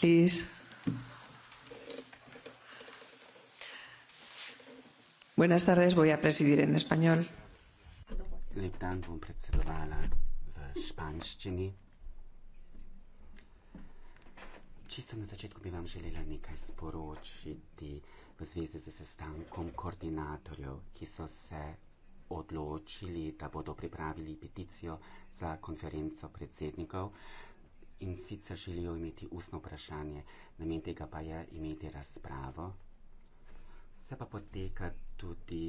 please. Buenas tardes, voy a presidir en español. Čisto na začetku bi vam želela nekaj sporočiti v zvezi z sestankom koordinatorjev, ki so se odločili, da bodo pripravili peticijo za konferenco predsednikov in sicer želijo imeti ustno vprašanje, namen tega pa je imeti razpravo. Se pa poteka tudi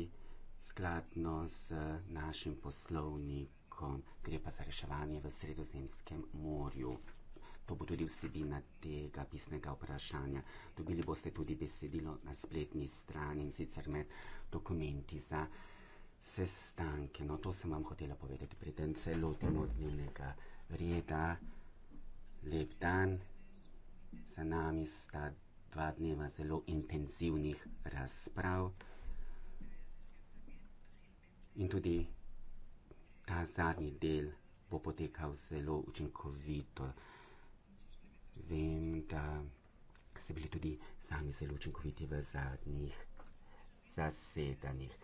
skladno z našim poslovnikom, gre pa za reševanje v Sredozemskem morju. To bo tudi vsebina tega pisnega vprašanja. Dobili boste tudi besedilo na spletni strani in sicer med dokumenti za sestanke. No, to sem vam hotela povedati, preden se lotimo dnevnega reda lep dan, za nami sta dva dneva zelo intenzivnih razprav. In tudi ta zadnji del bo potekal zelo učinkovito. Vem, da ste bili tudi sami zelo učinkoviti v zadnjih zasedanjih.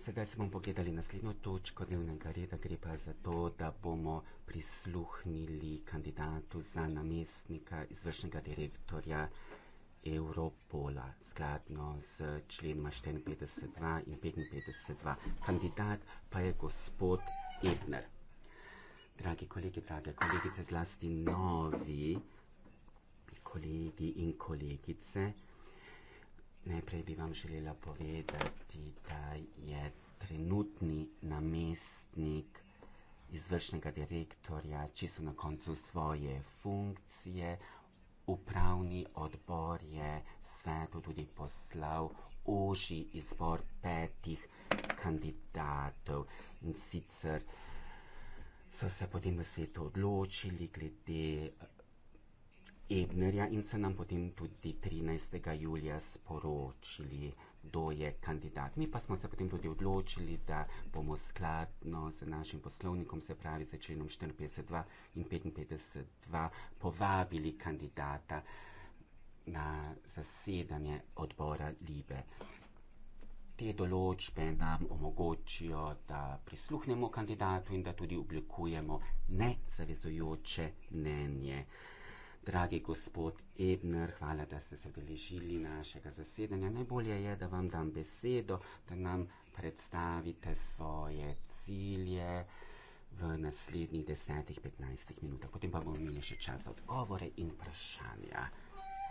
Sedaj smo pogledali naslednjo točko dnevnega reda, gre pa za to, da bomo prisluhnili kandidatu za namestnika izvršnega direktorja Europola, skladno z členoma 54.2 in 55.2. Kandidat pa je gospod Ebner. Dragi kolegi, drage kolegice, zlasti novi kolegi in kolegice, Najprej bi vam želela povedati, da je trenutni namestnik izvršnega direktorja čisto na koncu svoje funkcije. Upravni odbor je svetu tudi poslal oži izbor petih kandidatov in sicer so se potem v svetu odločili glede Ebnerja in se nam potem tudi 13. julija sporočili, kdo je kandidat. Mi pa smo se potem tudi odločili, da bomo skladno z našim poslovnikom, se pravi za členom 54.2 in 55.2, povabili kandidata na zasedanje odbora Libe. Te določbe nam omogočijo, da prisluhnemo kandidatu in da tudi oblikujemo nezavezujoče mnenje. Dragi gospod Ebner, hvala, da ste se deležili našega zasedanja. Najbolje je, da vam dam besedo, da nam predstavite svoje cilje v naslednjih desetih, petnajstih minutah. Potem pa bomo imeli še čas za odgovore in vprašanja.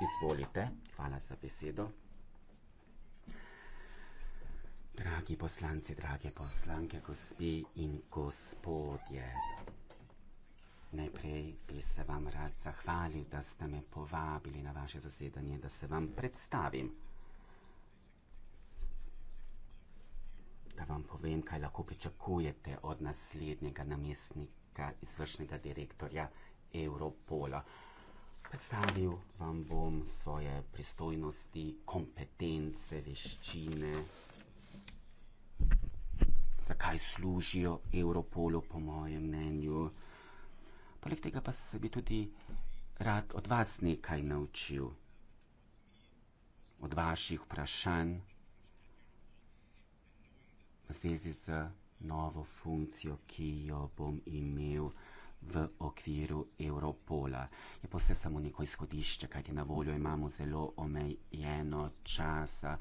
Izvolite, hvala za besedo. Dragi poslanci, drage poslanke, gospe in gospodje. Najprej bi se vam rad zahvalil, da ste me povabili na vaše zasedanje, da se vam predstavim. Da vam povem, kaj lahko pričakujete od naslednjega namestnika izvršnega direktorja Europola. Predstavil vam bom svoje pristojnosti, kompetence, veščine, zakaj služijo Europolu, po mojem mnenju. Poleg tega pa se bi tudi rad od vas nekaj naučil, od vaših vprašanj v zvezi z novo funkcijo, ki jo bom imel v okviru Europola. Je pa vse samo neko izhodišče, kajti na voljo imamo zelo omejeno časa.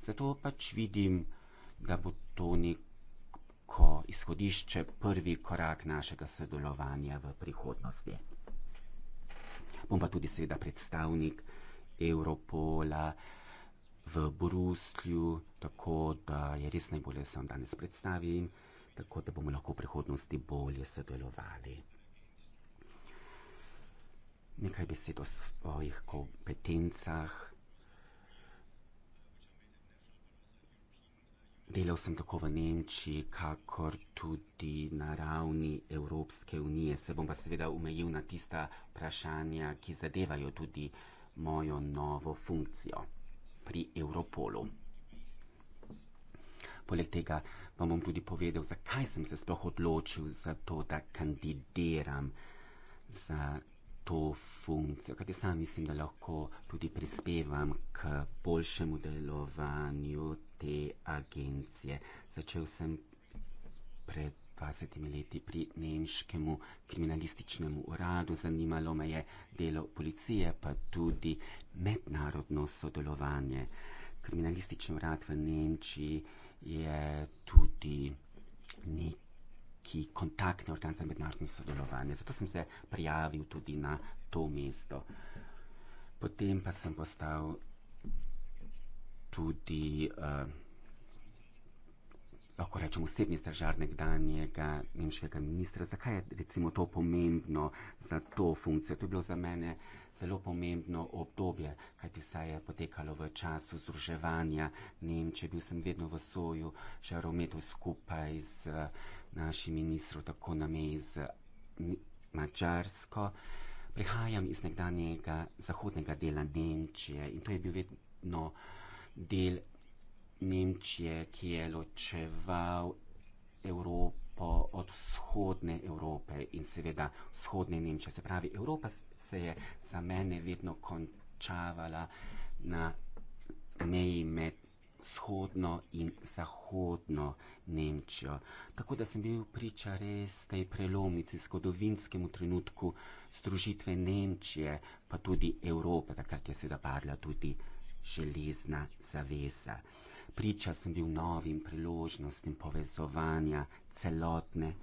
Zato pač vidim, da bo to nek neko izhodišče, prvi korak našega sodelovanja v prihodnosti. Bom pa tudi seveda predstavnik Europola v Bruslju, tako da je res najbolje, da se vam danes predstavim, tako da bomo lahko v prihodnosti bolje sodelovali. Nekaj besed o svojih kompetencah. Delal sem tako v Nemčiji, kakor tudi na ravni Evropske unije. Se bom pa seveda umejil na tista vprašanja, ki zadevajo tudi mojo novo funkcijo pri Europolu. Poleg tega pa bom tudi povedal, zakaj sem se sploh odločil za to, da kandidiram za to funkcijo, kajti sam mislim, da lahko tudi prispevam k boljšemu delovanju te agencije. Začel sem pred 20 leti pri nemškemu kriminalističnemu uradu, zanimalo me je delo policije, pa tudi mednarodno sodelovanje. Kriminalistični urad v Nemčiji je tudi neki kontaktni organ za mednarodno sodelovanje, zato sem se prijavil tudi na to mesto. Potem pa sem postal tudi eh, lahko rečem osebni stražar nekdanjega nemškega ministra. Zakaj je recimo to pomembno za to funkcijo? To je bilo za mene zelo pomembno obdobje, kajti saj je potekalo v času združevanja Nemčije. Bil sem vedno v soju, še rometo skupaj z eh, našim ministrom, tako na meji z Mačarsko. Prihajam iz nekdanjega zahodnega dela Nemčije in to je bil vedno. No, uh, del Nemčije, ki je ločeval Evropo od vzhodne Evrope in seveda vzhodne Nemčije. Se pravi, Evropa se je za mene vedno končavala na meji med vzhodno in zahodno Nemčijo. Tako da sem bil priča res tej prelomnici, zgodovinskemu trenutku združitve Nemčije, pa tudi Evrope, takrat je seveda padla tudi Evropa železna zavesa. Priča sem bil novim priložnostim povezovanja celotne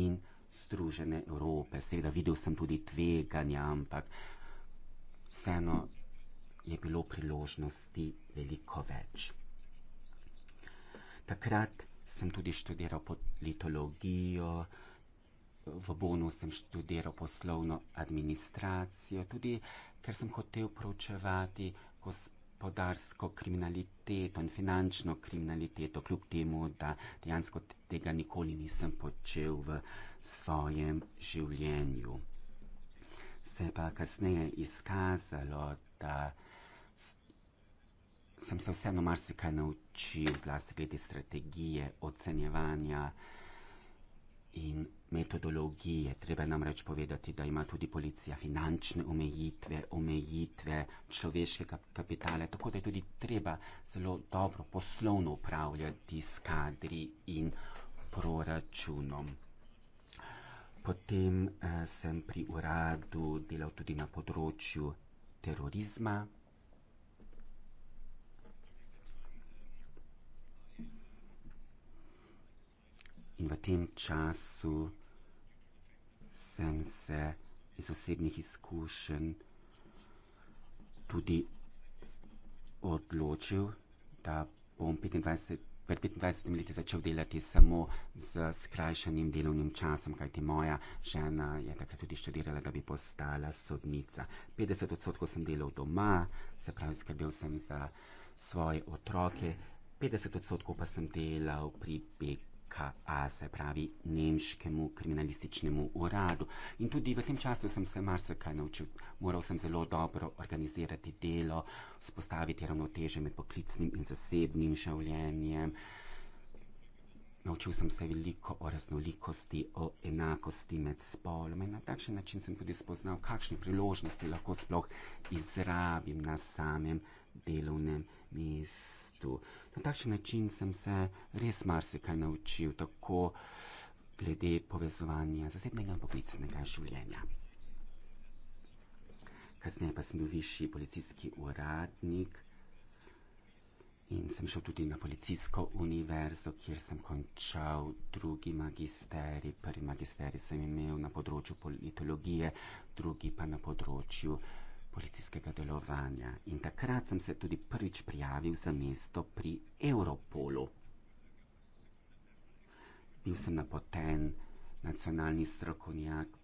in združene Evrope. Seveda videl sem tudi tveganja, ampak vseeno je bilo priložnosti veliko več. Takrat sem tudi študiral politologijo, v Bonu sem študiral poslovno administracijo, tudi ker sem hotel proučevati gospodarstvo gospodarsko kriminaliteto in finančno kriminaliteto, kljub temu, da dejansko tega nikoli nisem počel v svojem življenju. Se pa kasneje izkazalo, da sem se vseeno marsikaj naučil, zlasti glede strategije, ocenjevanja in metodologije. Treba nam reč povedati, da ima tudi policija finančne omejitve, omejitve človeškega kapitala, tako da je tudi treba zelo dobro poslovno upravljati s kadri in proračunom. Potem eh, sem pri uradu delal tudi na področju terorizma. In v tem času sem se iz osebnih izkušenj tudi odločil, da bom 25, pred 25 leti začel delati samo z skrajšanim delovnim časom, kajti moja žena je takrat tudi študirala, da bi postala sodnica. 50 odstotkov sem delal doma, se pravi, skrbel sem za svoje otroke, 50 odstotkov pa sem delal pri BG. Iraka, se pravi nemškemu kriminalističnemu uradu. In tudi v tem času sem se marsikaj naučil. Moral sem zelo dobro organizirati delo, spostaviti ravnoteže med poklicnim in zasebnim življenjem. Naučil sem se veliko o raznolikosti, o enakosti med spoloma in na takšen način sem tudi spoznal, kakšne priložnosti lahko sploh izrabim na samem delovnem mestu svetu. Na takšen način sem se res marsikaj naučil, tako glede povezovanja zasebnega in poklicnega življenja. Kasneje pa sem bil višji policijski uradnik in sem šel tudi na policijsko univerzo, kjer sem končal drugi magisteri. Prvi magisteri sem imel na področju politologije, drugi pa na področju policijskega delovanja. In takrat sem se tudi prvič prijavil za mesto pri Europolu. Bil sem napoten, nacionalni strokovnjak,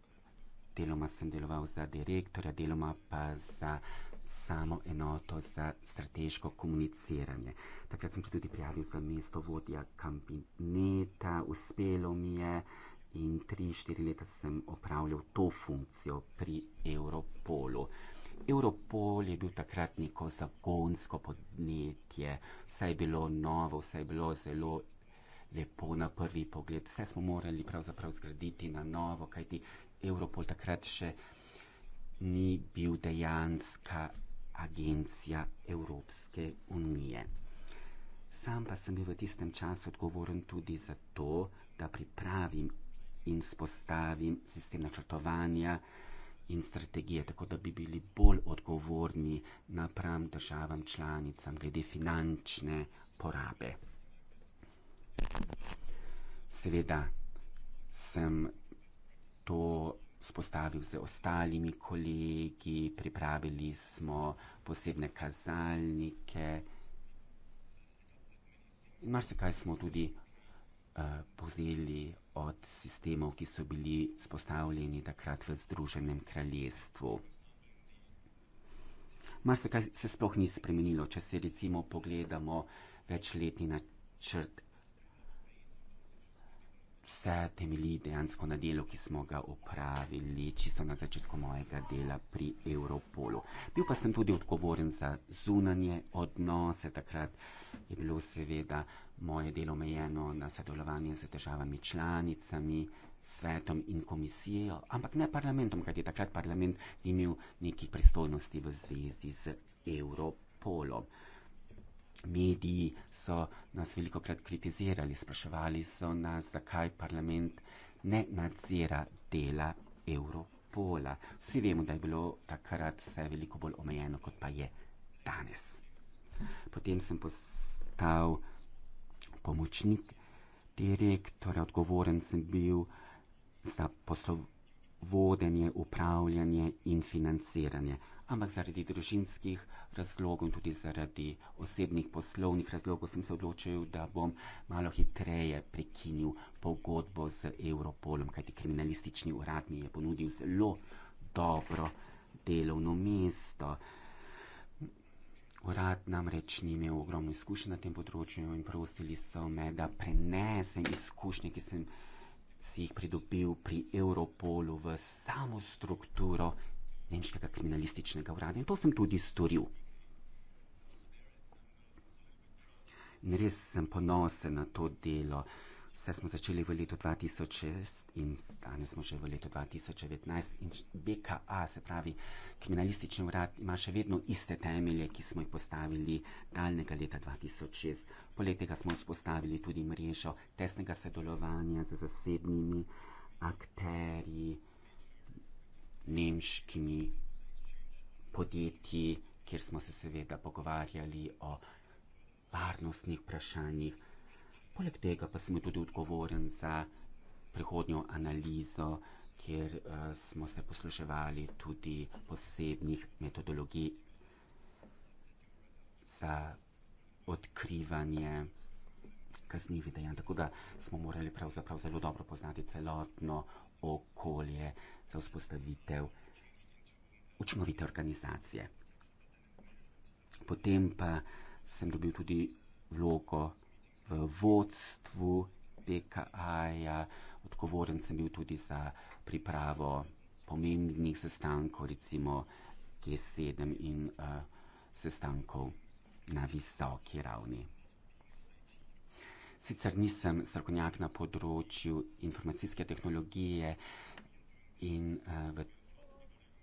deloma sem deloval za direktorja, deloma pa za samo enoto za strateško komuniciranje. Takrat sem se tudi prijavil za mesto vodja kabineta, uspelo mi je. In tri, štiri leta sem opravljal to funkcijo pri Europolu. Europol je bil takrat neko zagonsko podjetje, vse je bilo novo, vse je bilo zelo lepo na prvi pogled, vse smo morali pravzaprav zgraditi na novo, kajti Europol takrat še ni bil dejanska agencija Evropske unije. Sam pa sem bil v tistem času odgovoren tudi za to, da pripravim in spostavim sistem načrtovanja, in strategije, tako da bi bili bolj odgovorni napram državam članicam glede finančne porabe. Seveda sem to spostavil z ostalimi kolegi, pripravili smo posebne kazalnike. Marsikaj smo tudi Eh, povzeli od sistemov, ki so bili spostavljeni takrat v Združenem kraljestvu. Mar se kaj se sploh ni spremenilo, če se recimo pogledamo večletni načrt. Vse temelji dejansko na delu, ki smo ga upravili čisto na začetku mojega dela pri Europolu. Bil pa sem tudi odgovoren za zunanje odnose, takrat je bilo seveda moje delo omejeno na sodelovanje z državami članicami, svetom in komisijo, ampak ne parlamentom, kajti takrat parlament ni imel nekih pristojnosti v zvezi z Europolom. Mediji so nas veliko krat kritizirali, spraševali so nas, zakaj parlament ne nadzira dela Europola. Vsi vemo, da je bilo takrat vse veliko bolj omejeno, kot pa je danes. Potem sem postal pomočnik direktorja, odgovoren sem bil za poslovodenje, upravljanje in financiranje. Ampak zaradi družinskih razlogov in tudi zaradi osebnih poslovnih razlogov sem se odločil, da bom malo hitreje prekinil pogodbo z Europolom, kajti kriminalistični urad mi je ponudil zelo dobro delovno mesto. Urad namreč ni imel ogromno izkušenj na tem področju in prosili so me, da prenesem izkušnje, ki sem si jih pridobil pri Europolu v samo strukturo nemškega kriminalističnega urada. In to sem tudi storil. In res sem ponosen na to delo. Vse smo začeli v letu 2006 in danes smo že v letu 2019 in BKA, se pravi kriminalistični urad, ima še vedno iste temelje, ki smo jih postavili daljnega leta 2006. Poleg tega smo vzpostavili tudi mrežo tesnega sodelovanja z zasebnimi akterji, nemškimi podjetji, kjer smo se seveda pogovarjali o varnostnih vprašanjih. Poleg tega pa sem tudi odgovoren za prihodnjo analizo, kjer uh, smo se posluševali tudi posebnih metodologij za odkrivanje kaznivih dejanj. Tako da smo morali pravzaprav zelo dobro poznati celotno okolje za vzpostavitev učinkovite organizacije. Potem pa sem dobil tudi vlogo, v vodstvu PKA-ja, odgovoren sem bil tudi za pripravo pomembnih sestankov, recimo G7 in uh, sestankov na visoki ravni. Sicer nisem strokovnjak na področju informacijske tehnologije in uh, v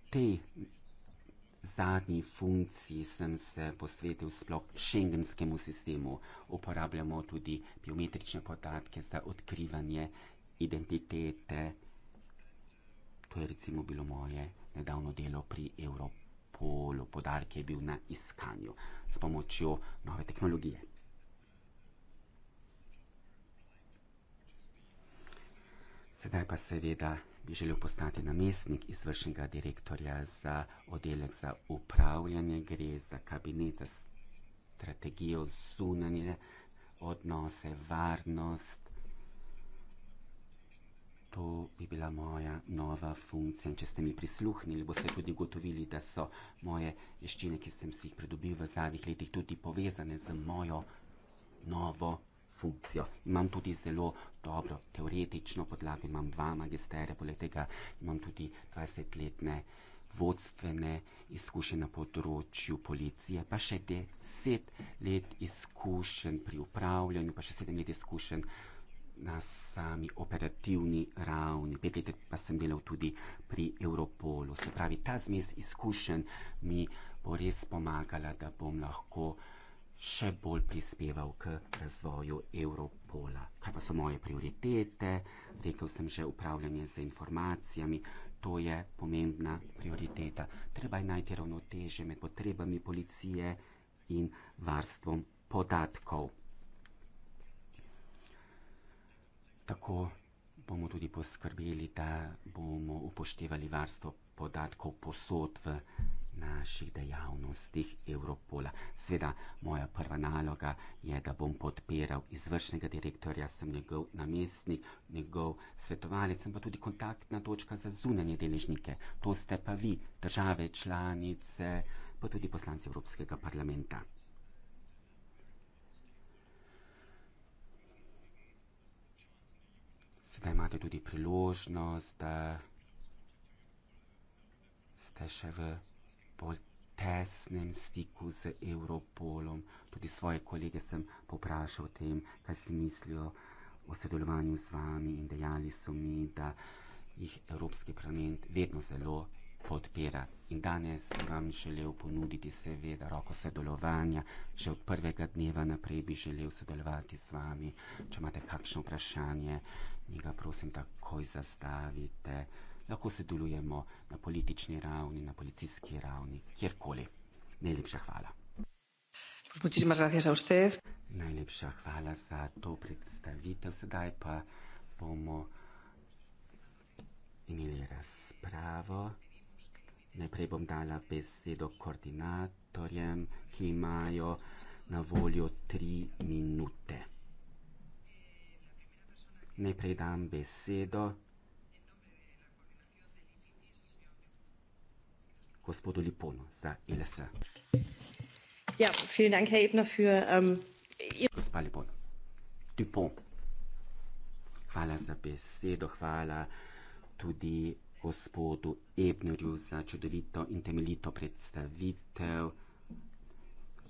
tej zadnji funkciji sem se posvetil sploh šengenskemu sistemu. Uporabljamo tudi biometrične podatke za odkrivanje identitete. To je recimo bilo moje nedavno delo pri Europolu. Podarek je bil na iskanju s pomočjo nove tehnologije. Sedaj pa seveda bi želel postati namestnik izvršnega direktorja za oddelek za upravljanje, gre za kabinet za strategijo zunanje odnose, varnost. To bi bila moja nova funkcija. In če ste mi prisluhnili, boste tudi ugotovili, da so moje veščine, ki sem si jih pridobil v zadnjih letih, tudi povezane z mojo novo funkcijo funkcijo. Imam tudi zelo dobro teoretično podlago, imam dva magistere, poleg tega imam tudi 20-letne vodstvene izkušnje na področju policije, pa še 10 let izkušenj pri upravljanju, pa še 7 let izkušenj na sami operativni ravni. Pet let pa sem delal tudi pri Europolu. Se pravi, ta zmes izkušenj mi bo res pomagala, da bom lahko še bolj prispeval k razvoju Evropola. Kaj pa so moje prioritete? Rekl sem že upravljanje z informacijami, to je pomembna prioriteta. Treba je najti ravnoteže med potrebami policije in varstvom podatkov. Tako bomo tudi poskrbeli, da bomo upoštevali varstvo podatkov posod v naših dejavnostih Evropola. Sveda, moja prva naloga je, da bom podpiral izvršnega direktorja, sem njegov namestnik, njegov svetovalec, sem pa tudi kontaktna točka za zunanje deležnike. To ste pa vi, države, članice, pa tudi poslanci Evropskega parlamenta. Sedaj imate tudi priložnost, da ste še v po tesnem stiku z Europolom. Tudi svoje kolege sem poprašal o tem, kaj si mislijo o sodelovanju z vami in dejali so mi, da jih Evropski parlament vedno zelo podpira. In danes bi vam želel ponuditi seveda roko sodelovanja. Že od prvega dneva naprej bi želel sodelovati z vami. Če imate kakšno vprašanje, njega prosim takoj zastavite lahko sodelujemo na politični ravni, na policijski ravni, kjerkoli. Najlepša hvala. Najlepša hvala za to predstavitev. Sedaj pa bomo imeli razpravo. Najprej bom dala besedo koordinatorjem, ki imajo na voljo tri minute. Najprej dam besedo gospodu Lipunu za ILS. Ja, vielen Dank, Herr Ebner, für ähm, Ihr. Ähm, gospa Lipun, Dupont, hvala za besedo, hvala tudi gospodu Ebnerju za čudovito in temeljito predstavitev.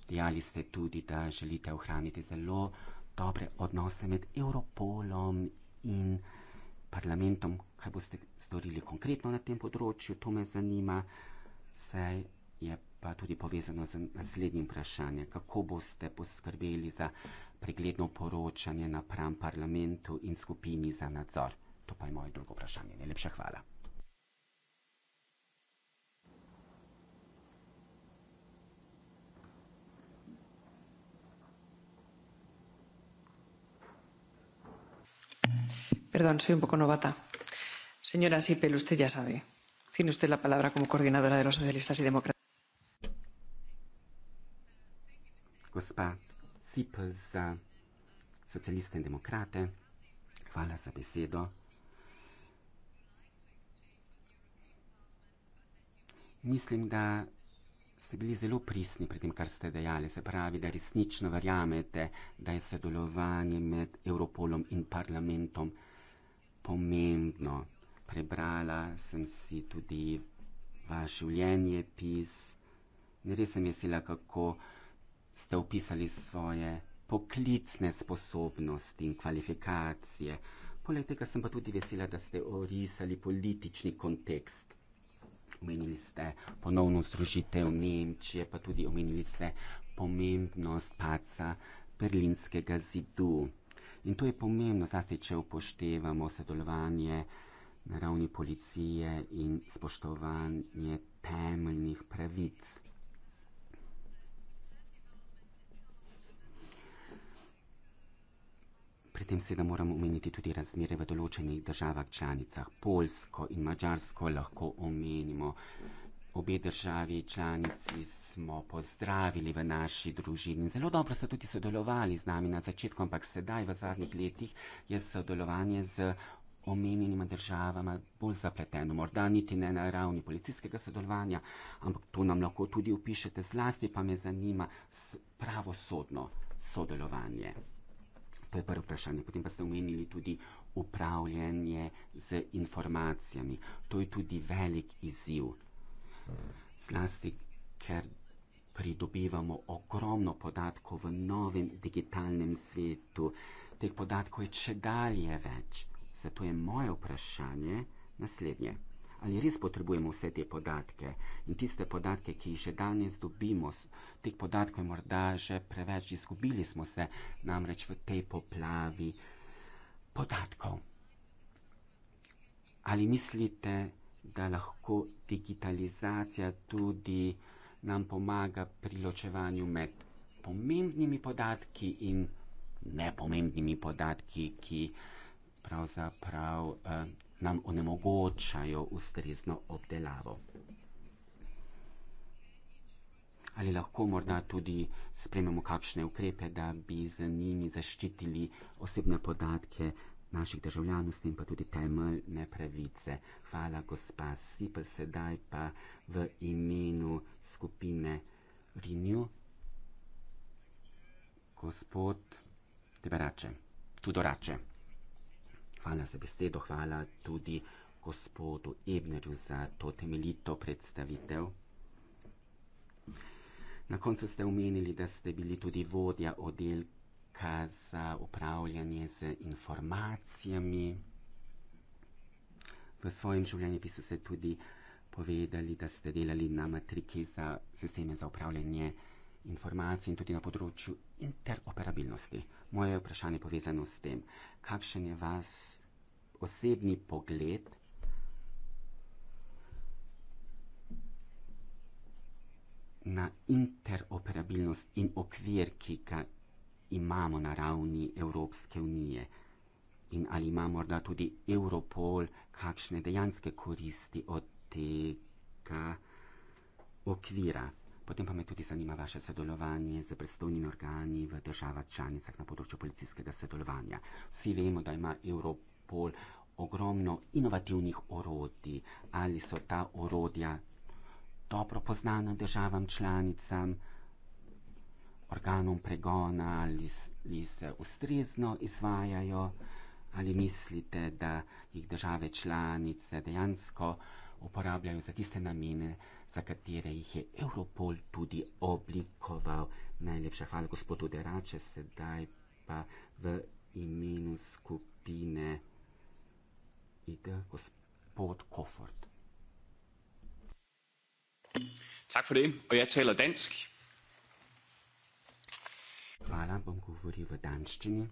Dejali ste tudi, da želite ohraniti zelo dobre odnose med Europolom in parlamentom. Kaj boste storili konkretno na tem področju, to me zanima saj je pa tudi povezano z naslednjim vprašanjem, kako boste poskrbeli za pregledno poročanje napram parlamentu in skupini za nadzor. To pa je moje drugo vprašanje. Najlepša hvala. Perdón, soy un poco novata. Señora Sipel, usted ya sabe. Tiene usted la palabra como coordinadora de los socialistas y demócratas. Gospa Sipel za socialiste in demokrate, hvala za besedo. Mislim, da ste bili zelo prisni pri tem, kar ste dejali. Se pravi, da resnično verjamete, da je sodelovanje med Europolom in parlamentom pomembno prebrala sem si tudi vaš življenje pis. Res sem jesela, kako ste opisali svoje poklicne sposobnosti in kvalifikacije. Poleg tega sem pa tudi vesela, da ste orisali politični kontekst. Omenili ste ponovno združitev Nemčije, pa tudi omenili ste pomembnost paca berlinskega zidu. In to je pomembno, zlasti če upoštevamo sodelovanje na ravni policije in spoštovanje temeljnih pravic. Pri tem seveda moramo omeniti tudi razmere v določenih državah članicah. Polsko in Mačarsko lahko omenimo. Obe državi članici smo pozdravili v naši družini in zelo dobro so tudi sodelovali z nami na začetku, ampak sedaj v zadnjih letih je sodelovanje z omenjenima državama bolj zapleteno, morda niti ne na ravni policijskega sodelovanja, ampak to nam lahko tudi opišete, zlasti pa me zanima pravosodno sodelovanje. To je prvo vprašanje. Potem pa ste omenili tudi upravljanje z informacijami. To je tudi velik izziv. Zlasti, ker pridobivamo ogromno podatkov v novem digitalnem svetu. Teh podatkov je če dalje več. Zato je moje vprašanje naslednje. Ali res potrebujemo vse te podatke in tiste podatke, ki jih že danes dobimo, teh podatkov je morda že preveč, izgubili smo se namreč v tej poplavi podatkov. Ali mislite, da lahko digitalizacija tudi nam pomaga pri ločevanju med pomembnimi podatki in nepomembnimi podatki, ki jih? pravzaprav eh, nam onemogočajo ustrezno obdelavo. Ali lahko morda tudi sprememo kakšne ukrepe, da bi z njimi zaščitili osebne podatke naših državljanov s tem pa tudi temeljne pravice. Hvala, gospa Sipel, sedaj pa v imenu skupine Rinju. Gospod Teberače, tudi Rače. Tudorače. Hvala za besedo, hvala tudi gospodu Ebnerju za to temeljito predstavitev. Na koncu ste omenili, da ste bili tudi vodja oddelka za upravljanje z informacijami. V svojem življenjepisu ste tudi povedali, da ste delali na matriki za sisteme za upravljanje informacij in tudi na področju interoperabilnosti. Moje vprašanje je povezano s tem, kakšen je vaš osebni pogled na interoperabilnost in okvir, ki ga imamo na ravni Evropske unije. In ali ima morda tudi Europol kakšne dejanske koristi od tega okvira? Potem pa me tudi zanima vaše sodelovanje z predstavnimi organi v državah članicah na področju policijskega sodelovanja. Vsi vemo, da ima Europol ogromno inovativnih orodij. Ali so ta orodja dobro poznana državam članicam, organom pregona, ali, ali se ustrezno izvajajo, ali mislite, da jih države članice dejansko uporabljajo za tiste namene, za katere jih je Europol tudi oblikoval. Najlepša hvala, gospod Uderače, sedaj pa v imenu skupine ID, gospod Kofort. Tak for det, og jeg taler dansk. Hvala, bom govoril v danščini.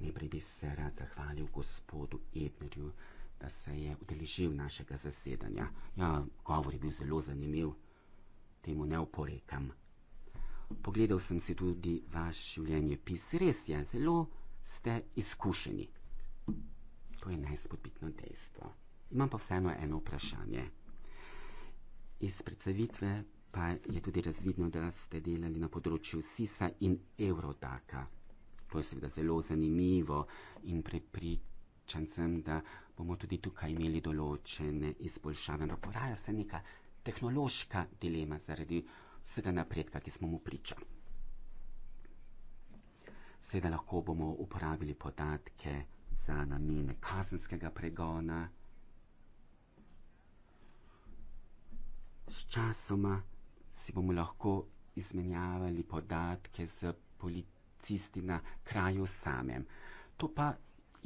Najprej bi se rad zahvalil gospodu Ebnerju, da se je udeležil našega zasedanja. Ja, govor je bil zelo zanimiv, temu ne oporekam. Pogledal sem si tudi vaš življenjepis, res je, zelo ste izkušeni. To je najspodbitno dejstvo. Imam pa vseeno eno vprašanje. Iz predstavitve pa je tudi razvidno, da ste delali na področju SIS-a in Eurodaka. To je seveda zelo zanimivo in prepričujoče prepričan sem, da bomo tudi tukaj imeli določene izboljšave. Ampak poraja se neka tehnološka dilema zaradi vsega napredka, ki smo mu priča. Seveda lahko bomo uporabili podatke za namene kazenskega pregona. Sčasoma si bomo lahko izmenjavali podatke z policisti na kraju samem. To pa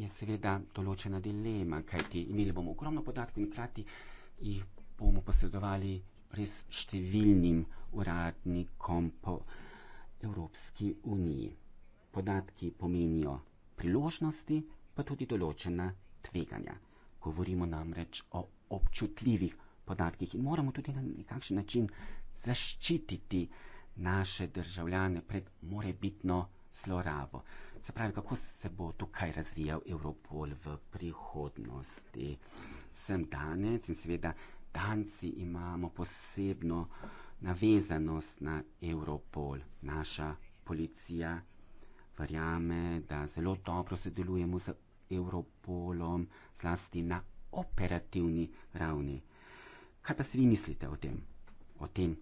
je seveda določena dilema, kajti imeli bomo ogromno podatkov in hkrati jih bomo posredovali res številnim uradnikom po Evropski uniji. Podatki pomenijo priložnosti, pa tudi določena tveganja. Govorimo namreč o občutljivih podatkih in moramo tudi na nekakšen način zaščititi naše državljane pred morebitno zlorabo. Se pravi, kako se bo tukaj razvijal Evropol v prihodnosti. Sem danes in seveda danci imamo posebno navezanost na Evropol. Naša policija verjame, da zelo dobro sodelujemo z Evropolom, zlasti na operativni ravni. Kaj pa si vi mislite o tem, o tem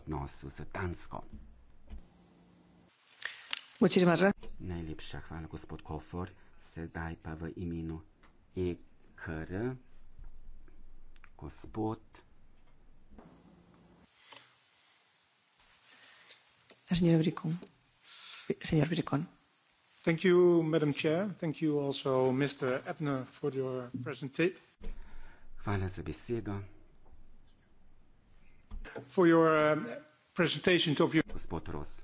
odnosu z Dansko? Muchísimas gracias. Najlepša hvala, gospod Kofor. Sedaj pa v imenu EKR. Gospod. Señor Bricón. Señor Bricón. Thank you, Madam Chair. Thank you also, Mr. Ebner, for your presentation. For your um, presentation to your. Gospod Ross.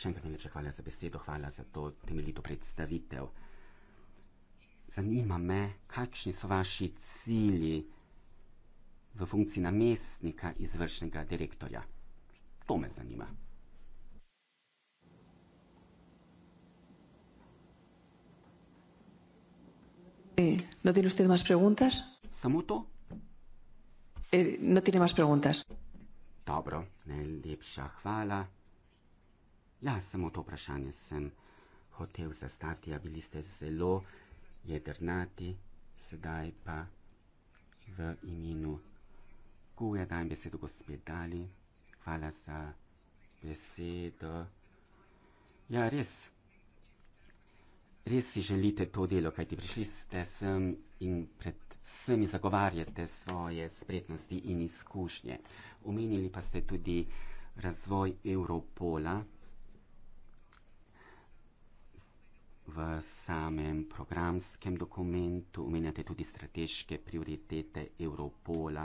Še enkrat vam reče hvala za besedo, hvala za to temeljito predstavitev. Zanima me, kakšni so vaši cilji v funkciji namestnika izvršnega direktorja. To me zanima. Eh, no tiene usted más preguntas? Samo to? Eh, no tiene más preguntas. Dobro, najlepša hvala. Ja, samo to vprašanje sem hotel zastaviti, a ja, bili ste zelo jedrnati, sedaj pa v imenu Guja dajem besedo gospedali. Hvala za besedo. Ja, res, res si želite to delo, kajti prišli ste sem in pred vsemi zagovarjate svoje spretnosti in izkušnje. Omenili pa ste tudi razvoj Evropola. v samem programskem dokumentu, omenjate tudi strateške prioritete Evropola,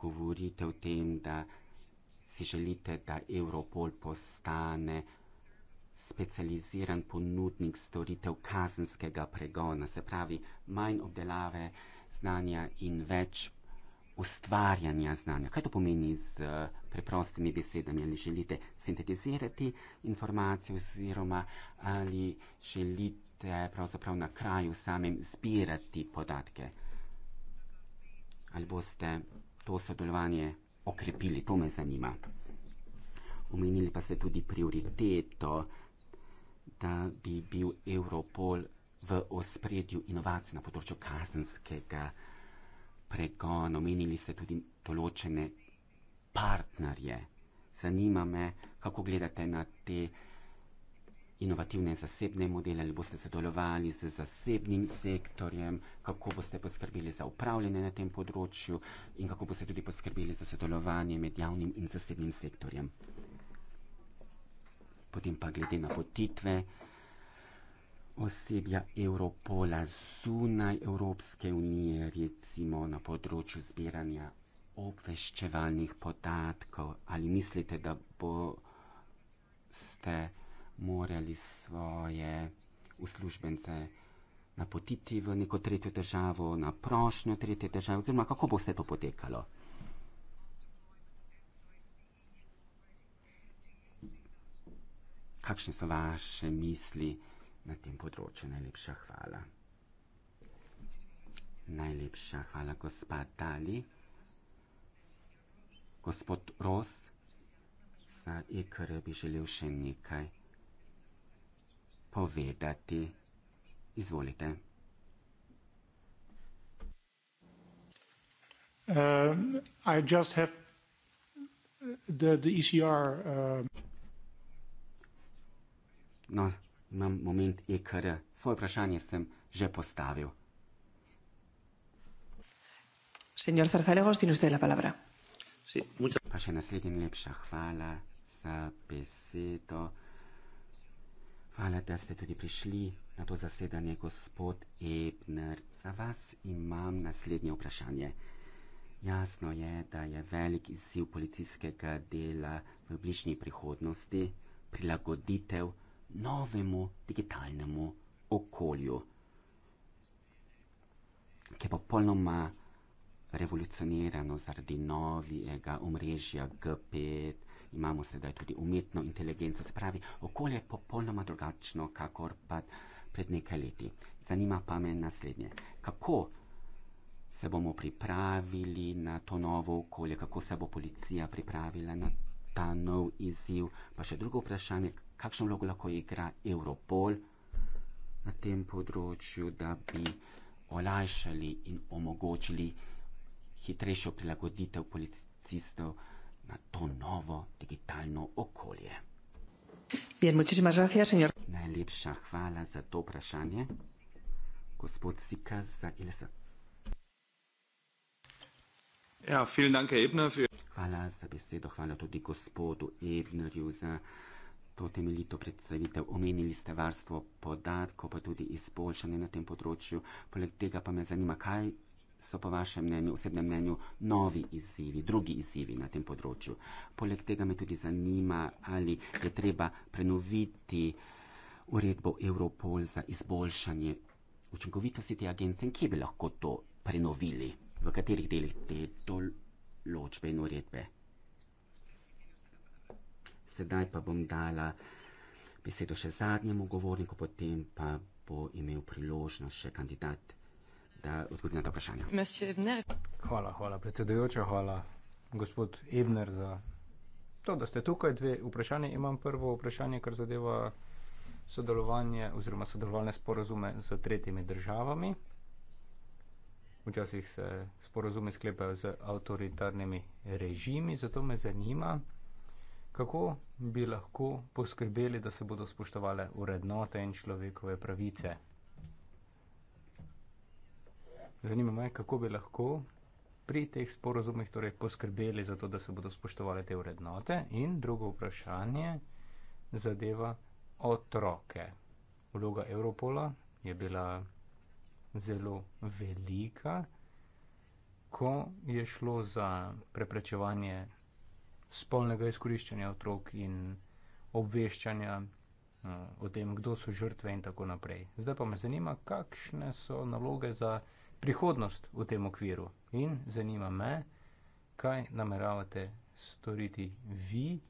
govorite o tem, da si želite, da Evropol postane specializiran ponudnik storitev kazenskega pregona, se pravi manj obdelave znanja in več ustvarjanja znanja. Kaj to pomeni z eh, preprostimi besedami? Ali želite sintetizirati informacije oziroma ali želite pravzaprav na kraju samem zbirati podatke? Ali boste to sodelovanje okrepili? To me zanima. Omenili pa ste tudi prioriteto, da bi bil Europol v ospredju inovacij na področju kazenskega pregon, omenili ste tudi določene partnerje. Zanima me, kako gledate na te inovativne zasebne modele, ali boste sodelovali z zasebnim sektorjem, kako boste poskrbeli za upravljanje na tem področju in kako boste tudi poskrbeli za sodelovanje med javnim in zasebnim sektorjem. Potem pa glede na potitve osebja Evropola zunaj Evropske unije, recimo na področju zbiranja obveščevalnih podatkov, ali mislite, da boste morali svoje uslužbence napotiti v neko tretjo državo, na prošnjo tretje države, oziroma kako bo vse to potekalo? Kakšne so vaše misli? na tem področju. Najlepša hvala. Najlepša hvala, gospod Dali. Gospod Ros, za IKR bi želel še nekaj povedati. Izvolite. Uh, I just have the, the ECR. Uh... No imam moment EKR. Svoje vprašanje sem že postavil. Senor Zarzalegos, tiene usted la palabra. Sí, mucha... Pa še naslednji lepša hvala za besedo. Hvala, da ste tudi prišli na to zasedanje, gospod Ebner. Za vas imam naslednje vprašanje. Jasno je, da je velik izziv policijskega dela v bližnji prihodnosti prilagoditev novemu digitalnemu okolju, ki je popolnoma revolucionirano zaradi novega omrežja G5, imamo sedaj tudi umetno inteligenco, se pravi, okolje je popolnoma drugačno, kakor pa pred nekaj leti. Zanima pa me naslednje. Kako se bomo pripravili na to novo okolje, kako se bo policija pripravila na ta nov izziv, pa še drugo vprašanje, kakšno vlogo lahko igra Europol na tem področju, da bi olajšali in omogočili hitrejšo prilagoditev policistov na to novo digitalno okolje. Bien, muchísimas gracias, señor. Najlepša hvala za to vprašanje. Gospod Sika za Ilse. Ja, vielen Dank, Herr Ebner. Für... Hvala za besedo, hvala tudi gospodu Ebnerju za besedo to temeljito predstavitev. Omenili ste varstvo podatkov, pa tudi izboljšanje na tem področju. Poleg tega pa me zanima, kaj so po vašem mnenju, osebnem mnenju, novi izzivi, drugi izzivi na tem področju. Poleg tega me tudi zanima, ali je treba prenoviti uredbo Europol za izboljšanje učinkovitosti te agencije in kje bi lahko to prenovili, v katerih delih te določbe in uredbe. Sedaj pa bom dala besedo še zadnjemu govorniku, potem pa bo imel priložnost še kandidat, da odgovori na to vprašanje. Hvala, hvala predsedujoča, hvala gospod Ebner za to, da ste tukaj. Dve vprašanje imam. Prvo vprašanje, kar zadeva sodelovanje oziroma sodelovalne sporozume z tretjimi državami. Včasih se sporozumi sklepajo z avtoritarnimi režimi, zato me zanima, Kako bi lahko poskrbeli, da se bodo spoštovale urednote in človekove pravice? Zanima me, kako bi lahko pri teh sporozumih torej poskrbeli za to, da se bodo spoštovale te urednote in drugo vprašanje zadeva otroke. Vloga Evropola je bila zelo velika, ko je šlo za preprečevanje spolnega izkoriščanja otrok in obveščanja eh, o tem, kdo so žrtve in tako naprej. Zdaj pa me zanima, kakšne so naloge za prihodnost v tem okviru in zanima me, kaj nameravate storiti vi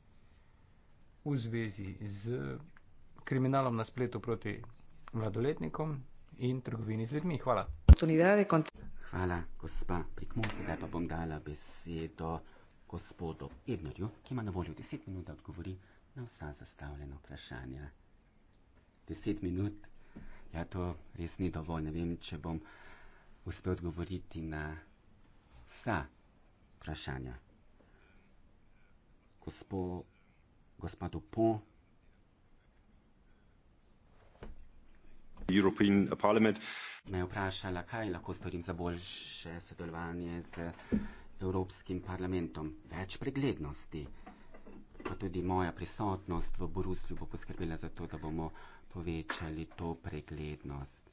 v zvezi z kriminalom na spletu proti mladoletnikom in trgovini z ljudmi. Hvala. Hvala, gospa Prikmos, zdaj pa bom dala besedo gospodu Ebnerju, ki ima na voljo 10 minut, da odgovori na vsa zastavljena vprašanja. 10 minut, ja, to res ni dovolj. Ne vem, če bom uspel odgovoriti na vsa vprašanja. Gospo, gospodu Po. Me je vprašala, kaj lahko storim za boljše sodelovanje z. Uh, Evropskim parlamentom več preglednosti, pa tudi moja prisotnost v Bruslju bo poskrbela za to, da bomo povečali to preglednost.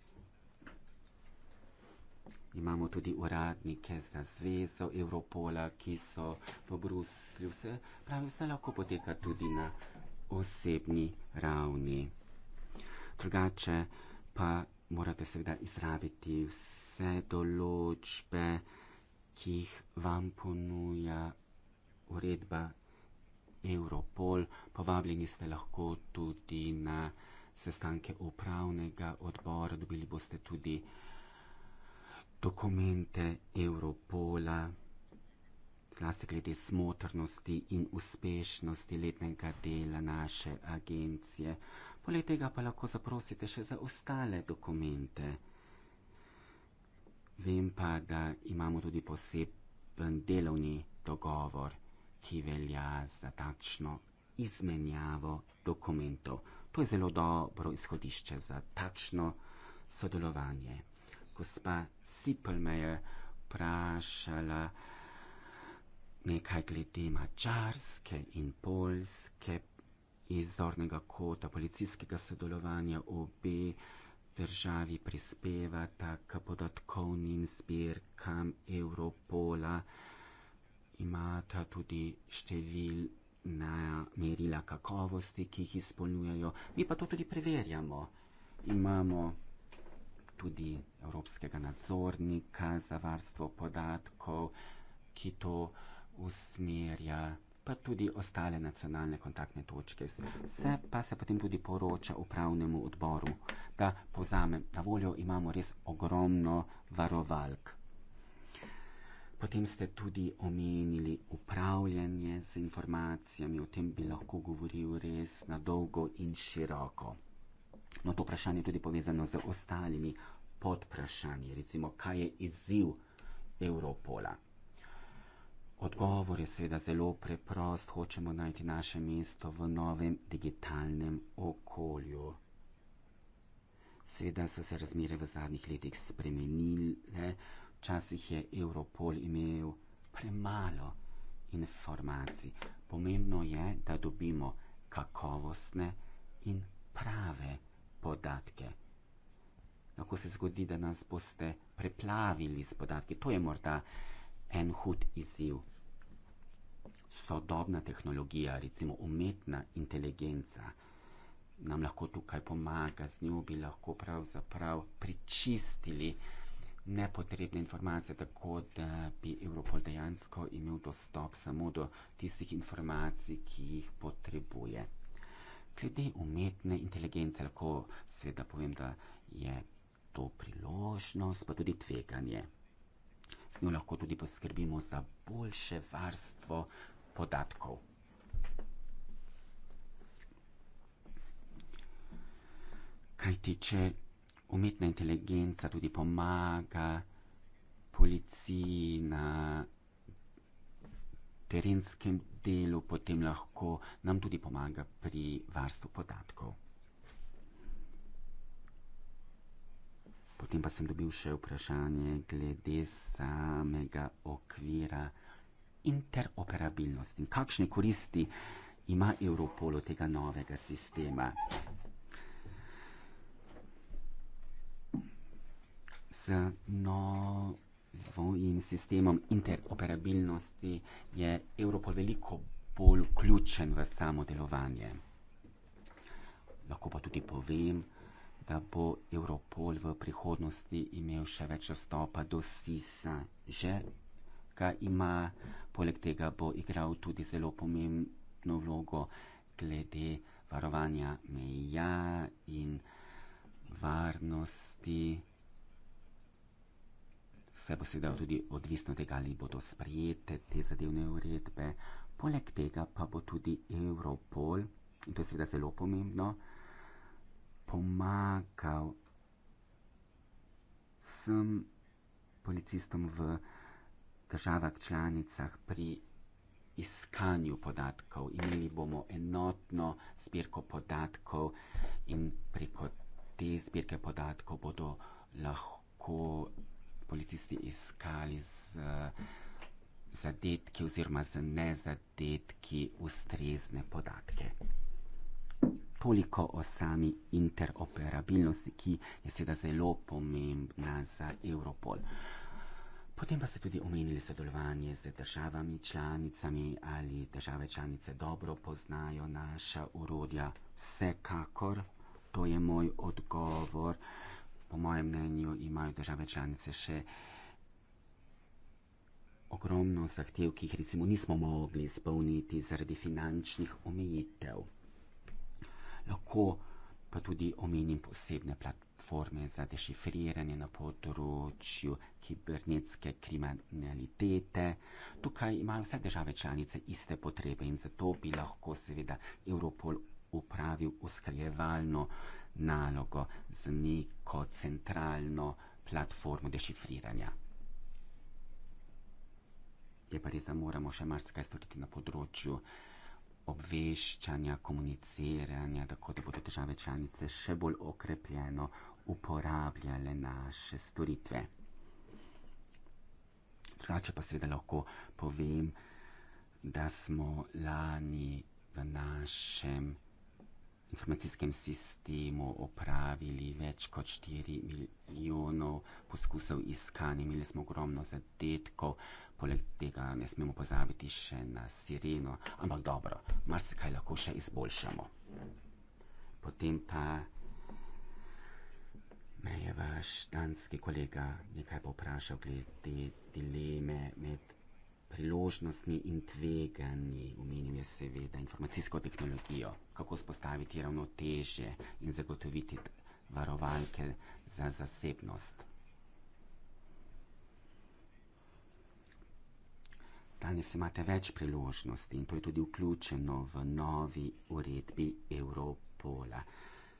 Imamo tudi uradnike za zvezo Evropola, ki so v Bruslju, vse, pravi, vse lahko poteka tudi na osebni ravni. Drugače pa morate seveda izraviti vse določbe, ki jih vam ponuja uredba Europol. Povabljeni ste lahko tudi na sestanke upravnega odbora, dobili boste tudi dokumente Europola, zlasti glede smotrnosti in uspešnosti letnega dela naše agencije. Poleg tega pa lahko zaprosite še za ostale dokumente. Vem pa, da imamo tudi poseben delovni dogovor, ki velja za takšno izmenjavo dokumentov. To je zelo dobro izhodišče za takšno sodelovanje. Gospa Sipel me je vprašala nekaj glede mačarske in polske izornega kota policijskega sodelovanja obe državi prispevata k podatkovnim zbirkam Europola, imata tudi številna merila kakovosti, ki jih izpolnjujejo, mi pa to tudi preverjamo. Imamo tudi Evropskega nadzornika za varstvo podatkov, ki to usmerja pa tudi ostale nacionalne kontaktne točke. Se pa se potem tudi poroča upravnemu odboru, da povzamem, na voljo imamo res ogromno varovalk. Potem ste tudi omenili upravljanje z informacijami, o tem bi lahko govoril res na dolgo in široko. No, to vprašanje je tudi povezano z ostalimi podprašanji, recimo, kaj je izziv Evropola. Odgovor je seveda zelo preprost. Hočemo najti naše mesto v novem digitalnem okolju. Seveda so se razmere v zadnjih letih spremenile. Včasih je Europol imel premalo informacij. Pomembno je, da dobimo kakovostne in prave podatke. Lahko se zgodi, da nas boste preplavili s podatki. To je morda en hud izziv. Sodobna tehnologija, recimo umetna inteligenca, nam lahko tukaj pomaga, z njo bi lahko pravzaprav pričistili nepotrebne informacije, tako da bi Evropol dejansko imel dostop samo do tistih informacij, ki jih potrebuje. Glede umetne inteligence lahko seveda povem, da je to priložnost, pa tudi tveganje z njo lahko tudi poskrbimo za boljše varstvo podatkov. Kaj ti, če umetna inteligenca tudi pomaga policiji na terenskem delu, potem lahko nam tudi pomaga pri varstvu podatkov. Potem pa sem dobil še vprašanje glede samega okvira interoperabilnosti in kakšne koristi ima Europol od tega novega sistema. Z novim sistemom interoperabilnosti je Europol veliko bolj vključen v samo delovanje. Lahko pa tudi povem, da da bo Europol v prihodnosti imel še več dostopa do SIS-a. Že ga ima, poleg tega bo igral tudi zelo pomembno vlogo glede varovanja meja in varnosti. Vse bo seveda tudi odvisno tega, ali bodo sprejete te zadevne uredbe. Poleg tega pa bo tudi Europol, in to je seveda zelo pomembno, pomagal vsem policistom v državah članicah pri iskanju podatkov. Imeli bomo enotno zbirko podatkov in preko te zbirke podatkov bodo lahko policisti iskali z zadetki oziroma z nezadetki ustrezne podatke toliko o sami interoperabilnosti, ki je seveda zelo pomembna za Europol. Potem pa ste tudi omenili sodelovanje z državami članicami ali države članice dobro poznajo naša urodja. Vsekakor, to je moj odgovor. Po mojem mnenju imajo države članice še ogromno zahtev, ki jih recimo nismo mogli izpolniti zaradi finančnih omejitev lahko pa tudi omenim posebne platforme za dešifriranje na področju kibernetske kriminalitete. Tukaj imajo vse države članice iste potrebe in zato bi lahko seveda Europol upravil uskrjevalno nalogo z neko centralno platformo dešifriranja. Je pa res, da moramo še marsikaj storiti na področju uh, obveščanja, komuniciranja, tako da bodo države članice še bolj okrepljeno uporabljale naše storitve. Drugače pa seveda lahko povem, da smo lani v našem informacijskem sistemu opravili več kot 4 milijonov poskusov iskanja, imeli smo ogromno zadetkov, poleg tega ne smemo pozabiti še na sireno, ampak dobro, marsikaj lahko še izboljšamo. Potem pa me je vaš danski kolega nekaj povprašal glede dileme med priložnostni in tveganji, omenil je seveda informacijsko tehnologijo kako spostaviti ravnotežje in zagotoviti varovalke za zasebnost. Danes imate več priložnosti in to je tudi vključeno v novi uredbi Evropola.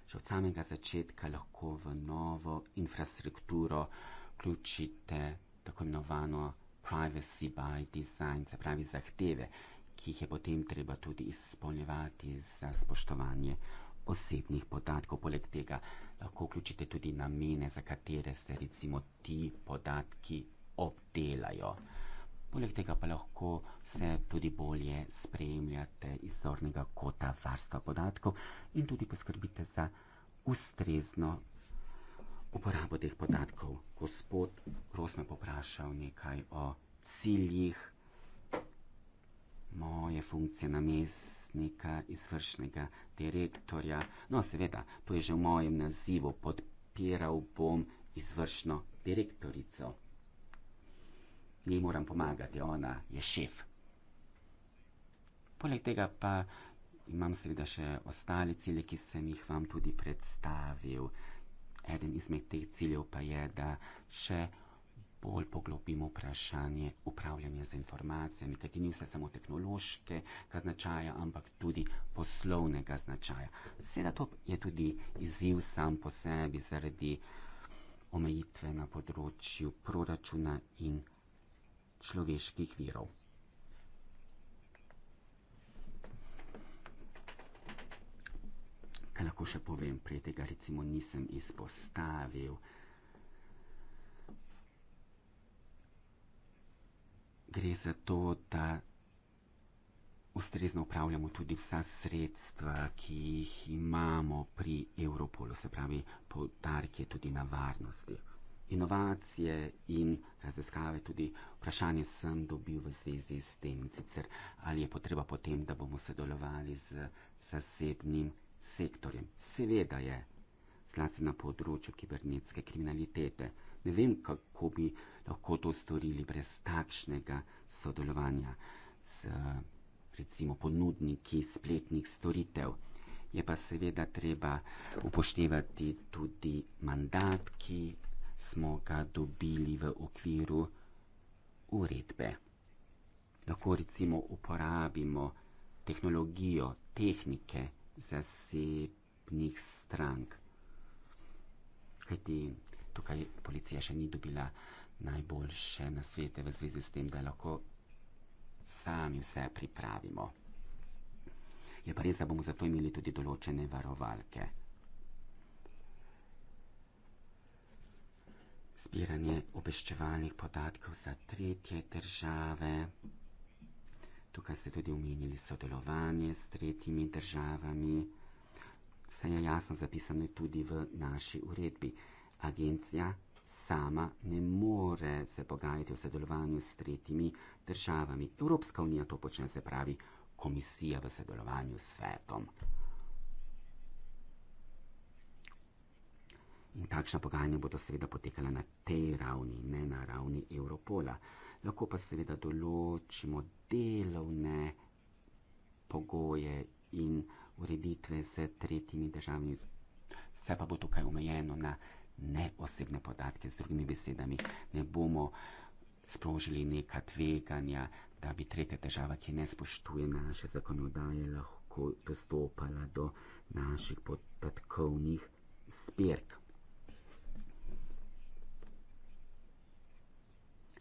Že od samega začetka lahko v novo infrastrukturo vključite tako imenovano privacy by design, se pravi zahteve, ki jih je potem treba tudi izpolnjevati za spoštovanje osebnih podatkov. Poleg tega lahko vključite tudi namene, za katere se recimo ti podatki obdelajo. Poleg tega pa lahko se tudi bolje spremljate izornega kota varstva podatkov in tudi poskrbite za ustrezno uporabo teh podatkov. Gospod Rosme poprašal nekaj o ciljih moja funkcija na mestnika izvršnega direktorja. No, seveda, to je že v mojem nazivu, podpiral bom izvršno direktorico. Ne moram pomagati, ona je šef. Poleg tega pa imam seveda še ostale cilje, ki sem jih vam tudi predstavil. Eden izmed teh ciljev pa je, da še bolj poglobimo vprašanje upravljanja z informacijami, kajti ni vse samo tehnološkega značaja, ampak tudi poslovnega značaja. Seveda to je tudi izziv sam po sebi zaradi omejitve na področju proračuna in človeških virov. Kaj lahko še povem, prej tega recimo nisem izpostavil. gre za to, da ustrezno upravljamo tudi vsa sredstva, ki jih imamo pri Evropolu, se pravi, povdarke tudi na varnosti. Inovacije in raziskave, tudi vprašanje sem dobil v zvezi s tem, sicer ali je potreba potem, da bomo sodelovali z zasebnim sektorjem. Seveda je, zlasti na področju kibernetske kriminalitete. Ne vem, kako bi lahko to storili brez takšnega sodelovanja z recimo ponudniki spletnih storitev. Je pa seveda treba upoštevati tudi mandat, ki smo ga dobili v okviru uredbe. Lahko recimo uporabimo tehnologijo, tehnike zasebnih strank. Kajti tukaj policija še ni dobila najboljše na svete v zvezi s tem, da lahko sami vse pripravimo. Je pa res, da bomo zato imeli tudi določene varovalke. Zbiranje obveščevalnih podatkov za tretje države. Tukaj ste tudi omenili sodelovanje s tretjimi državami. Vse je jasno zapisano tudi v naši uredbi agencija sama ne more se pogajati v sodelovanju s tretjimi državami. Evropska unija to počne, se pravi komisija v sodelovanju s svetom. In takšna pogajanja bodo seveda potekala na tej ravni, ne na ravni Evropola. Lahko pa seveda določimo delovne pogoje in ureditve z tretjimi državami. Vse pa bo tukaj omejeno na ne osebne podatke. Z drugimi besedami, ne bomo sprožili neka tveganja, da bi tretja država, ki ne spoštuje naše zakonodaje, lahko dostopala do naših podatkovnih zbirk.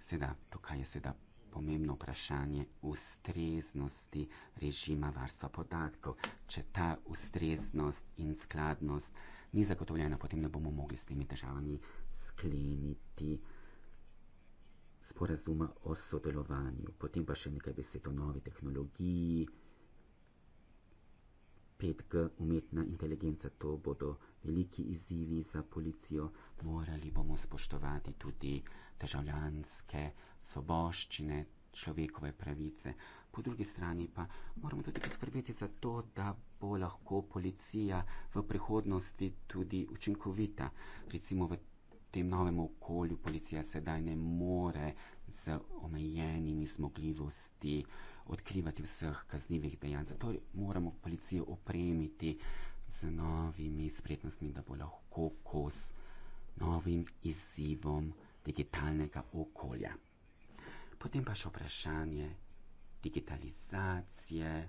Seda, tukaj je seveda pomembno vprašanje ustreznosti režima varstva podatkov. Če ta ustreznost in skladnost ni zagotovljena, potem ne bomo mogli s temi državami skleniti sporazuma o sodelovanju. Potem pa še nekaj besed o novi tehnologiji, 5G, umetna inteligenca, to bodo veliki izzivi za policijo. Morali bomo spoštovati tudi državljanske svoboščine, človekove pravice po drugi strani pa moramo tudi poskrbeti za to, da bo lahko policija v prihodnosti tudi učinkovita. Recimo v tem novem okolju policija sedaj ne more z omejenimi zmogljivosti odkrivati vseh kaznivih dejanj. Zato moramo policijo opremiti z novimi spretnostmi, da bo lahko kos novim izzivom digitalnega okolja. Potem pa še vprašanje, digitalizacije,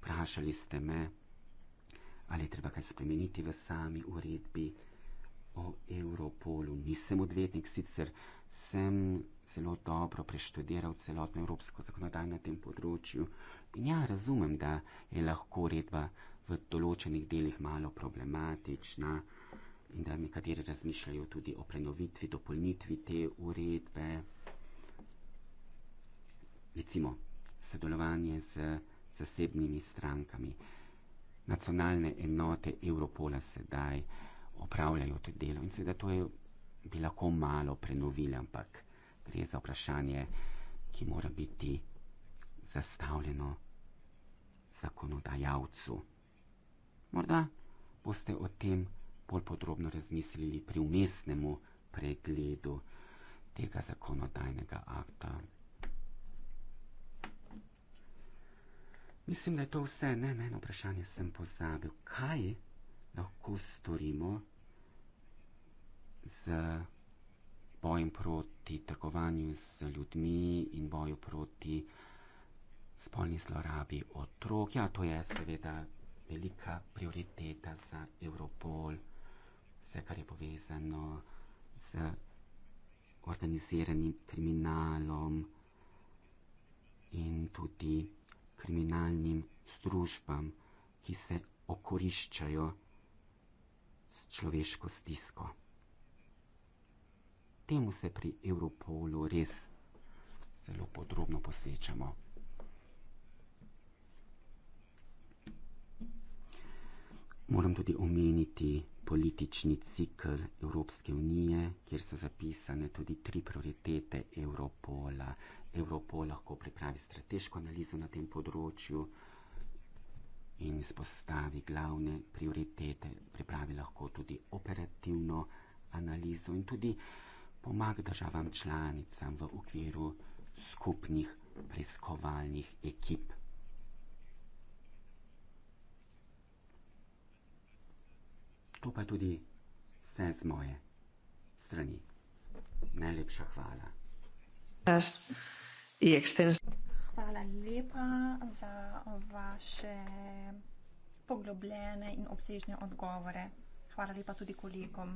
vprašali ste me, ali je treba kaj spremeniti v sami uredbi o Evropolu. Nisem odvetnik, sicer sem zelo dobro preštudiral celotno evropsko zakonodajo na tem področju in ja, razumem, da je lahko uredba v določenih delih malo problematična in da nekateri razmišljajo tudi o prenovitvi, dopolnitvi te uredbe recimo sodelovanje z zasebnimi strankami. Nacionalne enote Evropola sedaj opravljajo to delo in seveda to je, bi lahko malo prenovili, ampak gre za vprašanje, ki mora biti zastavljeno zakonodajalcu. Morda boste o tem bolj podrobno razmislili pri umestnemu pregledu tega zakonodajnega akta. Mislim, da je to vse. Ne, ne, eno vprašanje sem pozabil. Kaj lahko storimo z bojem proti trgovanju z ljudmi in boju proti spolni zlorabi otrok? Ja, to je seveda velika prioriteta za Europol, vse, kar je povezano z organiziranim kriminalom in tudi kriminalnim službam, ki se okoriščajo s človeško stisko. Temu se pri Evropolu res zelo podrobno posvečamo. Moram tudi omeniti politični cikl Evropske unije, kjer so zapisane tudi tri prioritete Evropola. Evropol lahko pripravi strateško analizo na tem področju in izpostavi glavne prioritete, pripravi lahko tudi operativno analizo in tudi pomag državam članicam v okviru skupnih preiskovalnih ekip. To pa je tudi vse z moje strani. Najlepša hvala. Yes i ekstensivno. Hvala lepa za vaše poglobljene in obsežne odgovore. Hvala lepa tudi kolegom.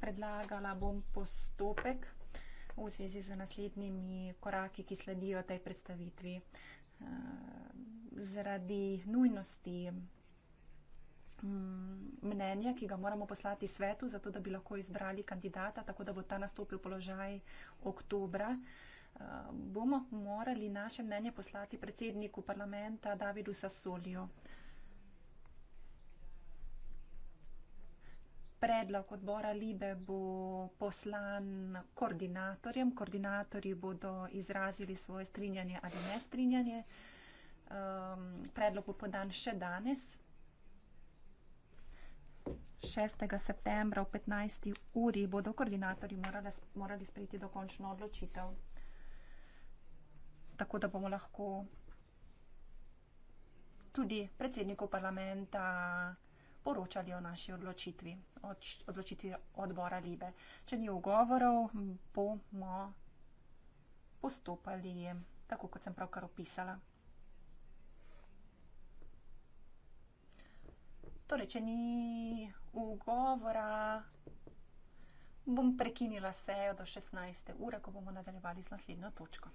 Predlagala bom postopek v zvezi z naslednjimi koraki, ki sledijo tej predstavitvi. Eh, zaradi nujnosti mm, mnenja, ki ga moramo poslati svetu, zato da bi lahko izbrali kandidata, tako da bo ta nastopil položaj oktobra bomo morali naše mnenje poslati predsedniku parlamenta Davidu Sassoliju. Predlog odbora Libe bo poslan koordinatorjem. Koordinatorji bodo izrazili svoje strinjanje ali nestrinjanje. Um, predlog bo podan še danes, 6. septembra v 15. uri bodo koordinatorji morali, morali sprejeti dokončno odločitev tako da bomo lahko tudi predsedniku parlamenta poročali o naši odločitvi, odločitvi odbora Libe. Če ni ugovorov, bomo postopali tako, kot sem pravkar opisala. Torej, če ni ugovora, bom prekinila sejo do 16. ure, ko bomo nadaljevali z naslednjo točko.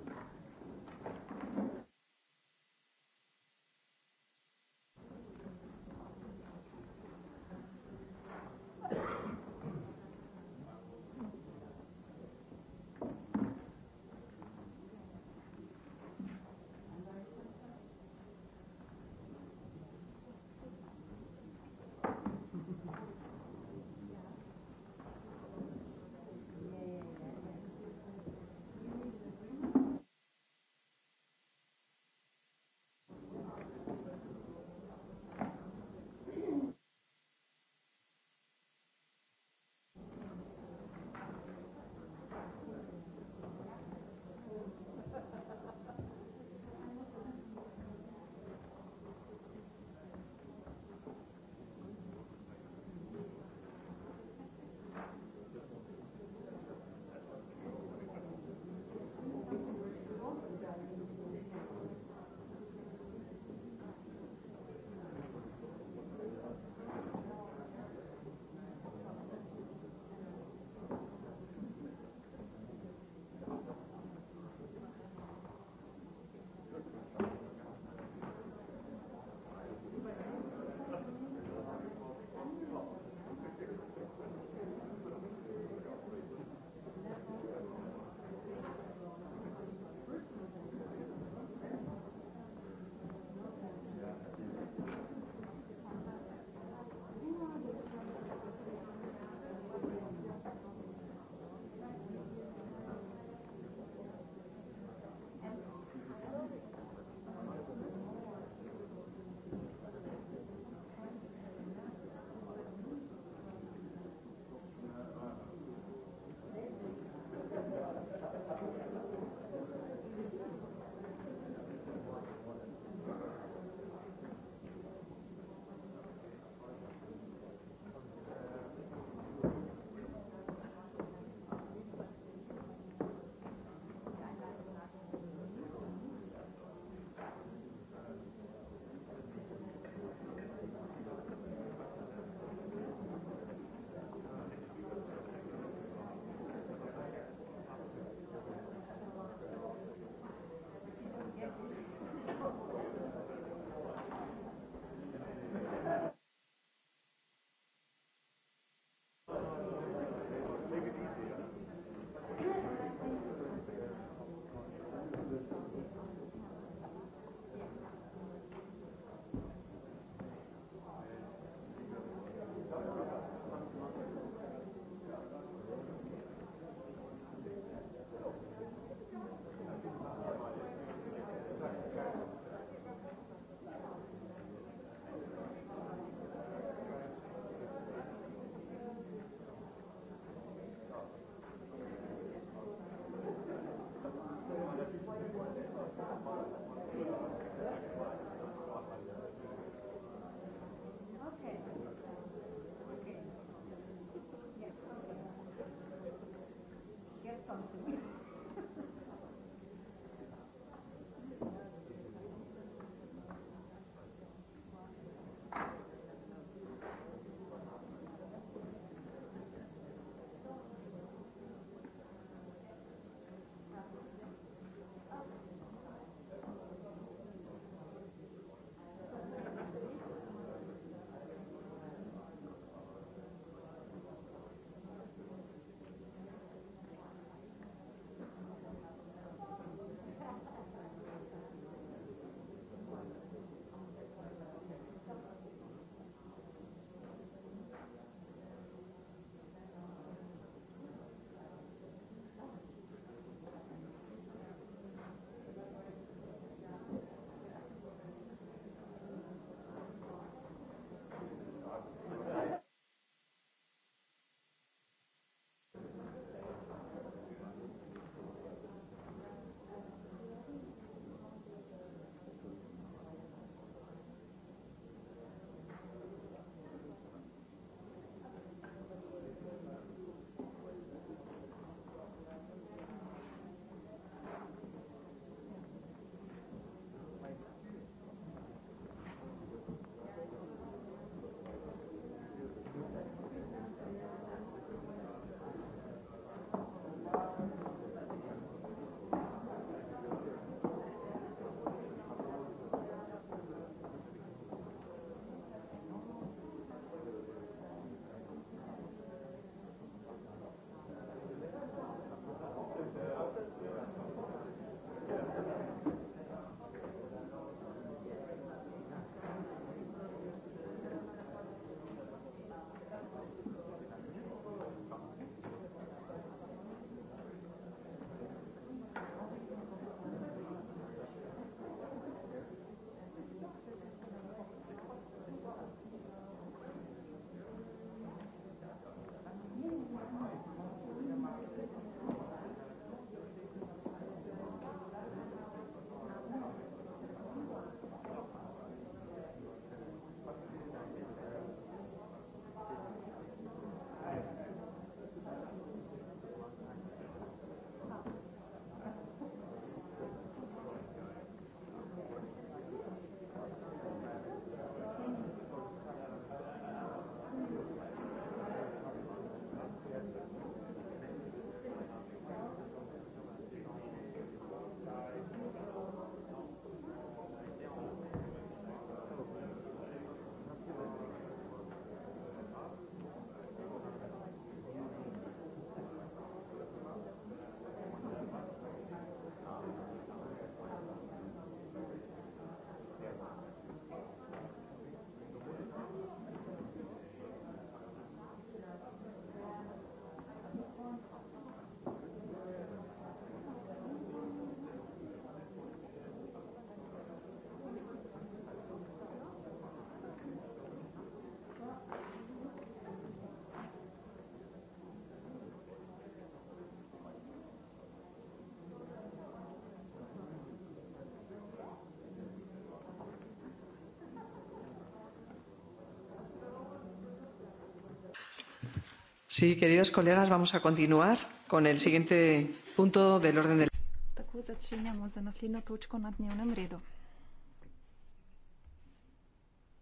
Sí, queridos colegas, vamos a continuar con el siguiente punto del orden del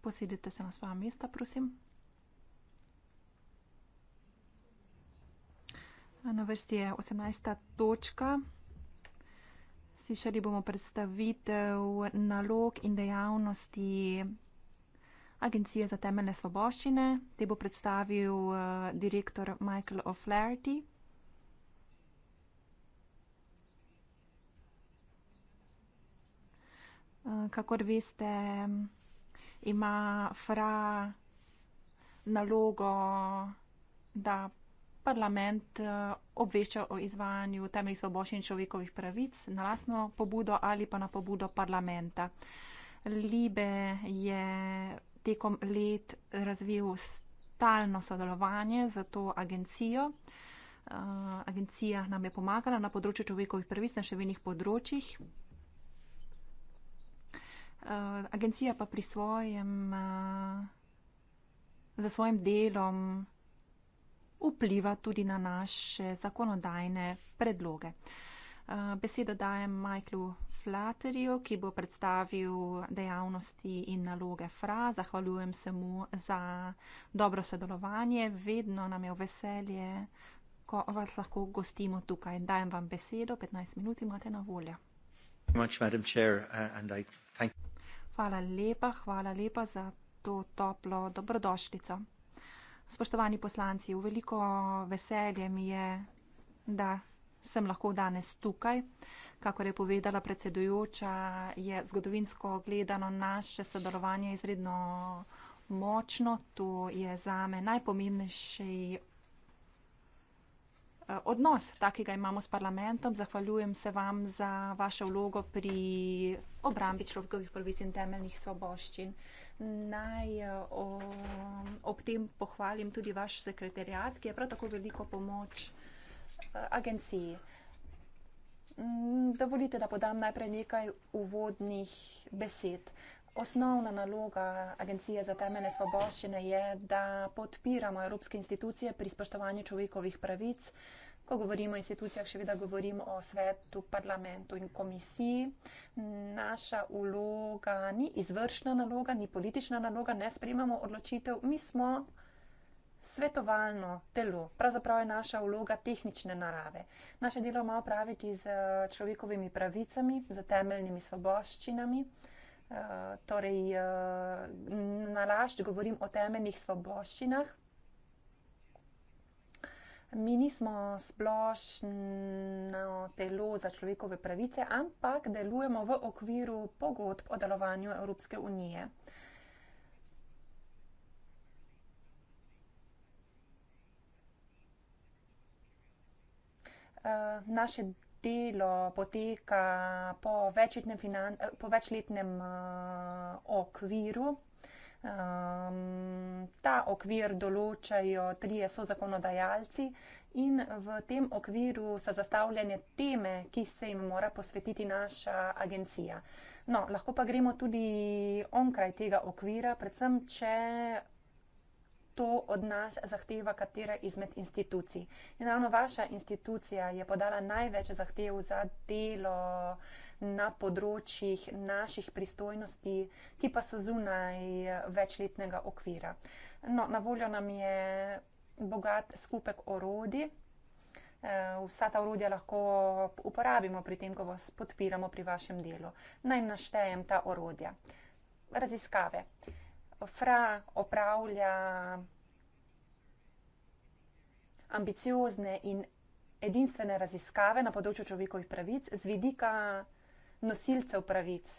Posedite se na svoja mesta, prosim. Na vrsti je 18. točka. Slišali bomo predstavitev nalog in dejavnosti Agencije za temeljne svoboščine, te bo predstavil uh, direktor Michael O'Flaherty. Eh, kakor veste, ima FRA nalogo, da parlament eh, obvešča o izvajanju temeljih svoboščin človekovih pravic na lasno pobudo ali pa na pobudo parlamenta. Libe je tekom let razvil stalno sodelovanje z to agencijo. Agencija nam je pomagala na področju človekovih prvic na številnih področjih. Agencija pa pri svojem, za svojim delom vpliva tudi na naše zakonodajne predloge. Besedo dajem Majklu Flatterju, ki bo predstavil dejavnosti in naloge FRA. Zahvaljujem se mu za dobro sodelovanje. Vedno nam je veselje, ko vas lahko gostimo tukaj. Dajem vam besedo, 15 minut imate na voljo. Uh, hvala lepa, hvala lepa za to toplo dobrodošlico. Spoštovani poslanci, v veliko veselje mi je, da sem lahko danes tukaj. Kako je povedala predsedujoča, je zgodovinsko gledano naše sodelovanje izredno močno. To je za me najpomembnejši eh, odnos, takega imamo s parlamentom. Zahvaljujem se vam za vašo vlogo pri obrambi človekovih pravic in temeljnih svoboščin. Naj eh, o, ob tem pohvalim tudi vaš sekretarjat, ki je prav tako veliko pomoč eh, agenciji. Mm, dovolite, da podam najprej nekaj uvodnih besed. Osnovna naloga Agencije za temeljne svoboščine je, da podpiramo evropske institucije pri spoštovanju človekovih pravic. Ko govorimo o institucijah, še vedno govorimo o svetu, parlamentu in komisiji. Naša uloga ni izvršna naloga, ni politična naloga, ne sprejemamo odločitev. Mi smo svetovalno telo. Pravzaprav je naša vloga tehnične narave. Naše delo ima opraviti z eh, človekovimi pravicami, z temeljnimi svoboščinami. Eh, torej, eh, na lažč govorim o temeljnih svoboščinah. Mi nismo splošno telo za človekove pravice, ampak delujemo v okviru pogodb o delovanju Evropske unije. uh, naše delo poteka po večletnem, finan, eh, po večletnem uh, okviru. Um, ta okvir določajo trije sozakonodajalci in v tem okviru so zastavljene teme, ki se jim mora posvetiti naša agencija. No, lahko pa gremo tudi onkraj tega okvira, predvsem, če to od nas zahteva katera izmed institucij. In ravno vaša institucija je podala največ zahtev za delo na področjih naših pristojnosti, ki pa so zunaj večletnega okvira. No, na voljo nam je bogat skupek orodi. Eh, vsa ta orodja lahko uporabimo pri tem, ko vas podpiramo pri vašem delu. Naj naštejem ta orodja. Raziskave fra opravlja ambiciozne in edinstvene raziskave na področju človekovih pravic z vidika nosilcev pravic.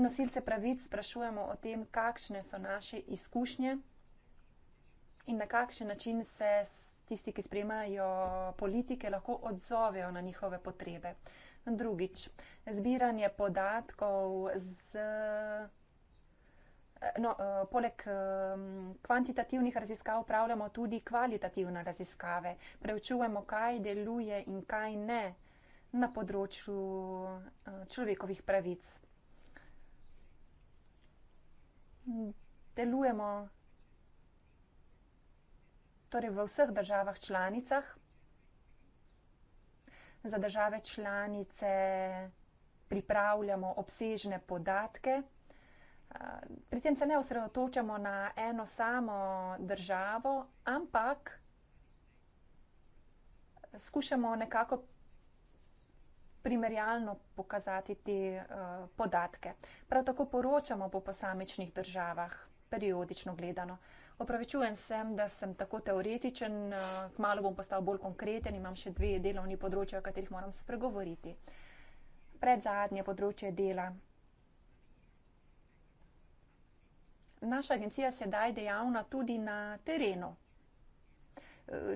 Nosilce pravic sprašujemo o tem, kakšne so naše izkušnje in na kakšen način se tisti, ki spremajo politike, lahko odzovejo na njihove potrebe. Drugič, zbiranje podatkov z no, eh, poleg ehm, kvantitativnih raziskav upravljamo tudi kvalitativne raziskave. Preučujemo, kaj deluje in kaj ne na področju eh, človekovih pravic. Delujemo torej v vseh državah članicah. Za države članice pripravljamo obsežne podatke. Pri tem se ne osredotočamo na eno samo državo, ampak skušamo nekako primerjalno pokazati te eh, podatke. Prav tako poročamo po posamičnih državah, periodično gledano. Opravičujem sem, da sem tako teoretičen, eh, malo bom postal bolj konkreten, imam še dve delovni področje, o katerih moram spregovoriti. Pred zadnje področje dela. naša agencija sedaj dejavna tudi na terenu.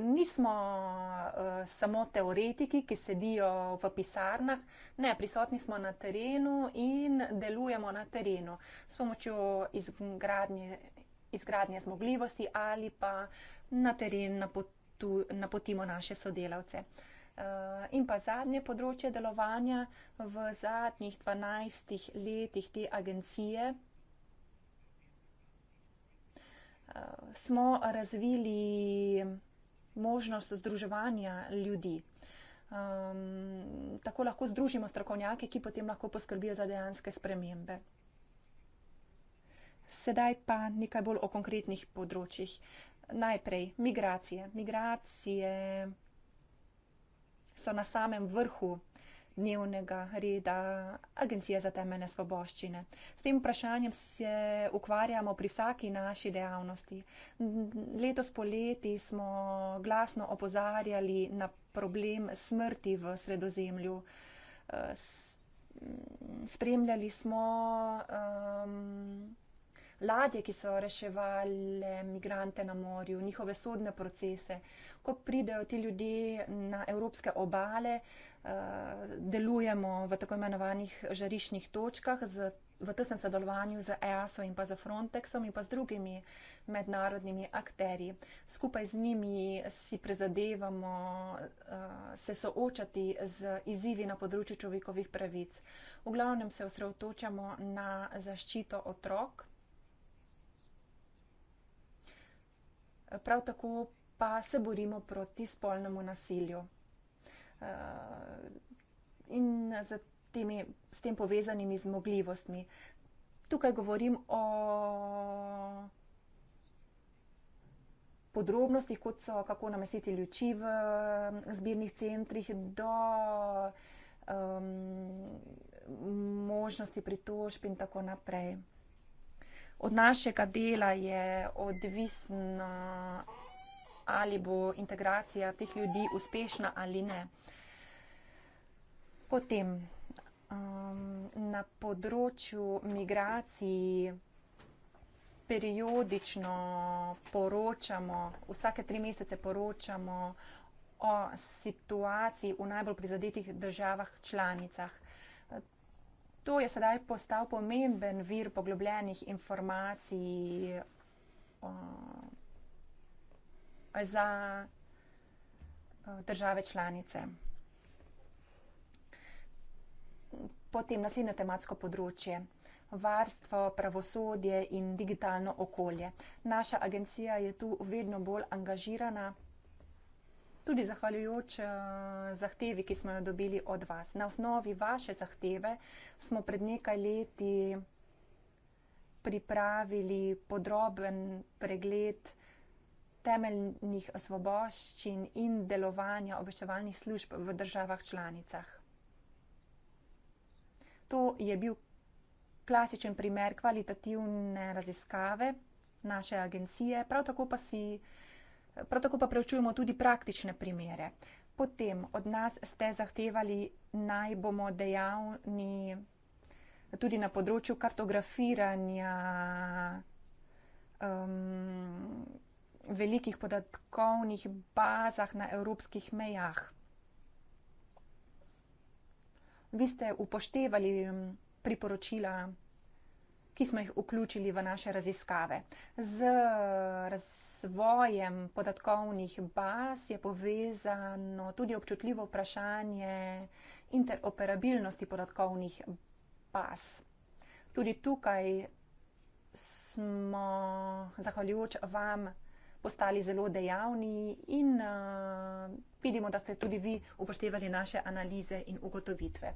Nismo eh, samo teoretiki, ki sedijo v pisarnah, ne, prisotni smo na terenu in delujemo na terenu s pomočjo izgradnje, izgradnje zmogljivosti ali pa na teren napotu, napotimo naše sodelavce. Eh, in pa zadnje področje delovanja v zadnjih 12 letih te agencije smo razvili možnost združevanja ljudi. Um, tako lahko združimo strokovnjake, ki potem lahko poskrbijo za dejanske spremembe. Sedaj pa nekaj bolj o konkretnih področjih. Najprej migracije. Migracije so na samem vrhu uh, dnevnega reda Agencije za temeljne svoboščine. S tem vprašanjem se ukvarjamo pri vsaki naši dejavnosti. Letos poleti smo glasno opozarjali na problem smrti v sredozemlju. Spremljali smo um, ladje, ki so reševali migrante na morju, njihove sodne procese. Ko pridejo ti ljudje na evropske obale, eh, delujemo v tako imenovanih žariščnih točkah z, v tesnem sodelovanju z EASO in pa z Frontexom in pa z drugimi mednarodnimi akteri. Skupaj z njimi si prizadevamo eh, se soočati z izzivi na področju človekovih pravic. V glavnem se osredotočamo na zaščito otrok. prav tako pa se borimo proti spolnemu nasilju. Eh, in temi, s tem povezanimi zmogljivostmi. Tukaj govorim o podrobnostih, kot so kako namestiti ljuči v eh, zbirnih centrih, do um, možnosti pritožb in tako naprej od našega dela je odvisno, ali bo integracija teh ljudi uspešna ali ne. Potem um, na področju migracij periodično poročamo, vsake tri mesece poročamo o situaciji v najbolj prizadetih državah članicah. To je sedaj postal pomemben vir poglobljenih informacij o, za države članice. Potem naslednje tematsko področje. Varstvo, pravosodje in digitalno okolje. Naša agencija je tu vedno bolj angažirana tudi zahvaljujoč eh, zahtevi, ki smo jo dobili od vas. Na osnovi vaše zahteve smo pred nekaj leti pripravili podroben pregled temeljnih svoboščin in delovanja obveščevalnih služb v državah članicah. To je bil klasičen primer kvalitativne raziskave naše agencije, prav tako pa si uh, Prav tako pa preučujemo tudi praktične primere. Potem od nas ste zahtevali, naj bomo dejavni tudi na področju kartografiranja um, velikih podatkovnih bazah na evropskih mejah. Vi ste upoštevali um, priporočila, ki smo jih vključili v naše raziskave. Z raz svojem podatkovnih baz je povezano tudi občutljivo vprašanje interoperabilnosti podatkovnih baz. Tudi tukaj smo, zahvaljujoč vam, postali zelo dejavni in uh, vidimo, da ste tudi vi upoštevali naše analize in ugotovitve.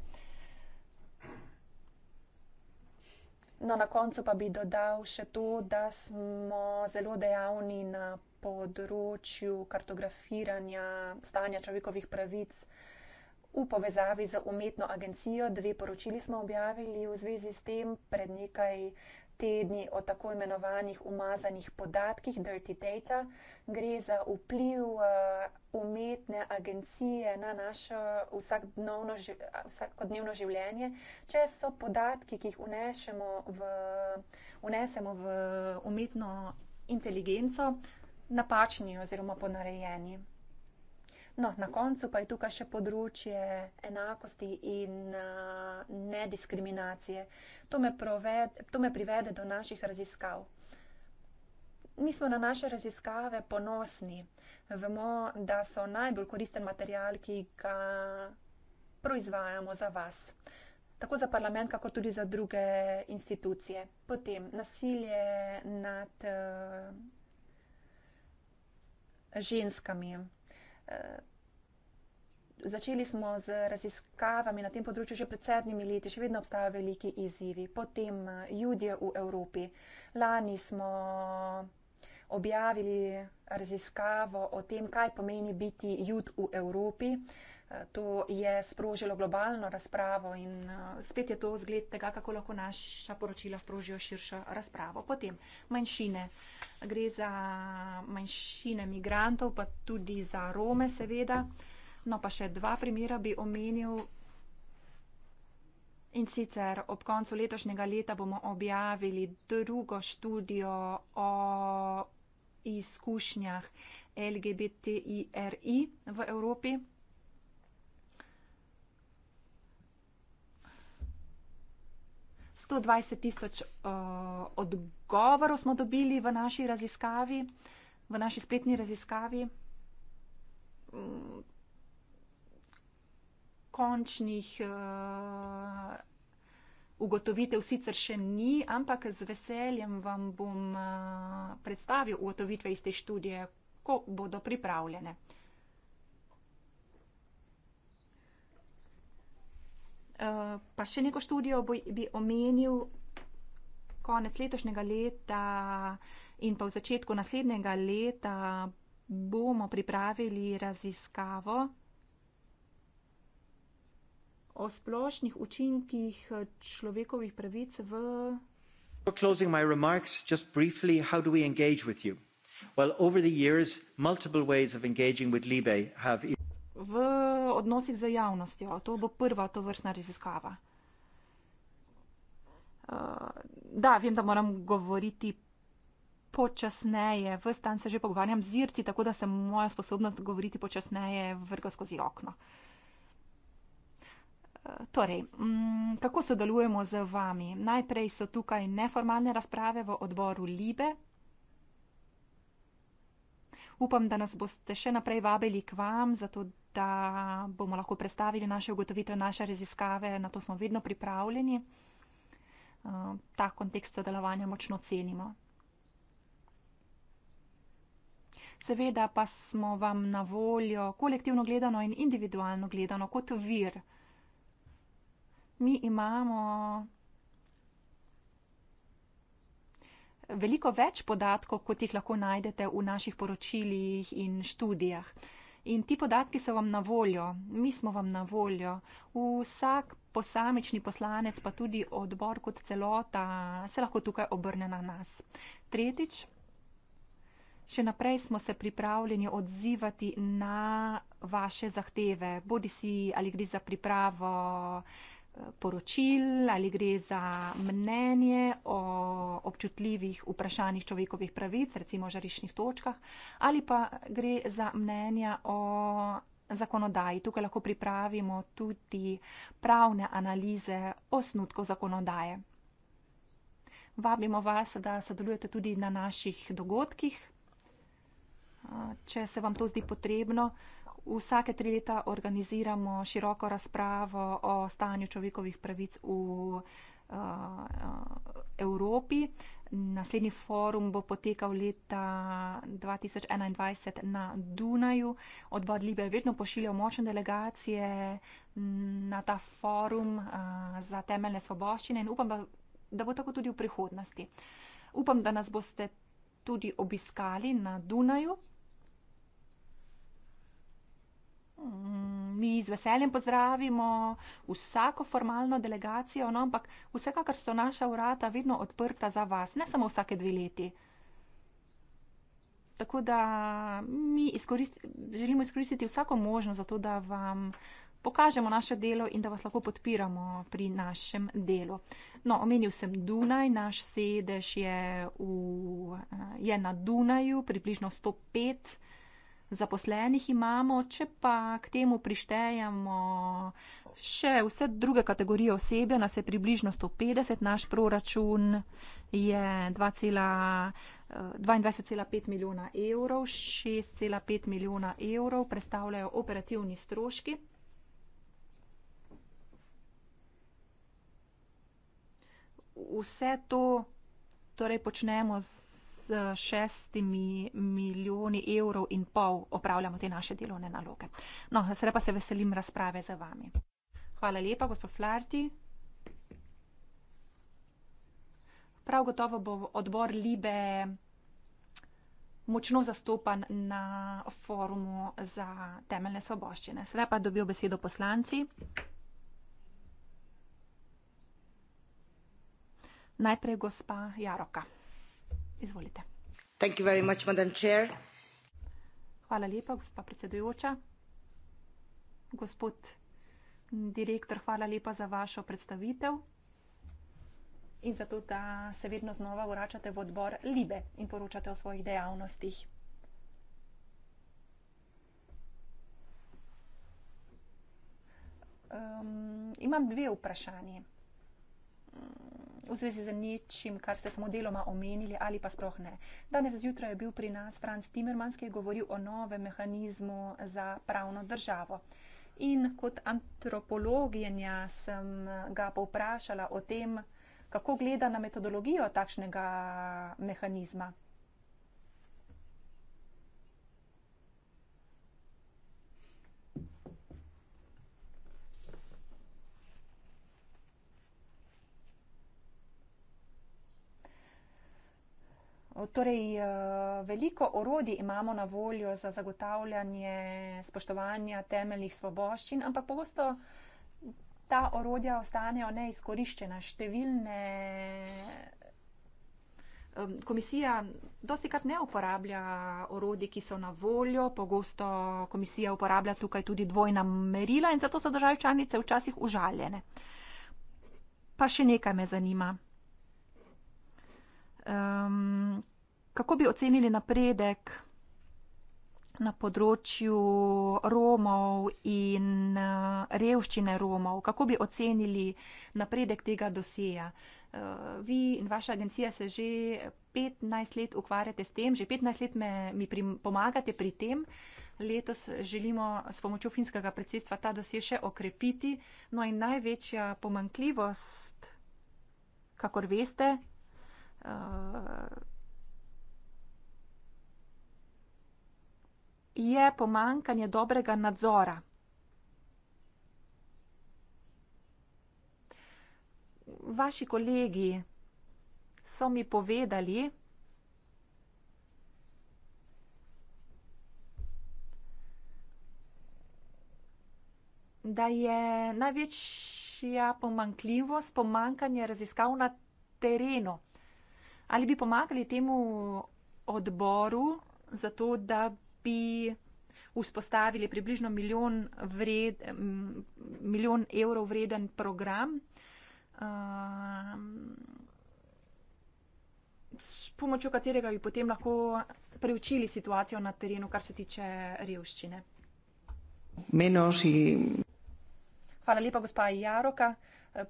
No, na koncu pa bi dodal še to, da smo zelo dejavni na področju kartografiranja stanja človekovih pravic v povezavi z umetno agencijo. Dve poročili smo objavili v zvezi s tem pred nekaj tedni o tako imenovanih umazanih podatkih, dirty data. Gre za vpliv eh, umetne agencije na naše vsakodnevno življenje. Če so podatki, ki jih v, vnesemo v umetno inteligenco, napačni oziroma ponarejeni. No, na koncu pa je tukaj še področje enakosti in uh, nediskriminacije. To me, proved, to me privede do naših raziskav. Mi smo na naše raziskave ponosni. Vemo, da so najbolj koristen material, ki ga proizvajamo za vas. Tako za parlament, kako tudi za druge institucije. Potem nasilje nad uh, ženskami. Eh, začeli smo z raziskavami na tem področju že pred sedmimi leti, še vedno obstajajo veliki izzivi. Potem ljudje eh, v Evropi. Lani smo objavili raziskavo o tem, kaj pomeni biti jud v Evropi. Uh, To je sprožilo globalno razpravo in eh, spet je to zgled tega, kako lahko naša poročila sprožijo širšo razpravo. Potem manjšine. Gre za manjšine migrantov, pa tudi za Rome seveda. No pa še dva primera bi omenil. In sicer ob koncu letošnjega leta bomo objavili drugo študijo o izkušnjah LGBTIRI v Evropi. 120 tisoč uh, odgovorov smo dobili v naši raziskavi, v naši spletni raziskavi. Mm, končnih uh, ugotovitev sicer še ni, ampak z veseljem vam bom uh, predstavil ugotovitve iz te študije, ko bodo pripravljene. Eh, pa še neko študijo bo, bi omenil konec letošnjega leta in pa v začetku naslednjega leta bomo pripravili raziskavo o splošnih učinkih eh, človekovih pravic v. Before closing my remarks, just briefly, how do we engage with you? Well, over the years, multiple ways of engaging with LIBE have v odnosih z javnostjo. To bo prva to vrstna raziskava. Eh, da, vem, da moram govoriti počasneje. Ves dan se že pogovarjam z irci, tako da se moja sposobnost govoriti počasneje vrga skozi okno. Eh, torej, mm, kako sodelujemo z vami? Najprej so tukaj neformalne razprave v odboru Libe. Upam, da nas boste še naprej vabili k vam, zato da bomo lahko predstavili naše ugotovitve, naše raziskave, na to smo vedno pripravljeni. Eh, ta kontekst sodelovanja močno cenimo. Seveda pa smo vam na voljo kolektivno gledano in individualno gledano kot vir. Mi imamo veliko več podatkov, kot jih lahko najdete v naših poročilih in študijah. In ti podatki so vam na voljo, mi smo vam na voljo. Vsak posamični poslanec, pa tudi odbor kot celota, se lahko tukaj obrne na nas. Tretjič, še naprej smo se pripravljeni odzivati na vaše zahteve, bodi si ali gre za pripravo poročil ali gre za mnenje o občutljivih vprašanjih človekovih pravic, recimo o žariščnih točkah, ali pa gre za mnenja o zakonodaji. Tukaj lahko pripravimo tudi pravne analize osnutkov zakonodaje. Vabimo vas, da sodelujete tudi na naših dogodkih, če se vam to zdi potrebno. Vsake tri leta organiziramo široko razpravo o stanju človekovih pravic v uh, Evropi. Naslednji forum bo potekal leta 2021 na Dunaju. Odbor Libe vedno pošilja močne delegacije mm, na ta forum uh, za temeljne svoboščine in upam, da bo tako tudi v prihodnosti. Upam, da nas boste tudi obiskali na Dunaju. Mm, mi z veseljem pozdravimo vsako formalno delegacijo, no, ampak vsekakor so naša urada vedno odprta za vas, ne samo vsake dve leti. Tako da mi izkorist, želimo izkoristiti vsako možnost za to, da vam pokažemo naše delo in da vas lahko podpiramo pri našem delu. No, omenil sem Dunaj, naš sedež je, v, je na Dunaju, približno 105 zaposlenih imamo, če pa k temu prištejemo še vse druge kategorije osebja, nas je približno 150, naš proračun je 22,5 eh, milijona evrov, 6,5 milijona evrov predstavljajo operativni stroški. Vse to torej počnemo z šestimi milijoni evrov in pol opravljamo te naše delovne naloge. No, sedaj pa se veselim razprave za vami. Hvala lepa, gospod Flarti. Prav gotovo bo odbor Libe močno zastopan na forumu za temeljne svoboščine. Sedaj pa dobijo besedo poslanci. Najprej gospa Jaroka. Izvolite. Hvala lepa, gospa predsedujoča. Gospod direktor, hvala lepa za vašo predstavitev in za to, da se vedno znova vračate v odbor Libe in poročate o svojih dejavnostih. Um, imam dve vprašanje v zvezi z nečim, kar ste samo deloma omenili ali pa sploh ne. Danes zjutraj je bil pri nas Franz Timmermans, ki je govoril o novem mehanizmu za pravno državo. In kot antropologinja sem ga povprašala o tem, kako gleda na metodologijo takšnega mehanizma. Torej, eh, veliko orodij imamo na voljo za zagotavljanje spoštovanja temeljnih svoboščin, ampak pogosto ta orodja ostanejo neizkoriščena. Številne komisija dosti krat ne uporablja orodij, ki so na voljo, pogosto komisija uporablja tukaj tudi dvojna merila in zato so države članice včasih užaljene. Pa še nekaj me zanima um, kako bi ocenili napredek na področju Romov in eh, revščine Romov? Kako bi ocenili napredek tega dosija? Eh, vi in vaša agencija se že 15 let ukvarjate s tem, že 15 let me, mi pri, pomagate pri tem. Letos želimo s pomočjo finskega predsedstva ta dosje še okrepiti. No in največja pomankljivost, kakor veste, uh, je pomankanje dobrega nadzora. Vaši kolegi so mi povedali, da je največja pomankljivost pomankanje raziskav na terenu ali bi pomagali temu odboru za to, da bi vzpostavili približno milijon, vred, milijon evrov vreden program um, s pomočjo katerega bi potem lahko preučili situacijo na terenu, kar se tiče revščine. Menoši. Hvala lepa, gospa Jaroka.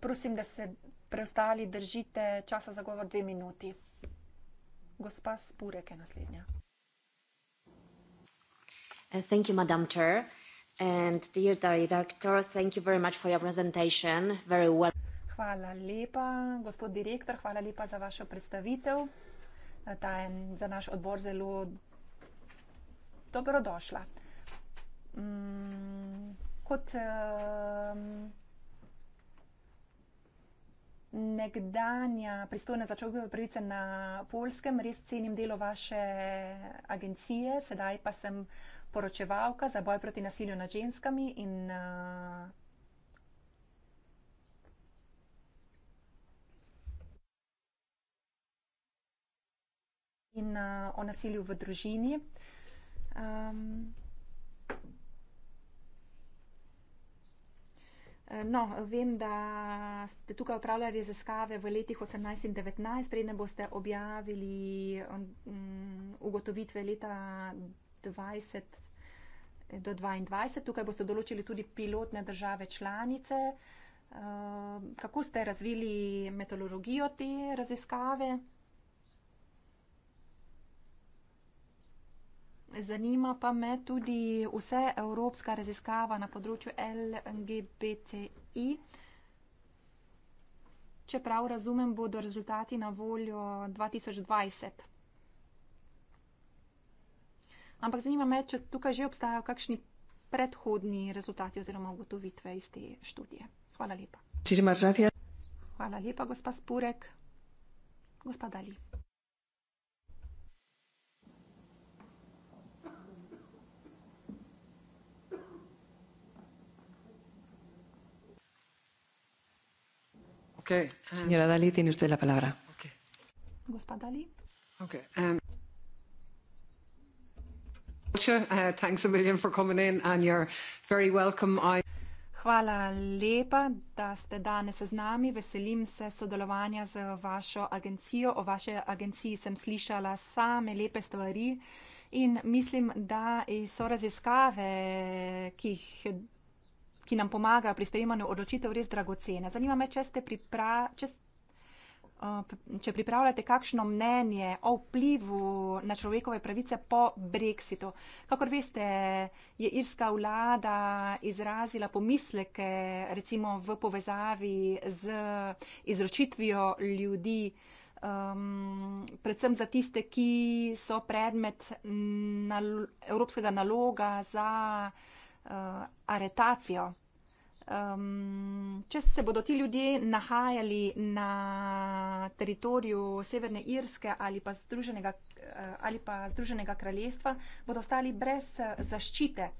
Prosim, da se preostali držite časa za govor dve minuti. Gospa Spurek je naslednja. Uh, thank you, Madam Chair. And dear director, thank you very much for your presentation. Very well. Hvala lepa, gospod direktor, hvala lepa za vašo predstavitev. Uh, ta je za naš odbor zelo dobrodošla. Mm, kot um, nekdanja pristojna za človekove pravice na Polskem. Res cenim delo vaše agencije, sedaj pa sem poročevalka za boj proti nasilju nad ženskami in. Uh, In uh, o nasilju v družini. Um, Eh, no, vem, da ste tukaj upravljali raziskave v letih 18 in 19, predne boste objavili um, ugotovitve leta 20 eh, do 22. Tukaj boste določili tudi pilotne države članice. Eh, kako ste razvili metodologijo te raziskave? Zanima pa me tudi vse evropska raziskava na področju LGBTI. Če prav razumem, bodo rezultati na voljo 2020. Ampak zanima me, če tukaj že obstajajo kakšni predhodni rezultati oziroma ugotovitve iz te študije. Hvala lepa. Hvala lepa, gospa Spurek. Gospa Dali. Okay. Señora Dalí, tiene usted la palabra. Okay. Dalí. Okay. Um, Hvala lepa, da ste danes z nami. Veselim se sodelovanja z vašo agencijo. O vaši agenciji sem slišala same lepe stvari in mislim, da so raziskave, ki jih ki nam pomagajo pri sprejemanju odločitev, res dragocene. Zanima me, če, pripra če, uh, če pripravljate kakšno mnenje o vplivu na človekove pravice po brexitu. Kakor veste, je irska vlada izrazila pomisleke recimo v povezavi z izročitvijo ljudi. Um, predvsem za tiste, ki so predmet nal evropskega naloga za uh, uh, aretacijo. Um, če se bodo ti ljudje nahajali na teritoriju Severne Irske ali pa Združenega, eh, ali pa Združenega kraljestva, bodo ostali brez eh, zaščite.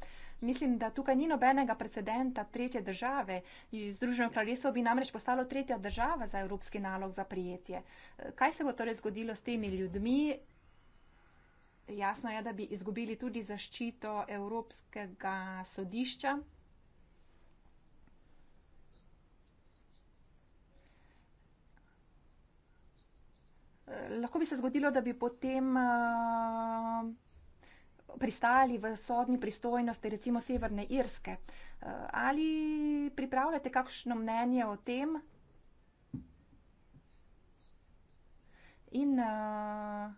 Mislim, da tukaj ni nobenega precedenta tretje države. Združeno kraljestvo bi namreč postalo tretja država za evropski nalog za prijetje. Kaj se bo torej zgodilo s temi ljudmi, jasno je, da bi izgubili tudi zaščito Evropskega sodišča. Lahko bi se zgodilo, da bi potem pristali v sodni pristojnosti recimo Severne Irske. Ali pripravljate kakšno mnenje o tem? In uh,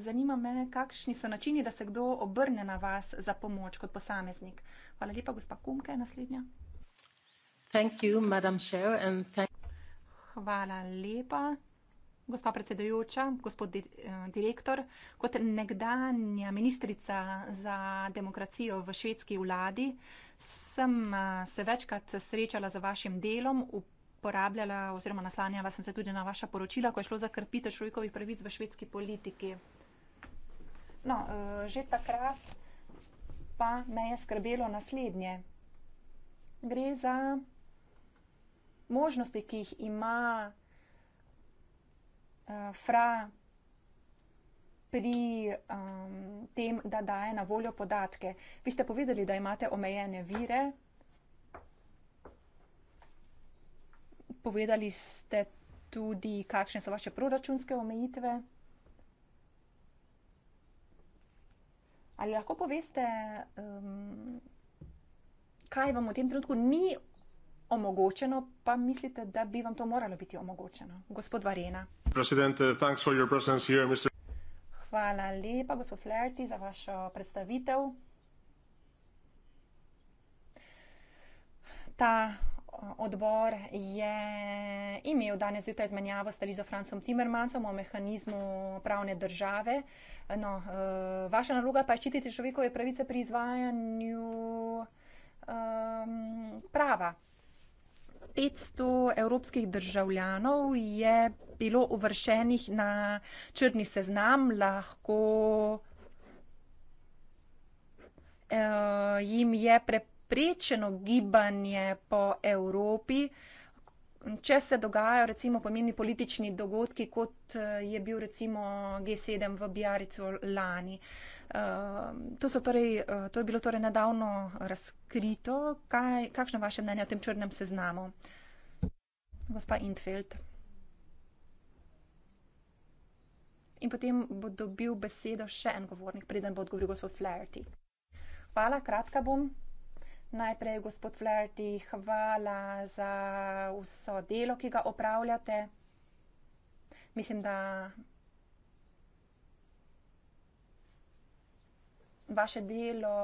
zanima me, kakšni so načini, da se kdo obrne na vas za pomoč kot posameznik. Hvala lepa, gospa Kumke, naslednja. You, Chair, thank... Hvala lepa, gospa predsedujoča, gospod eh, direktor. Kot nekdanja ministrica za demokracijo v švedski vladi sem eh, se večkrat srečala z vašim delom. Oziroma, naslanjala sem se tudi na vaša poročila, ko je šlo za krpitev človekovih pravic v švedski politiki. No, eh, že takrat pa me je skrbelo naslednje. Gre za možnosti, ki jih ima eh, fra pri um, tem, da daje na voljo podatke. Vi ste povedali, da imate omejene vire. Povedali ste tudi, kakšne so vaše proračunske omejitve. Ali lahko poveste, um, kaj vam v tem trenutku ni omogočeno, pa mislite, da bi vam to moralo biti omogočeno? Gospod Varena. Hvala lepa, gospod Flaherty, za vašo predstavitev. Ta odbor je imel danes zjutraj zmenjavo stališča z Francom Timmermansom o mehanizmu pravne države. No, eh, vaša naloga pa je ščititi človekove pravice pri izvajanju um, prava. 500 evropskih državljanov je bilo uvršenih na črni seznam, lahko uh, jim je preprosto povprečeno gibanje po Evropi. Če se dogajajo recimo pomeni politični dogodki, kot eh, je bil recimo G7 v Bjaricu lani. Ehm, to, torej, eh, to je bilo torej nedavno razkrito. Kaj, kakšno je vaše mnenje o tem črnem seznamu? Gospa Intfeld. In potem bo dobil besedo še en govornik, preden bo odgovoril gospod Flaherty. Hvala, kratka bom. Najprej, gospod Flaherty, hvala za vso delo, ki ga opravljate. Mislim, da vaše delo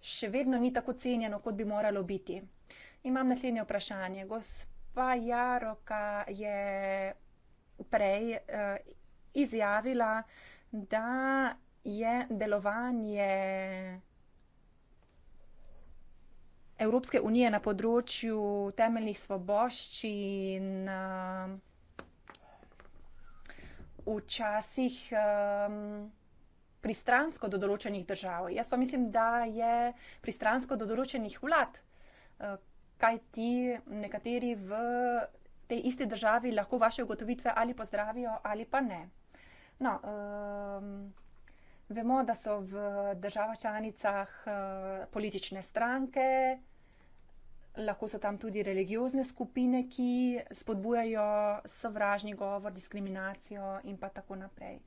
še vedno ni tako cenjeno, kot bi moralo biti. Imam naslednje vprašanje. Gospa Jaroka je prej eh, izjavila, da je delovanje Evropske unije na področju temeljnih svoboščin. Um, včasih um, pristransko do določenih držav. Jaz pa mislim, da je pristransko do določenih vlad, uh, kaj ti nekateri v tej isti državi lahko vaše ugotovitve ali pozdravijo ali pa ne. No, um, vemo, da so v državah članicah uh, politične stranke, lahko so tam tudi religiozne skupine, ki spodbujajo sovražni govor, diskriminacijo in tako naprej.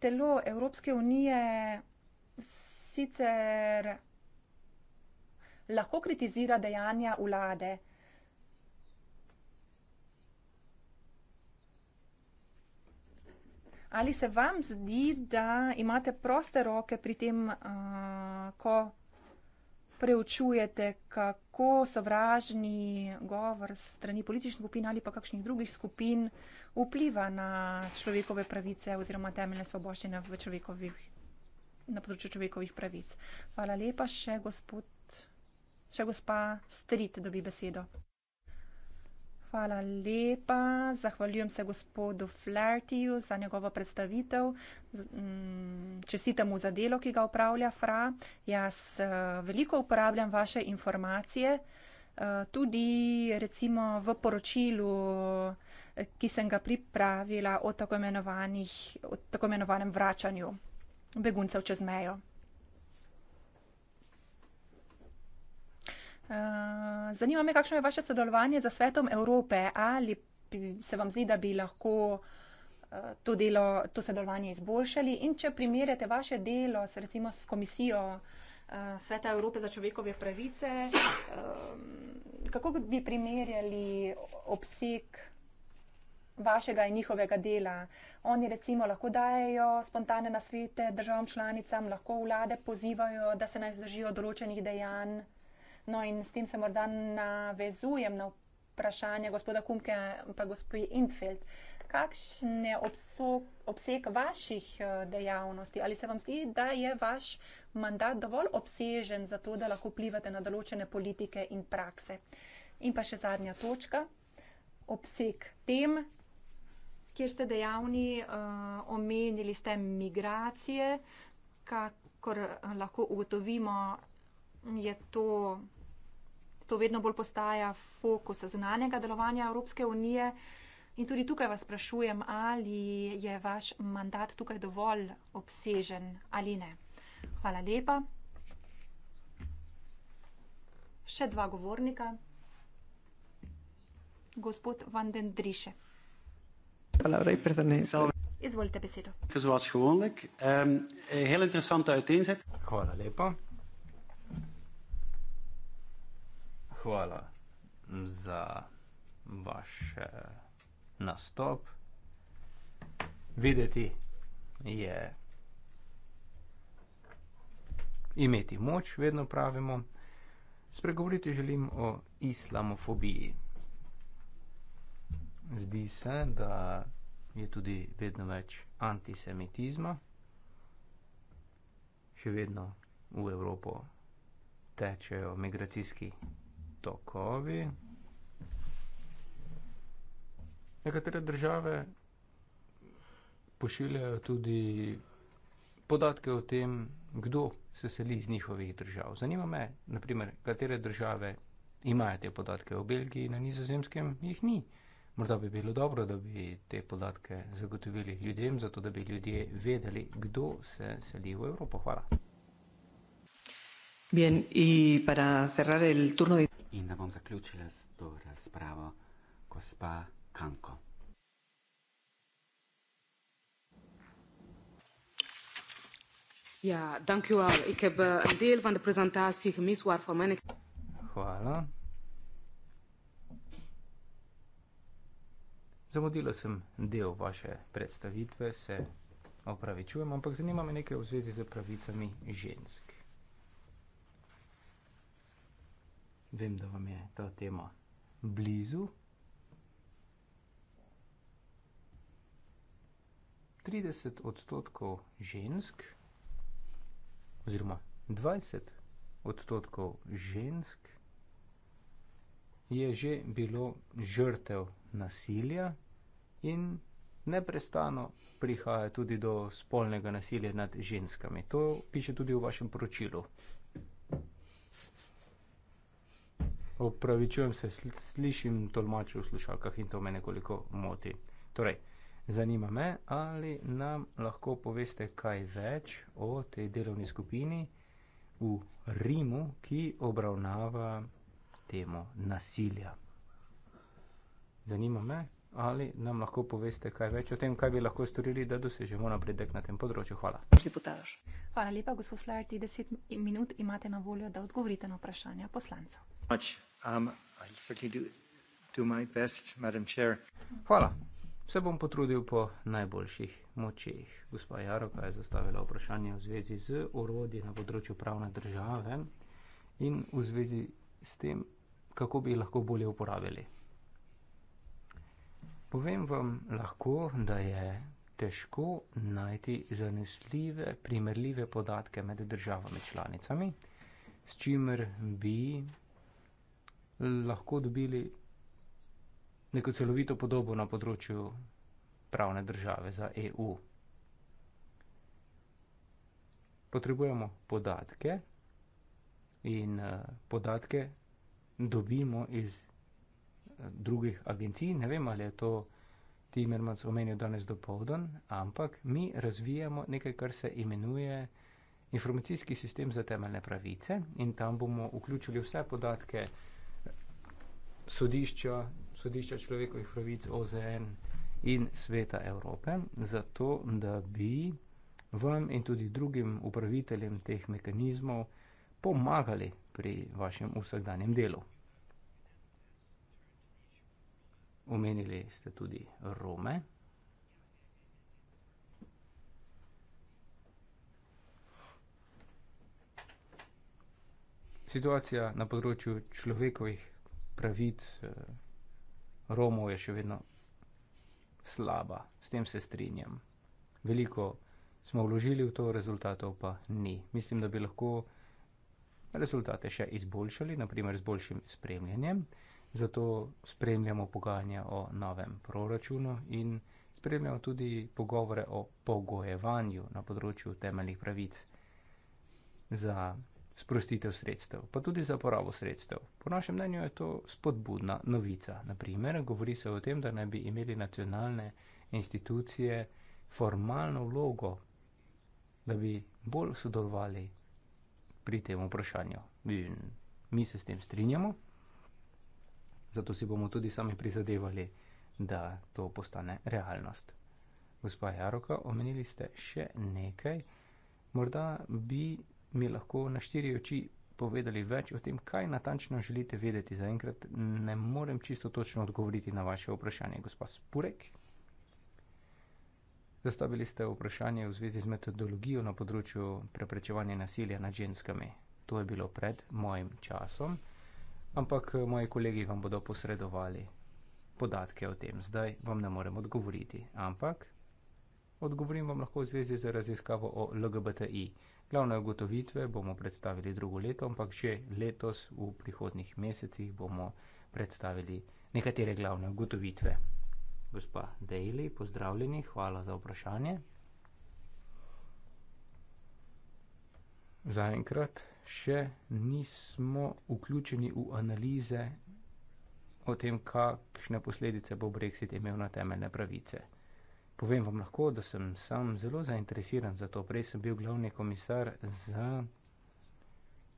Telo Evropske unije sicer lahko kritizira dejanja vlade. Ali se vam zdi, da imate proste roke pri tem, uh, ko preučujete, kako sovražni govor strani političnih skupin ali pa kakšnih drugih skupin vpliva na človekove pravice oziroma temeljne svoboščine v človekovih, na področju človekovih pravic. Hvala lepa še gospod, še gospa Strit dobi besedo. Hvala lepa. Zahvaljujem se gospodu Flertiju za njegovo predstavitev. Mm, Čestitam mu za delo, ki ga upravlja FRA. Jaz eh, veliko uporabljam vaše informacije. Eh, tudi recimo v poročilu, ki sem ga pripravila o tako imenovanem vračanju beguncev čez mejo. Eh, zanima me, kakšno je vaše sodelovanje za svetom Evrope. Ali se vam zdi, da bi lahko eh, to, delo, to sodelovanje izboljšali? In če primerjate vaše delo s, recimo, s komisijo eh, Sveta Evrope za človekove pravice, kako bi primerjali obseg? Vašega in njihovega dela. Oni recimo lahko dajo spontane nasvete državam članicam, lahko vlade pozivajo, da se naj vzdržijo določenih dejanj. No in s tem se morda navezujem na vprašanje gospoda Kumke in gospod Infeld. Kakšen je obseg vaših eh, dejavnosti? Ali se vam zdi, da je vaš mandat dovolj obsežen za to, da lahko plivate na določene politike in prakse? In pa še zadnja točka, obseg tem, kjer ste dejavni, eh, omenili ste migracije, kakor eh, lahko ugotovimo, je to to vedno bolj postaja fokus zunanjega delovanja Evropske unije. In tudi tukaj vas sprašujem, ali je vaš mandat tukaj dovolj obsežen ali ne. Hvala lepa. Še dva govornika. Gospod Van den Driše. Hvala, rej prezanesel. Izvolite besedo. Ehm, Hvala lepa. hvala za vaš nastop. Videti je imeti moč, vedno pravimo. Spregovoriti želim o islamofobiji. Zdi se, da je tudi vedno več antisemitizma. Še vedno v Evropo tečejo migracijski tokovi. Nekatere države pošiljajo tudi podatke o tem, kdo se seli iz njihovih držav. Zanima me, naprimer, katere države imajo te podatke. V Belgiji na nizozemskem jih ni. Morda bi bilo dobro, da bi te podatke zagotovili ljudem, zato da bi ljudje vedeli, kdo se seli v Evropo. Hvala. Bien, y para cerrar el turno de in da bom zaključila s to razpravo, gospa Kanko. Ja, thank you all. Ik heb eh, een deel van de presentatie gemist, waarvoor mijn. Hvala. Zamudila sem del vaše predstavitve, se opravičujem, ampak zanima me nekaj v zvezi z pravicami žensk. vem, da vam je ta tema blizu. 30 odstotkov žensk, oziroma 20 odstotkov žensk, je že bilo žrtev nasilja in neprestano prihaja tudi do spolnega nasilja nad ženskami. To piše tudi v vašem poročilu. Opravičujem se, sl slišim tolmače v slušalkah in to me nekoliko moti. Torej, zanima me, ali nam lahko poveste kaj več o tej delovni skupini v Rimu, ki obravnava temo nasilja. Zanima me, ali nam lahko poveste kaj več o tem, kaj bi lahko storili, da dosežemo napredek na tem področju. Hvala. Hvala lepa, gospod Flaherty. Deset minut imate na voljo, da odgovorite na vprašanja poslancev. Pač. Um, Hvala. Se bom potrudil po najboljših močeh. Gospa Jaroka je zastavila vprašanje v zvezi z orodji na področju pravne države in v zvezi s tem, kako bi jih lahko bolje uporabili. Povem vam lahko, da je težko najti zanesljive, primerljive podatke med državami članicami, s čimer bi lahko dobili neko celovito podobo na področju pravne države za EU. Potrebujemo podatke in eh, podatke dobimo iz eh, drugih agencij. Ne vem, ali je to Timermans omenil danes do povdan, ampak mi razvijamo nekaj, kar se imenuje informacijski sistem za temeljne pravice in tam bomo vključili vse podatke, ki sodišča, sodišča človekovih pravic OZN in Sveta Evrope, zato da bi vam in tudi drugim upraviteljem teh mehanizmov pomagali pri vašem vsakdanjem delu. Omenili ste tudi Rome. Situacija na področju človekovih pravic eh, Romov je še vedno slaba. S tem se strinjam. Veliko smo vložili v to, rezultatov pa ni. Mislim, da bi lahko rezultate še izboljšali, naprimer z boljšim spremljanjem. Zato spremljamo pogajanja o novem proračunu in spremljamo tudi pogovore o pogojevanju na področju temeljnih pravic za sprostitev sredstev, pa tudi za porabo sredstev. Po našem mnenju je to spodbudna novica. Naprimer, govori se o tem, da naj bi imeli nacionalne institucije formalno vlogo, da bi bolj sodelovali pri tem vprašanju. In mi se s tem strinjamo, zato si bomo tudi sami prizadevali, da to postane realnost. Gospa Jaroka, omenili ste še nekaj. Morda bi mi lahko na štiri oči povedali več o tem, kaj natančno želite vedeti. Zaenkrat ne morem čisto točno odgovoriti na vaše vprašanje, gospod Spurek. Zastavili ste vprašanje v zvezi z metodologijo na področju preprečevanja nasilja nad ženskami. To je bilo pred mojim časom, ampak eh, moji kolegi vam bodo posredovali podatke o tem. Zdaj vam ne morem odgovoriti, ampak odgovorim vam lahko v zvezi z raziskavo o LGBTI. Glavne ugotovitve bomo predstavili drugo leto, ampak že letos v prihodnih mesecih bomo predstavili nekatere glavne ugotovitve. Gospa Daily, pozdravljeni, hvala za vprašanje. Zaenkrat še nismo vključeni v analize o tem, kakšne posledice bo Brexit imel na temeljne pravice. Povem vam lahko, da sem sam zelo zainteresiran za to. Prej sem bil glavni komisar za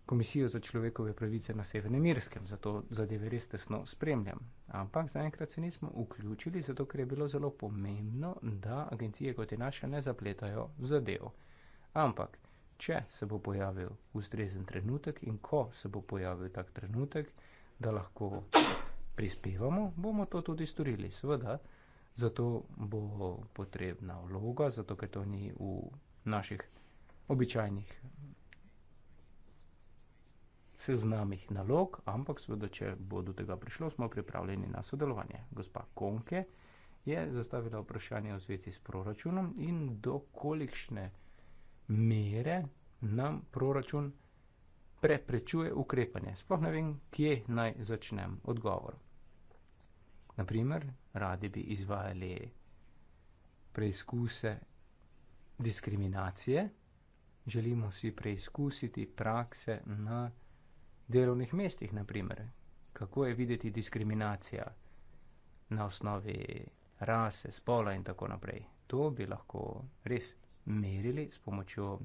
Komisijo za človekove pravice na Severnem Irskem, zato zadeve res tesno spremljam. Ampak zaenkrat se nismo vključili, zato ker je bilo zelo pomembno, da agencije kot je naša ne zapletajo zadev. Ampak, če se bo pojavil ustrezen trenutek in ko se bo pojavil tak trenutek, da lahko prispevamo, bomo to tudi storili. Seveda. Zato bo potrebna vloga, zato ker to ni v naših običajnih seznamih nalog, ampak seveda, če bo do tega prišlo, smo pripravljeni na sodelovanje. Gospa Konke je zastavila vprašanje v zvezi s proračunom in do kolikšne mere nam proračun preprečuje ukrepanje. Sploh ne vem, kje naj začnem odgovor. Naprimer, radi bi izvajali preizkuse diskriminacije, želimo si preizkusiti prakse na delovnih mestih, naprimer. kako je videti diskriminacija na osnovi rase, spola in tako naprej. To bi lahko res merili s pomočjo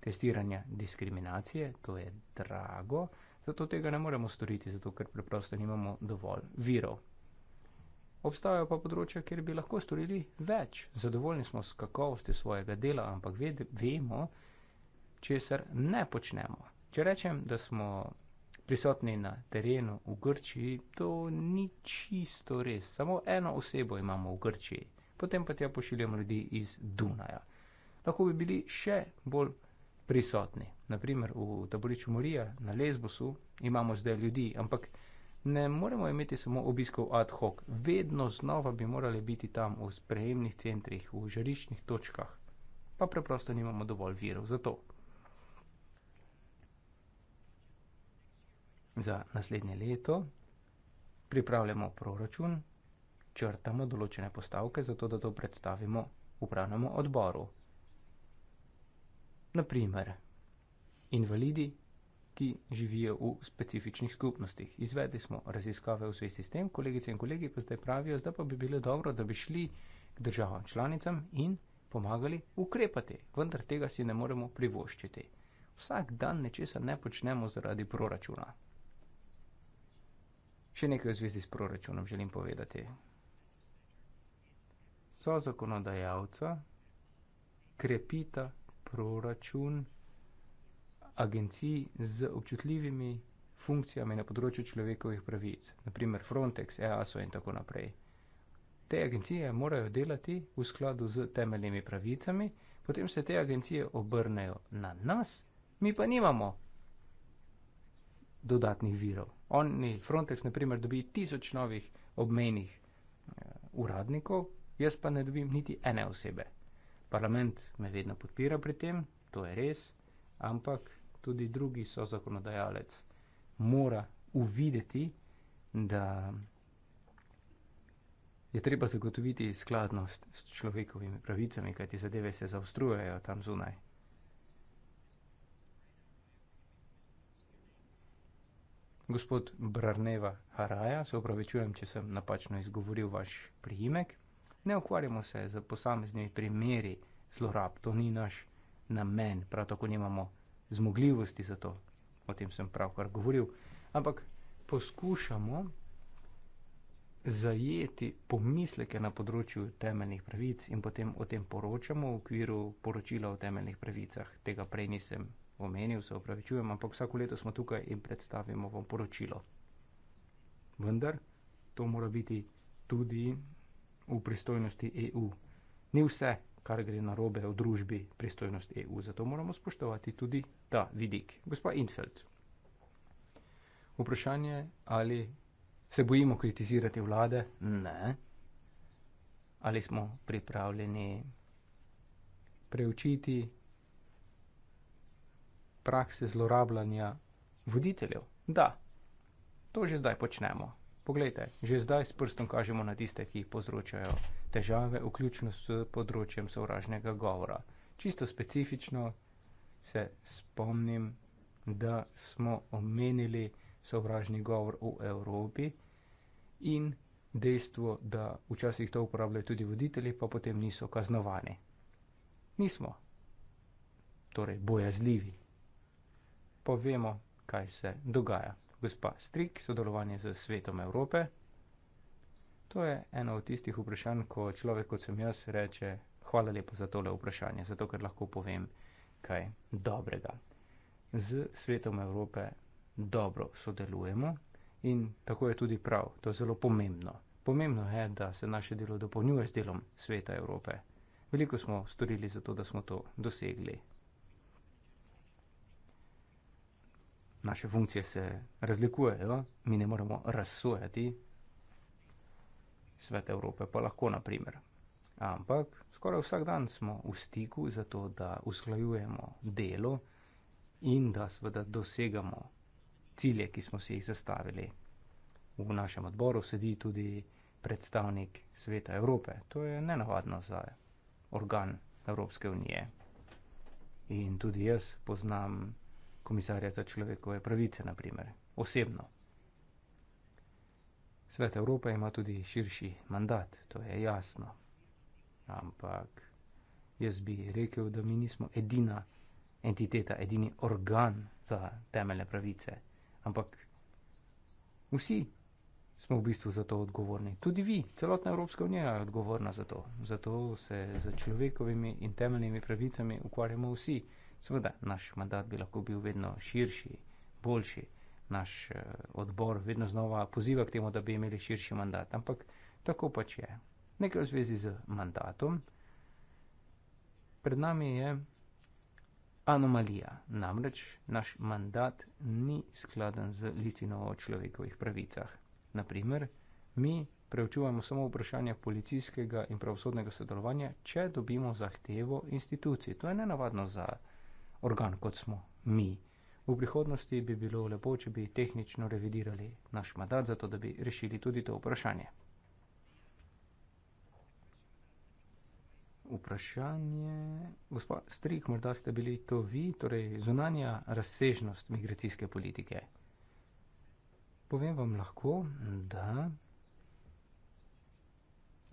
testiranja diskriminacije, to je drago, zato tega ne moremo storiti, zato ker preprosto nimamo dovolj virov. Obstajajo pa področja, kjer bi lahko storili več. Zadovoljni smo s kakovosti svojega dela, ampak ved, vemo, česar ne počnemo. Če rečem, da smo prisotni na terenu v Grčiji, to ni čisto res. Samo eno osebo imamo v Grčiji, potem pa tja pošiljamo ljudi iz Dunaja. Lahko bi bili še bolj prisotni. Naprimer v taborišču Morija na Lesbosu imamo zdaj ljudi, ampak ne moremo imeti samo obiskov ad hoc, vedno znova bi morali biti tam v sprejemnih centrih, v žariščnih točkah, pa preprosto nimamo dovolj virov za to. Za naslednje leto pripravljamo proračun, črtamo določene postavke, zato da to predstavimo upravnemu odboru. Naprimer, invalidi ki živijo v specifičnih skupnostih. Izvedli smo raziskave v zvezi s tem, kolegice in kolegi pa zdaj pravijo, da pa bi bilo dobro, da bi šli k državam članicam in pomagali ukrepati, vendar tega si ne moremo privoščiti. Vsak dan nečesa ne počnemo zaradi proračuna. Še nekaj v zvezi s proračunom želim povedati. So zakonodajalca krepita proračun agencij z občutljivimi funkcijami na področju človekovih pravic, naprimer Frontex, EASO in tako naprej. Te agencije morajo delati v skladu z temeljnimi pravicami, potem se te agencije obrnejo na nas, mi pa nimamo dodatnih virov. Oni, Frontex, naprimer, dobi tisoč novih obmejnih eh, uradnikov, jaz pa ne dobim niti ene osebe. Parlament me vedno podpira pri tem, to je res, ampak tudi drugi so zakonodajalec, mora uvideti, da je treba zagotoviti skladnost s človekovimi pravicami, kajti zadeve se zaostrujejo tam zunaj. Gospod Brneva Haraja, se opravičujem, če sem napačno izgovoril vaš priimek. Ne ukvarjamo se z posameznimi primeri zlorab, to ni naš namen, prav tako nimamo zmogljivosti za to. O tem sem pravkar govoril. Ampak poskušamo zajeti pomisleke na področju temeljnih pravic in potem o tem poročamo v okviru poročila o temeljnih pravicah. Tega prej nisem omenil, se opravičujem, ampak vsako leto smo tukaj in predstavimo vam poročilo. Vendar to mora biti tudi v pristojnosti EU. Ni vse, kar gre na robe v družbi, pristojnost EU. Zato moramo spoštovati tudi ta vidik. Gospa Infeld. Vprašanje, ali se bojimo kritizirati vlade? Ne. Ali smo pripravljeni preučiti prakse zlorabljanja voditeljev? Da, to že zdaj počnemo. Poglejte, že zdaj s prstom kažemo na tiste, ki jih povzročajo težave, vključno s področjem sovražnega govora. Čisto specifično se spomnim, da smo omenili sovražni govor v Evropi in dejstvo, da včasih to uporabljajo tudi voditelji, pa potem niso kaznovani. Nismo torej bojazljivi. Povemo, kaj se dogaja. Gospa Strik, sodelovanje z Svetom Evrope. To je eno od tistih vprašanj, ko človek, kot sem jaz, reče: Hvala lepa za tole vprašanje, zato ker lahko povem kaj dobrega. Z svetom Evrope dobro sodelujemo in tako je tudi prav. To je zelo pomembno. Pomembno je, da se naše delo dopolnjuje z delom sveta Evrope. Veliko smo storili za to, da smo to dosegli. Naše funkcije se razlikujejo, mi ne moremo razsojati Svet Evrope, pa lahko na primer. Ampak skoraj vsak dan smo v stiku za to, da usklajujemo delo in da seveda dosegamo cilje, ki smo si jih zastavili. V našem odboru sedi tudi predstavnik Sveta Evrope. To je nenavadno za organ Evropske unije. In tudi jaz poznam komisarja za človekove pravice, naprimer, osebno. Svet Evrope ima tudi širši mandat, to je jasno. Ampak jaz bi rekel, da mi nismo edina entiteta, edini organ za temeljne pravice. Ampak vsi smo v bistvu za to odgovorni. Tudi vi, celotna Evropska unija je odgovorna za to. Zato se za človekovimi in temeljnimi pravicami ukvarjamo vsi. Seveda, naš mandat bi lahko bil vedno širši, boljši naš eh, odbor vedno znova poziva k temu, da bi imeli širši mandat. Ampak tako pač je. Nekaj v zvezi z mandatom. Pred nami je anomalija. Namreč naš mandat ni skladen z listino o človekovih pravicah. Naprimer, mi preučujemo samo vprašanje policijskega in pravosodnega sodelovanja, če dobimo zahtevo institucije. To je nenavadno za organ, kot smo mi. V prihodnosti bi bilo lepo, če bi tehnično revidirali naš mandat, zato da bi rešili tudi to vprašanje. Vprašanje, gospod Strik, morda ste bili to vi, torej zunanja razsežnost migracijske politike. Povem vam lahko, da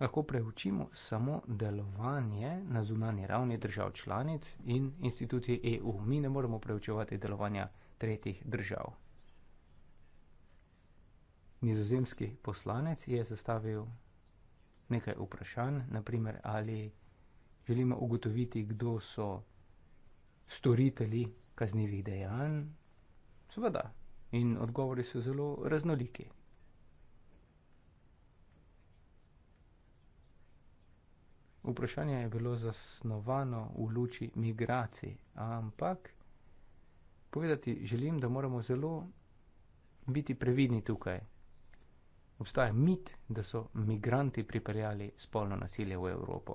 lahko preučimo samo delovanje na zunanji ravni držav članic in institucij EU. Mi ne moremo preučevati delovanja tretjih držav. Nizozemski poslanec je zastavil nekaj vprašanj, naprimer ali želimo ugotoviti, kdo so storiteli kaznivih dejanj. Seveda. In odgovori so zelo raznoliki. vprašanje je bilo zasnovano v luči migracij, ampak povedati želim, da moramo zelo biti previdni tukaj. Obstaja mit, da so migranti pripeljali spolno nasilje v Evropo.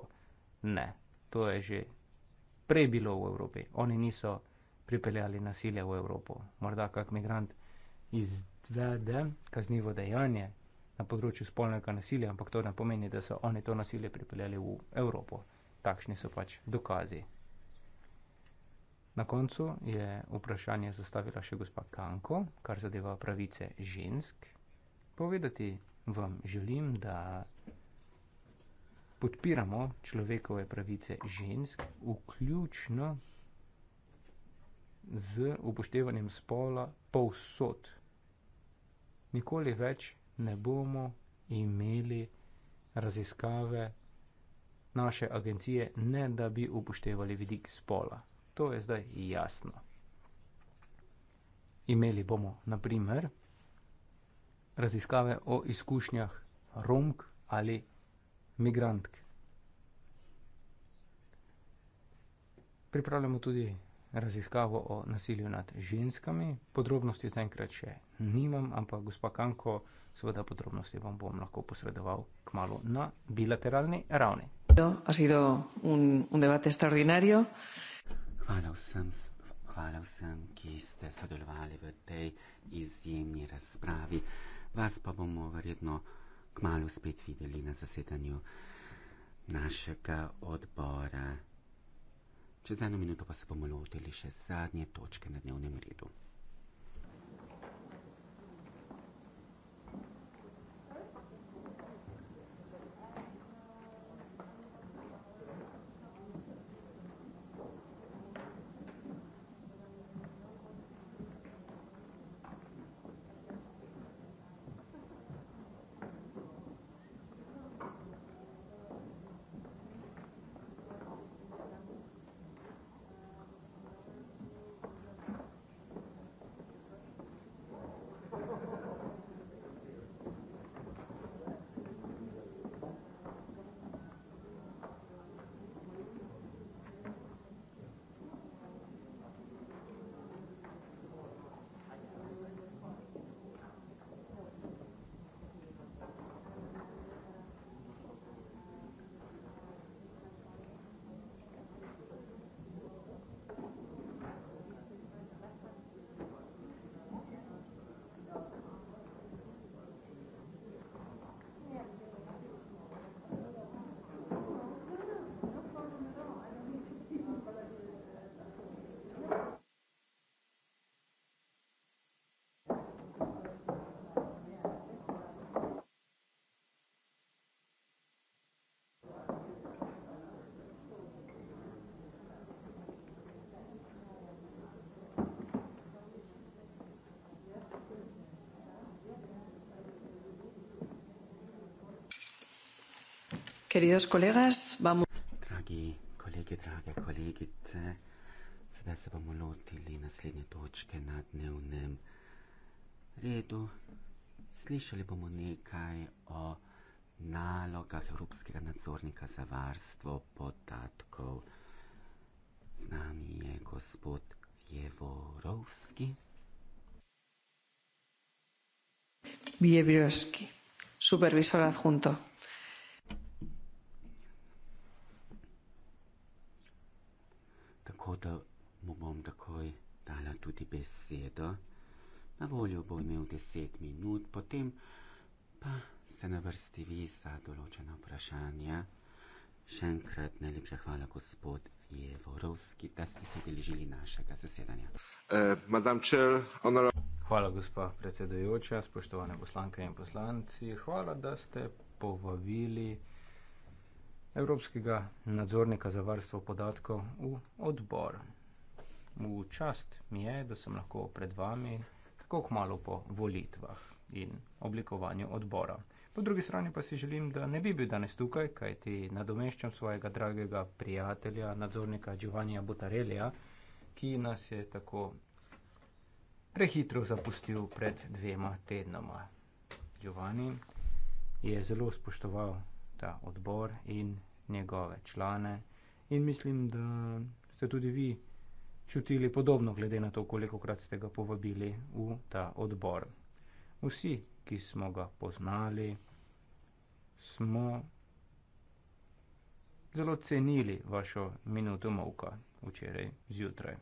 Ne, to je že prej bilo v Evropi. Oni niso pripeljali nasilje v Evropo. Morda kak migrant izvede kaznivo dejanje, na področju spolnega nasilja, ampak to ne pomeni, da so oni to nasilje pripeljali v Evropo. Takšni so pač dokazi. Na koncu je vprašanje zastavila še gospa Kanko, kar zadeva pravice žensk. Povedati vam želim, da podpiramo človekove pravice žensk, vključno z upoštevanjem spola povsod. Nikoli več ne bomo imeli raziskave naše agencije, ne da bi upoštevali vidik spola. To je zdaj jasno. Imeli bomo, na primer, raziskave o izkušnjah Romk ali Migrantk. Pripravljamo tudi raziskavo o nasilju nad ženskami. Podrobnosti zaenkrat še nimam, ampak gospa Kanko. Seveda podrobnosti vam bom lahko posredoval k malu na bilateralni ravni. Ha sido un, un debate extraordinario. Hvala vsem, hvala vsem, ki ste sodelovali v tej izjemni razpravi. Vas pa bomo verjetno k malu spet videli na zasedanju našega odbora. Čez eno minuto pa se bomo lotili še zadnje točke na dnevnem redu. Queridos colegas, vamos. Dragi kolegi, drage kolegice, sedaj se bomo lotili naslednje točke na dnevnem redu. Slišali bomo nekaj o nalogah Evropskega nadzornika za varstvo podatkov. Z nami je gospod Jevorovski. Bijevrovski, supervisor adjunto. dala tudi besedo. Na voljo bo imel deset minut, potem pa se na vrsti vi za določena vprašanja. Še enkrat najlepša hvala, gospod Jevorovski, da ste se deležili našega zasedanja. Eh, hvala, gospa predsedujoča, spoštovane poslanke in poslanci. Hvala, da ste povabili Evropskega nadzornika za varstvo podatkov v odbor. V čast mi je, da sem lahko pred vami tako kmalo po volitvah in oblikovanju odbora. Po drugi strani pa si želim, da ne bi bil danes tukaj, kaj ti nadomeščam svojega dragega prijatelja, nadzornika Giovannija Butarelija, ki nas je tako prehitro zapustil pred dvema tednoma. Giovanni je zelo spoštoval ta odbor in njegove člane in mislim, da ste tudi vi čutili podobno, glede na to, koliko krat ste ga povabili v ta odbor. Vsi, ki smo ga poznali, smo zelo cenili vašo minuto molka včeraj zjutraj.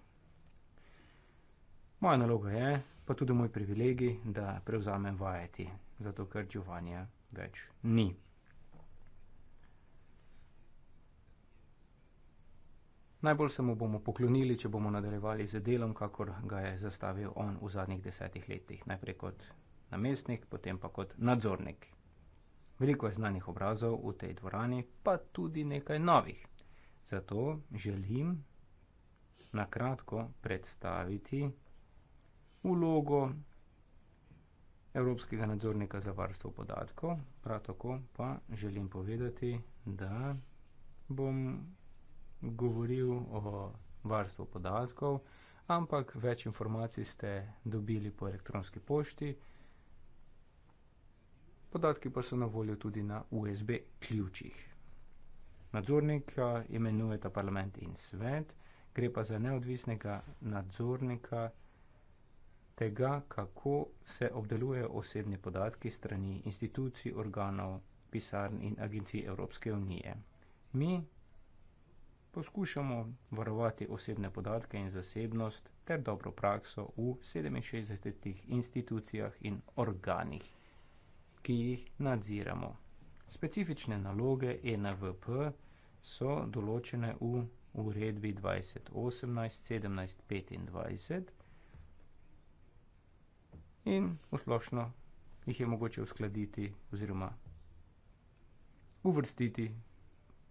Moja naloga je, pa tudi moj privilegij, da prevzamem vajeti, zato ker Giovanni več ni. Najbolj se mu bomo poklonili, če bomo nadaljevali z delom, kakor ga je zastavil on v zadnjih desetih letih, najprej kot namestnik, potem pa kot nadzornik. Veliko je znanih obrazov v tej dvorani, pa tudi nekaj novih. Zato želim na kratko predstaviti ulogo Evropskega nadzornika za varstvo podatkov, prav tako pa želim povedati, da bom govoril o varstvu podatkov, ampak več informacij ste dobili po elektronski pošti. Podatki pa so na voljo tudi na USB ključih. Nadzornika imenujeta parlament in svet, gre pa za neodvisnega nadzornika tega, kako se obdelujejo osebni podatki strani institucij, organov, pisarn in agencij Evropske unije. Mi poskušamo varovati osebne podatke in zasebnost ter dobro prakso v 67 institucijah in organih, ki jih nadziramo. Specifične naloge NVP so določene v uredbi 2018-1725 in usplošno jih je mogoče uskladiti oziroma uvrstiti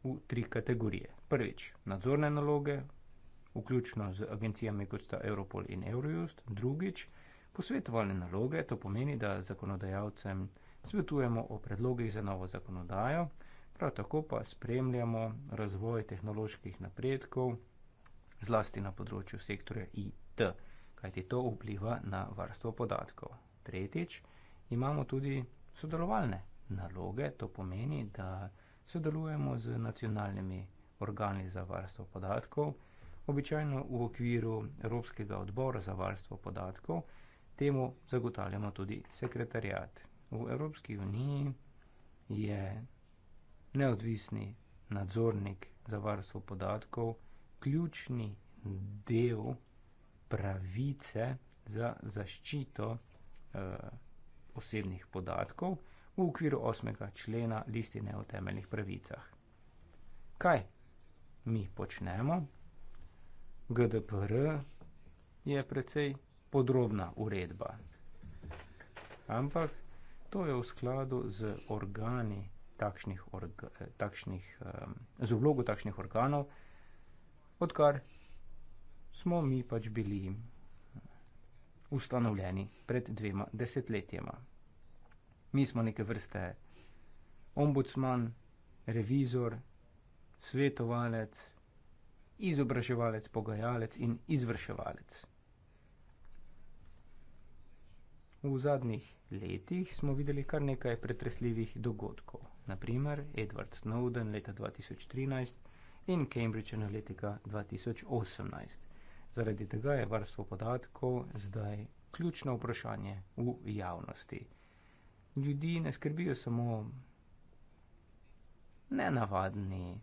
v tri kategorije prvič nadzorne naloge, vključno z agencijami kot sta Europol in Eurojust, drugič posvetovalne naloge, to pomeni, da zakonodajalcem svetujemo o predlogih za novo zakonodajo, prav tako pa spremljamo razvoj tehnoloških napredkov, zlasti na področju sektorja IT, kajti to vpliva na varstvo podatkov. Tretjič, imamo tudi sodelovalne naloge, to pomeni, da sodelujemo z nacionalnimi organi za varstvo podatkov, običajno v okviru Evropskega odbora za varstvo podatkov, temu zagotavljamo tudi sekretarijat. V Evropski uniji je neodvisni nadzornik za varstvo podatkov ključni del pravice za zaščito eh, osebnih podatkov v okviru 8. člena listine o temeljnih pravicah. Kaj mi počnemo. GDPR je precej podrobna uredba. Ampak to je v skladu z organi takšnih, orga, eh, takšnih um, z vlogo takšnih organov, odkar smo mi pač bili ustanovljeni pred dvema desetletjema. Mi smo neke vrste ombudsman, revizor, svetovalec, izobraževalec, pogajalec in izvrševalec. V zadnjih letih smo videli kar nekaj pretresljivih dogodkov, naprimer Edward Snowden leta 2013 in Cambridge Analytica 2018. Zaradi tega je varstvo podatkov zdaj ključno vprašanje v javnosti. Ljudi ne skrbijo samo nenavadni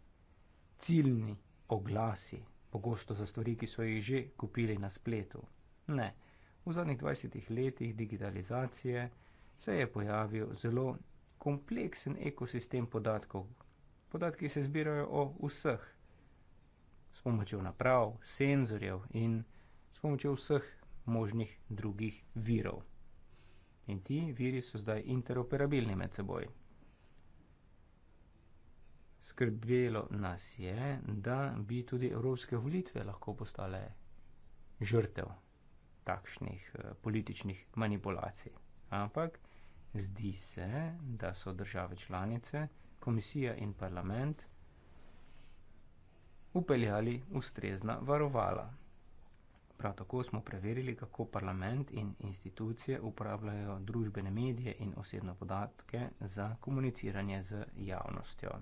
ciljni oglasi, pogosto za stvari, ki so jih že kupili na spletu. Ne, v zadnjih 20 letih digitalizacije se je pojavil zelo kompleksen ekosistem podatkov. Podatki se zbirajo o vseh, s pomočjo naprav, senzorjev in s pomočjo vseh možnih drugih virov. In ti viri so zdaj interoperabilni med seboj skrbelo nas je, da bi tudi evropske volitve lahko postale žrtev takšnih eh, političnih manipulacij. Ampak zdi se, da so države članice, komisija in parlament upeljali ustrezna varovala. Prav tako smo preverili, kako parlament in institucije uporabljajo družbene medije in osebne podatke za komuniciranje z javnostjo.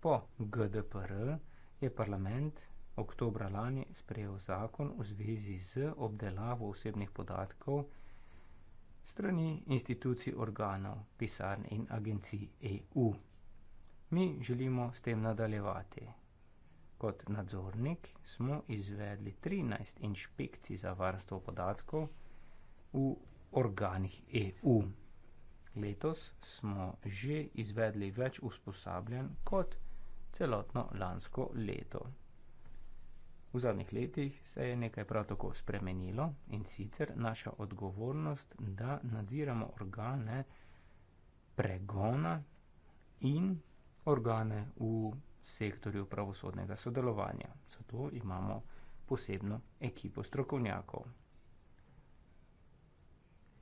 Po GDPR je parlament oktobra lani sprejel zakon v zvezi z obdelavo osebnih podatkov strani institucij organov, pisarn in agencij EU. Mi želimo s tem nadaljevati. Kot nadzornik smo izvedli 13 inšpekcij za varstvo podatkov v organih EU. Letos smo že izvedli več usposabljanj kot celotno lansko leto. V zadnjih letih se je nekaj prav tako spremenilo in sicer naša odgovornost, da nadziramo organe pregona in organe v sektorju pravosodnega sodelovanja. Zato imamo posebno ekipo strokovnjakov.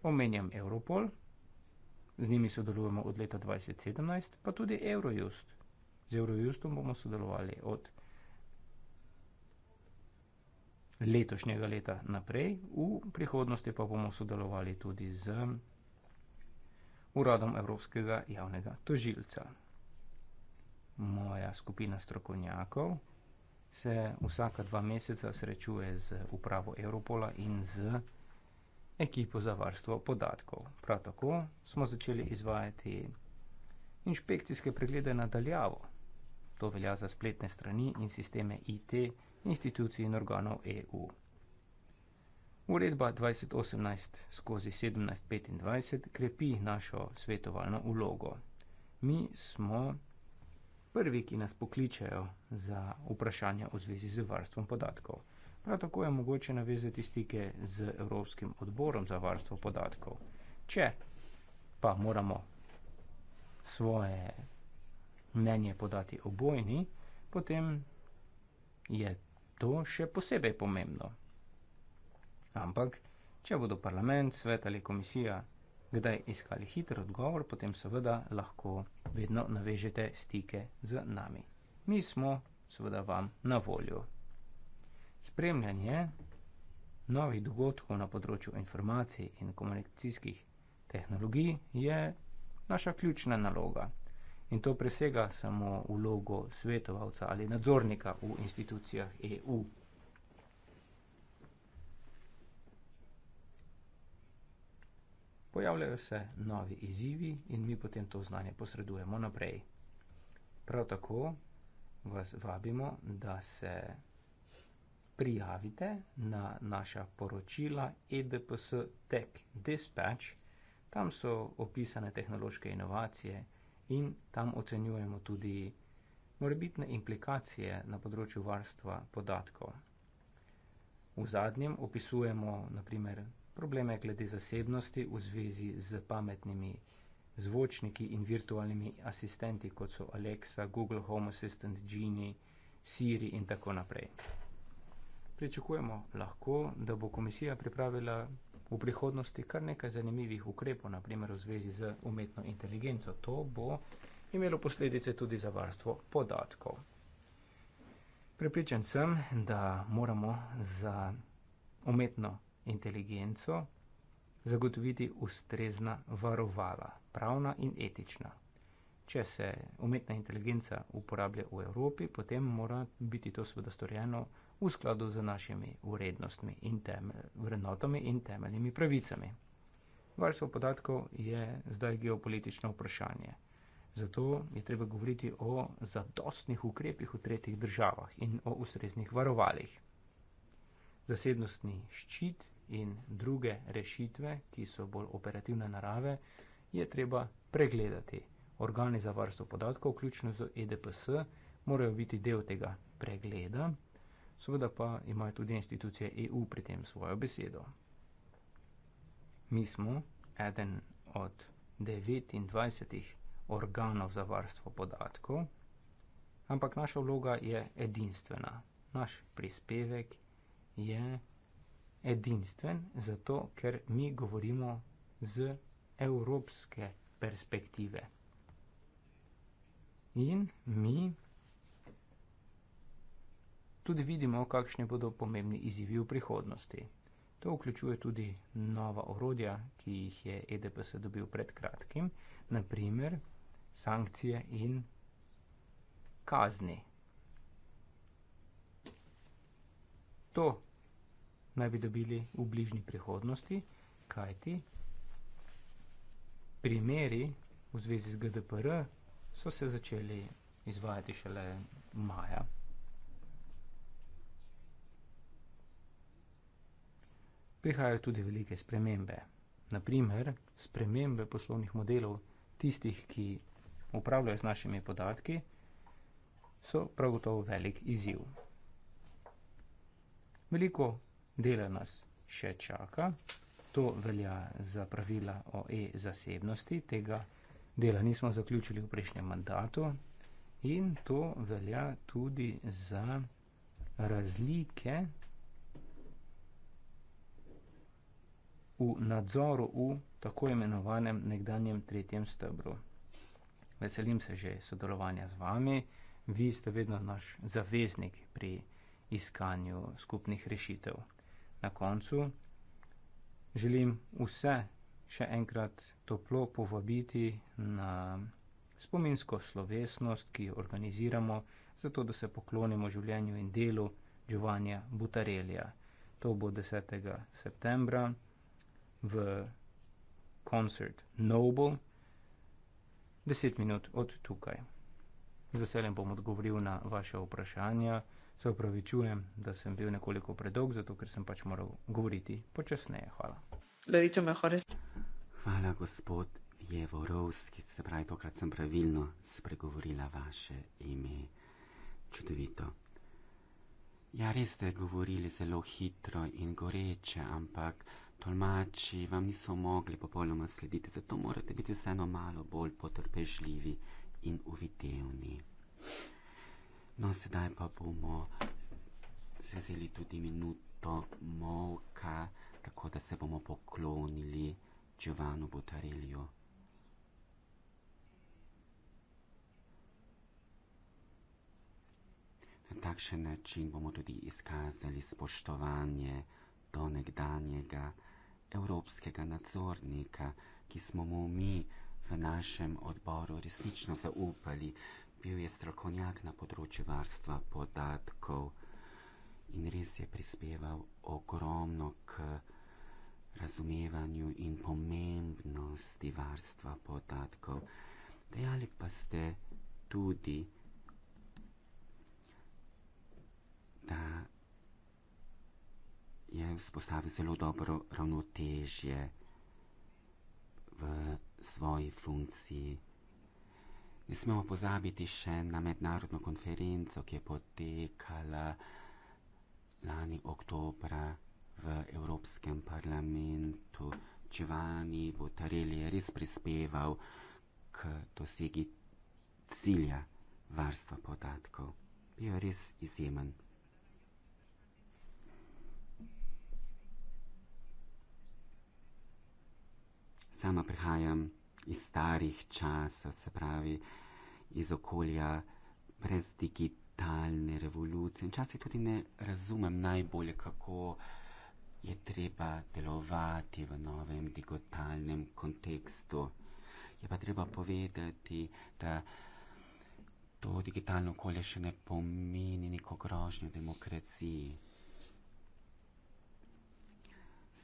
Omenjam Europol, z njimi sodelujemo od leta 2017, pa tudi Eurojust. Z Eurojustom bomo sodelovali od letošnjega leta naprej, v prihodnosti pa bomo sodelovali tudi z Uradom Evropskega javnega tožilca. Moja skupina strokovnjakov se vsaka dva meseca srečuje z upravo Europola in z ekipo za varstvo podatkov. Prav tako smo začeli izvajati inšpekcijske preglede nadaljavo. To velja za spletne strani in sisteme IT, institucij in organov EU. Uredba 2018 skozi 1725 krepi našo svetovalno ulogo. Mi smo prvi, ki nas pokličajo za vprašanja v zvezi z varstvom podatkov. Prav tako je mogoče navezati stike z Evropskim odborom za varstvo podatkov. Če pa moramo svoje mnenje podati obojni, potem je to še posebej pomembno. Ampak, če bodo parlament, svet ali komisija kdaj iskali hiter odgovor, potem seveda lahko vedno navežete stike z nami. Mi smo seveda vam na voljo. Spremljanje novih dogodkov na področju informacij in komunikacijskih tehnologij je naša ključna naloga. In to presega samo vlogo svetovalca ali nadzornika v institucijah EU. Pojavljajo se novi izzivi in mi potem to znanje posredujemo naprej. Prav tako vas vabimo, da se prijavite na naša poročila EDPS Tech Dispatch. Tam so opisane tehnološke inovacije, in tam ocenjujemo tudi morebitne implikacije na področju varstva podatkov. V zadnjem opisujemo naprimer probleme glede zasebnosti v zvezi z pametnimi zvočniki in virtualnimi asistenti, kot so Alexa, Google Home Assistant, Genie, Siri in tako naprej. Pričakujemo lahko, da bo komisija pripravila v prihodnosti kar nekaj zanimivih ukrepov, naprimer v zvezi z umetno inteligenco. To bo imelo posledice tudi za varstvo podatkov. Pripričan sem, da moramo za umetno inteligenco zagotoviti ustrezna varovala, pravna in etična. Če se umetna inteligenca uporablja v Evropi, potem mora biti to seveda storjeno v skladu z našimi urednostmi in temelj, vrednotami in temeljnimi pravicami. Varstvo podatkov je zdaj geopolitično vprašanje. Zato je treba govoriti o zadostnih ukrepih v tretjih državah in o ustreznih varovalih. Zasebnostni ščit in druge rešitve, ki so bolj operativne narave, je treba pregledati. Organi za varstvo podatkov, vključno z EDPS, morajo biti del tega pregleda seveda pa imajo tudi institucije EU pri tem svojo besedo. Mi smo eden od 29 organov za varstvo podatkov, ampak naša vloga je edinstvena. Naš prispevek je edinstven, zato ker mi govorimo z evropske perspektive. In mi tudi vidimo, kakšni bodo pomembni izzivi v prihodnosti. To vključuje tudi nova orodja, ki jih je EDPS dobil pred kratkim, naprimer sankcije in kazni. To naj bi dobili v bližnji prihodnosti, kajti primeri v zvezi z GDPR so se začeli izvajati šele maja prihajajo tudi velike spremembe. Naprimer, spremembe poslovnih modelov tistih, ki upravljajo z našimi podatki, so prav gotovo velik izziv. Veliko dela nas še čaka, to velja za pravila o e-zasebnosti, tega dela nismo zaključili v prejšnjem mandatu in to velja tudi za razlike v nadzoru v tako imenovanem nekdanjem tretjem stebru. Veselim se že sodelovanja z vami, vi ste vedno naš zaveznik pri iskanju skupnih rešitev. Na koncu želim vse še enkrat toplo povabiti na spominsko slovesnost, ki jo organiziramo, zato da se poklonimo življenju in delu Giovanja Butarelija. To bo 10. septembra v koncert Noble, deset minut od tukaj. Z veseljem bom odgovoril na vaše vprašanja. Se upravičujem, da sem bil nekoliko predolg, zato ker sem pač moral govoriti počasneje. Hvala. Hvala, gospod Jevorovski. Se pravi, tokrat sem pravilno spregovorila vaše ime. Čudovito. Ja, res ste govorili zelo hitro in goreče, ampak tolmači vam niso mogli popolnoma slediti, zato morate biti vseeno malo bolj potrpežljivi in uvidevni. No, sedaj pa bomo se vzeli tudi minuto molka, tako da se bomo poklonili Giovanu Butarelju. Na takšen način bomo tudi izkazali spoštovanje do nekdanjega evropskega nadzornika, ki smo mu mi v našem odboru resnično zaupali. Bil je strokovnjak na področju varstva podatkov in res je prispeval ogromno k razumevanju in pomembnosti varstva podatkov. Dejali pa ste tudi, da je vzpostavil zelo dobro ravnotežje v svoji funkciji. Ne smemo pozabiti še na mednarodno konferenco, ki je potekala lani oktobra v Evropskem parlamentu. Čevani Botarelli je res prispeval k dosegi cilja varstva podatkov. Bio je res izjemen. sama prihajam iz starih časov, se pravi iz okolja brez digitalne revolucije. Včasih tudi ne razumem najbolje, kako je treba delovati v novem digitalnem kontekstu. Je pa treba povedati, da to digitalno okolje še ne pomeni neko grožnjo demokraciji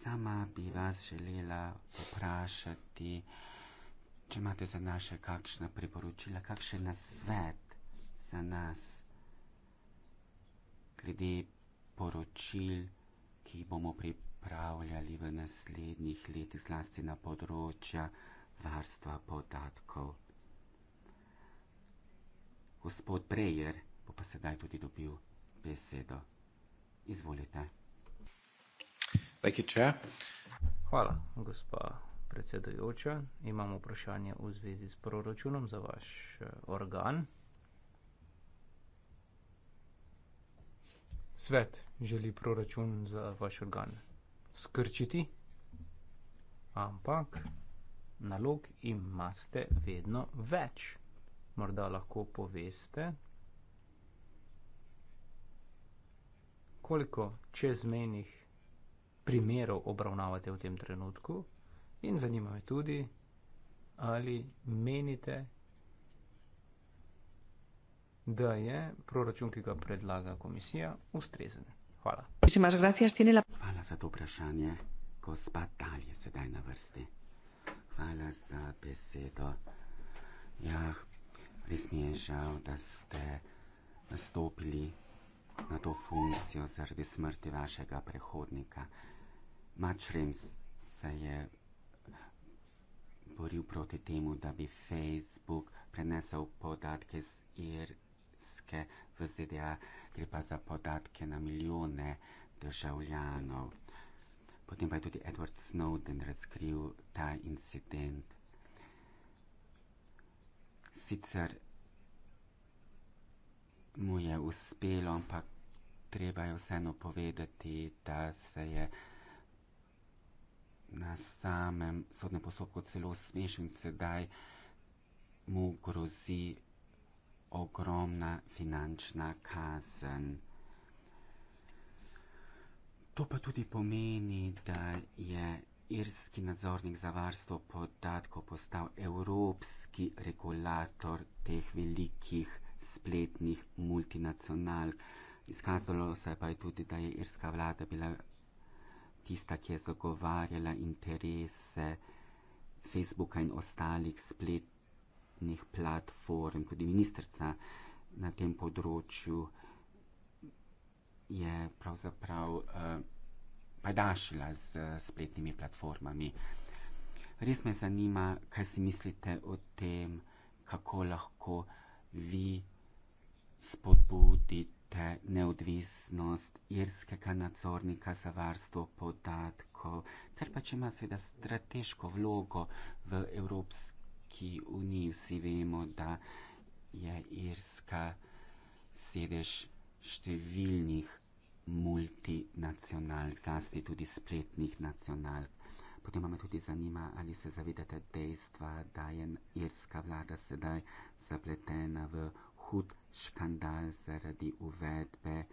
sama bi vas želela vprašati, če imate za naše kakšna priporočila, kakšen nasvet za nas glede poročil, ki jih bomo pripravljali v naslednjih letih, zlasti na področja varstva podatkov. Gospod Brejer bo pa sedaj tudi dobil besedo. Izvolite. Thank you, chair. Hvala, gospa predsedujoča. Imam vprašanje v zvezi s proračunom za vaš eh, organ. Svet želi proračun za vaš organ skrčiti, ampak nalog imate vedno več. Morda lahko poveste, koliko čezmejnih primerov obravnavate v tem trenutku in zanima me tudi, ali menite, da je proračun, ki ga predlaga komisija, ustrezen. Hvala. Hvala za to vprašanje, gospod Dalje, sedaj na vrsti. Hvala za besedo. Ja, res mi je žal, da ste nastopili na to funkcijo zaradi smrti vašega prehodnika. Mačrems se je boril proti temu, da bi Facebook prenesel podatke z Irske v ZDA, gre pa za podatke na milijone državljanov. Potem pa je tudi Edward Snowden razkril ta incident. Sicer mu je uspelo, ampak treba je vseeno povedati, da se je na samem sodnem postopku celo smešil in sedaj mu grozi ogromna finančna kazen. To pa tudi pomeni, da je irski nadzornik za varstvo podatkov postal evropski regulator teh velikih spletnih multinacional. Izkazalo se pa je tudi, da je irska vlada bila tista, ki je zagovarjala interese Facebooka in ostalih spletnih platform, tudi ministrica na tem področju, je pravzaprav uh, eh, padašila z spletnimi platformami. Res me zanima, kaj si mislite o tem, kako lahko vi spodbudite te neodvisnost irskega nadzornika za varstvo podatkov, ker pač ima seveda strateško vlogo v Evropski uniji. Vsi vemo, da je Irska sedež številnih multinacionalk, zlasti tudi spletnih nacionalk. Potem me tudi zanima, ali se zavedate dejstva, da je irska vlada sedaj zapletena v hud škandal zaradi uvedbe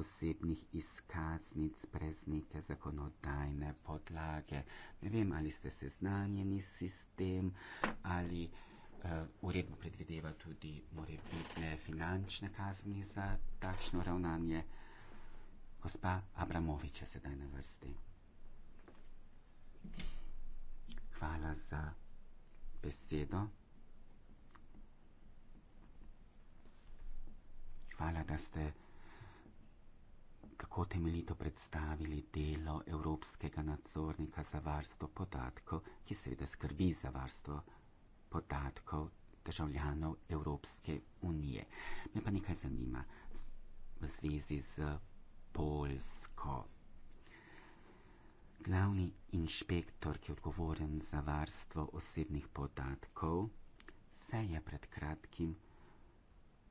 osebnih izkaznic brez neke zakonodajne podlage. Ne vem, ali ste seznanjeni s sistem, ali uh, uredba predvideva tudi morebitne finančne kazni za takšno ravnanje. Gospa Abramoviča sedaj na vrsti. Hvala za besedo. hvala, da ste tako temeljito predstavili delo Evropskega nadzornika za varstvo podatkov, ki seveda skrbi za varstvo podatkov državljanov Evropske unije. Me pa nekaj zanima v zvezi z Polsko. Glavni inšpektor, ki je odgovoren za varstvo osebnih podatkov, se je pred kratkim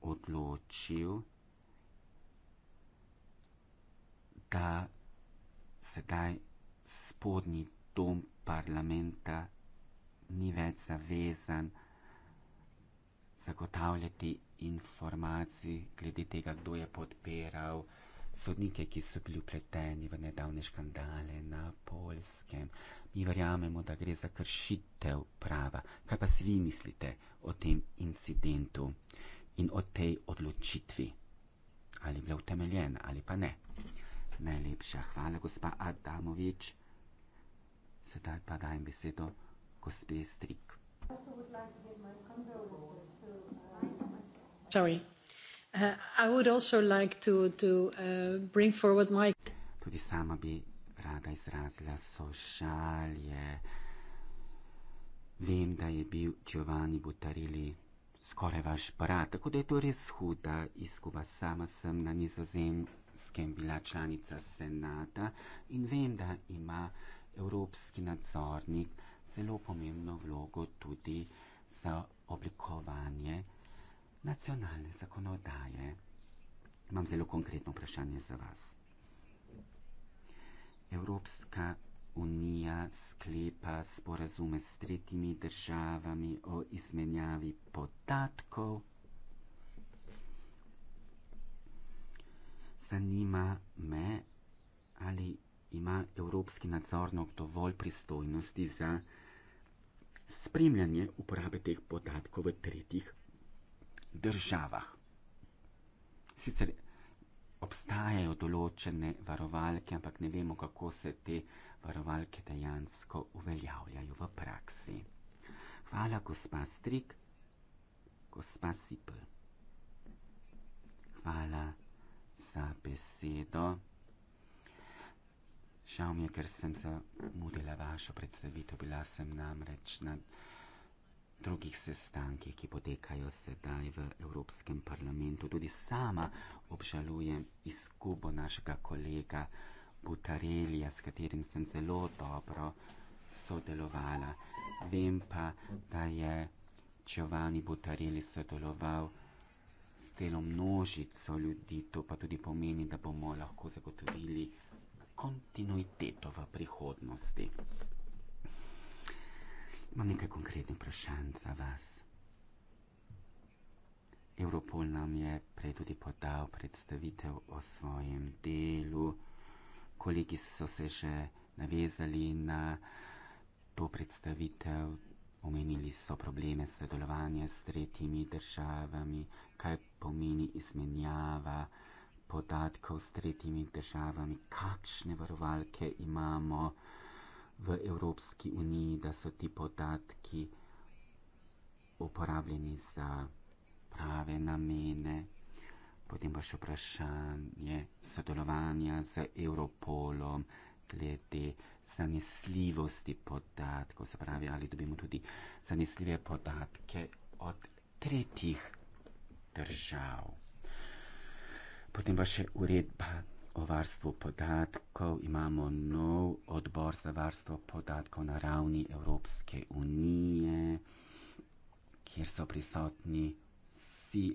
odločil, da sedaj spodnji dom parlamenta ni več zavezan zagotavljati informacij glede tega, kdo je podpiral sodnike, ki so bili upleteni v nedavne škandale na polskem. Mi verjamemo, da gre za kršitev prava. Kaj pa si vi mislite o tem incidentu? in o tej odločitvi, ali je bila utemeljena ali pa ne. Najlepša hvala, gospa Adamovič. Sedaj pa dajem besedo gospe Strik. Sorry. Uh, I would also like to, to uh, bring forward my... Tudi sama bi rada izrazila sožalje. Vem, da je bil Giovanni Butarili skoraj vaš brat, tako da je to res huda izguba. Sama sem na nizozemskem bila članica senata in vem, da ima evropski nadzornik zelo pomembno vlogo tudi za oblikovanje nacionalne zakonodaje. Imam zelo konkretno vprašanje za vas. Evropska unija sklepa sporazume s tretjimi državami o izmenjavi podatkov. Zanima me, ali ima Evropski nadzornik dovolj pristojnosti za spremljanje uporabe teh podatkov v tretjih državah. Sicer obstajajo določene varovalke, ampak ne vemo, kako se te varovalke dejansko uveljavljajo v praksi. Hvala, gospa Strik, gospa Sipl. Hvala za besedo. Žal mi je, ker sem zamudila vašo predstavitev, bila sem namreč na drugih sestankih, ki potekajo sedaj v Evropskem parlamentu. Tudi sama obžalujem izgubo našega kolega. Butarelija, s katerim sem zelo dobro sodelovala. Vem pa, da je Giovanni Butareli sodeloval s celo množico ljudi, to pa tudi pomeni, da bomo lahko zagotovili kontinuiteto v prihodnosti. Imam nekaj konkretnih vprašanj za vas. Europol nam je prej tudi podal predstavitev o svojem delu kolegi so se že navezali na to predstavitev, omenili so probleme sodelovanja s tretjimi državami, kaj pomeni izmenjava podatkov s tretjimi državami, kakšne varovalke imamo v Evropski uniji, da so ti podatki uporabljeni za prave namene. Potem pa še vprašanje sodelovanja z Europolom glede zanesljivosti podatkov, se pravi, ali dobimo tudi zanesljive podatke od tretjih držav. Potem pa še uredba o varstvu podatkov. Imamo nov odbor za varstvo podatkov na ravni Evropske unije, kjer so prisotni vsi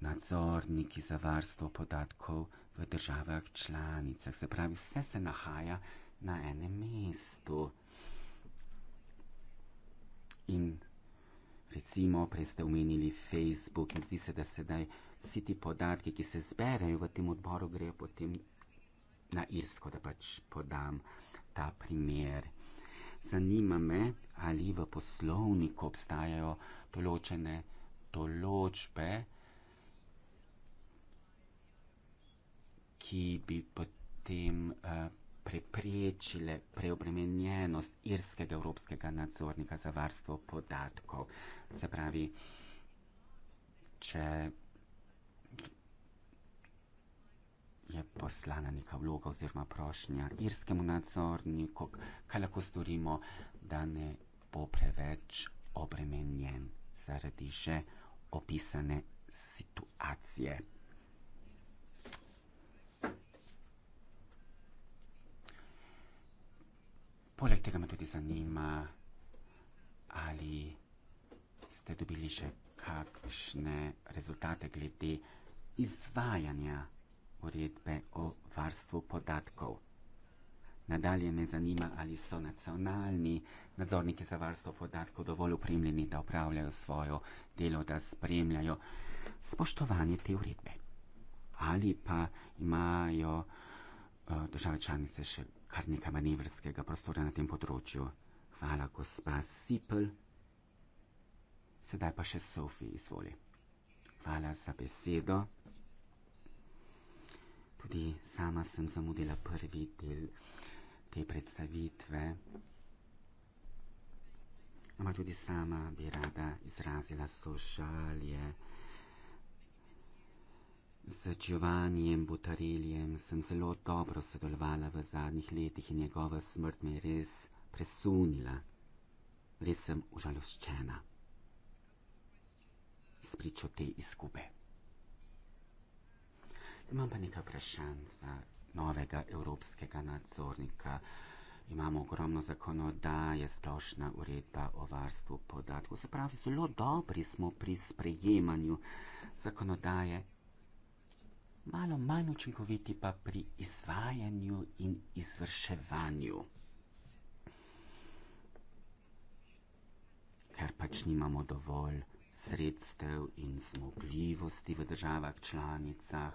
nadzorniki za varstvo podatkov v državah članicah. Se pravi, vse se nahaja na enem mestu. In recimo, prej ste omenili Facebook in zdi se, da sedaj vsi ti podatki, ki se zberejo v tem odboru, grejo potem na Irsko, da pač podam ta primer. Zanima me, ali v poslovniku obstajajo določene določbe, ki bi potem eh, preprečile preobremenjenost irskega evropskega nadzornika za varstvo podatkov. Se pravi, če je poslana neka vloga oziroma prošnja irskemu nadzorniku, kaj lahko storimo, da ne bo preveč obremenjen zaradi že opisane situacije. Poleg tega me tudi zanima, ali ste dobili še kakšne rezultate glede izvajanja uredbe o varstvu podatkov. Nadalje me zanima, ali so nacionalni nadzorniki za varstvo podatkov dovolj upremljeni, da upravljajo svojo delo, da spremljajo spoštovanje te uredbe. Ali pa imajo uh, države članice še kar nekaj manevrskega prostora na tem področju. Hvala, gospa Sipel. Sedaj pa še Sofi, izvoli. Hvala za besedo. Tudi sama sem zamudila prvi del te predstavitve, ampak tudi sama bi rada izrazila sožalje. Z Giovannijem Butareljem sem zelo dobro sodelovala v zadnjih letih in njegova smrt me je res presunila. Res sem užaloščena s pričo te izgube. Imam pa nekaj vprašanj za novega evropskega nadzornika. Imamo ogromno zakonodaje, splošna uredba o varstvu podatkov. Se pravi, zelo dobri smo pri sprejemanju zakonodaje malo manj učinkoviti pa pri izvajanju in izvrševanju. Ker pač nimamo dovolj sredstev in zmogljivosti v državah članicah.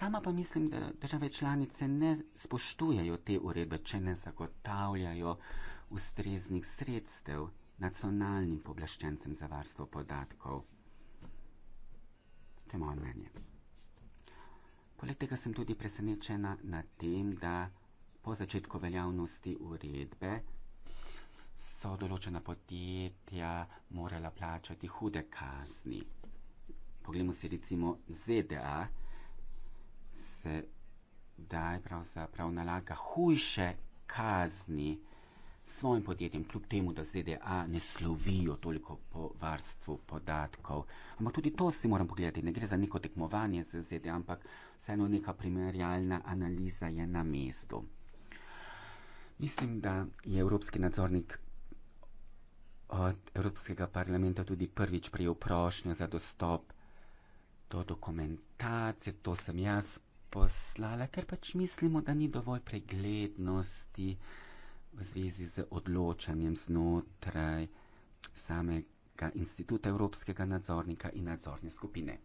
Sama pa mislim, da države članice ne spoštujejo te urebe, če ne zagotavljajo ustreznih sredstev nacionalnim pooblaščencem za varstvo podatkov. To je moje mnenje. Poleg tega sem tudi presenečena nad tem, da po začetku veljavnosti uredbe so določena podjetja morala plačati hude kazni. Poglejmo si recimo ZDA, se daj pravzaprav nalaga hujše kazni svojim podjetjem, kljub temu, da ZDA ne slovijo toliko po varstvu podatkov. Ampak tudi to si moram pogledati. Ne gre za neko tekmovanje z ZDA, ampak vseeno neka primerjalna analiza je na mestu. Mislim, da je evropski nadzornik od Evropskega parlamenta tudi prvič prejel prošnjo za dostop do dokumentacije. To sem jaz poslala, ker pač mislimo, da ni dovolj preglednosti zvezi z odločanjem znotraj samega instituta evropskega nadzornika in nadzorne skupine.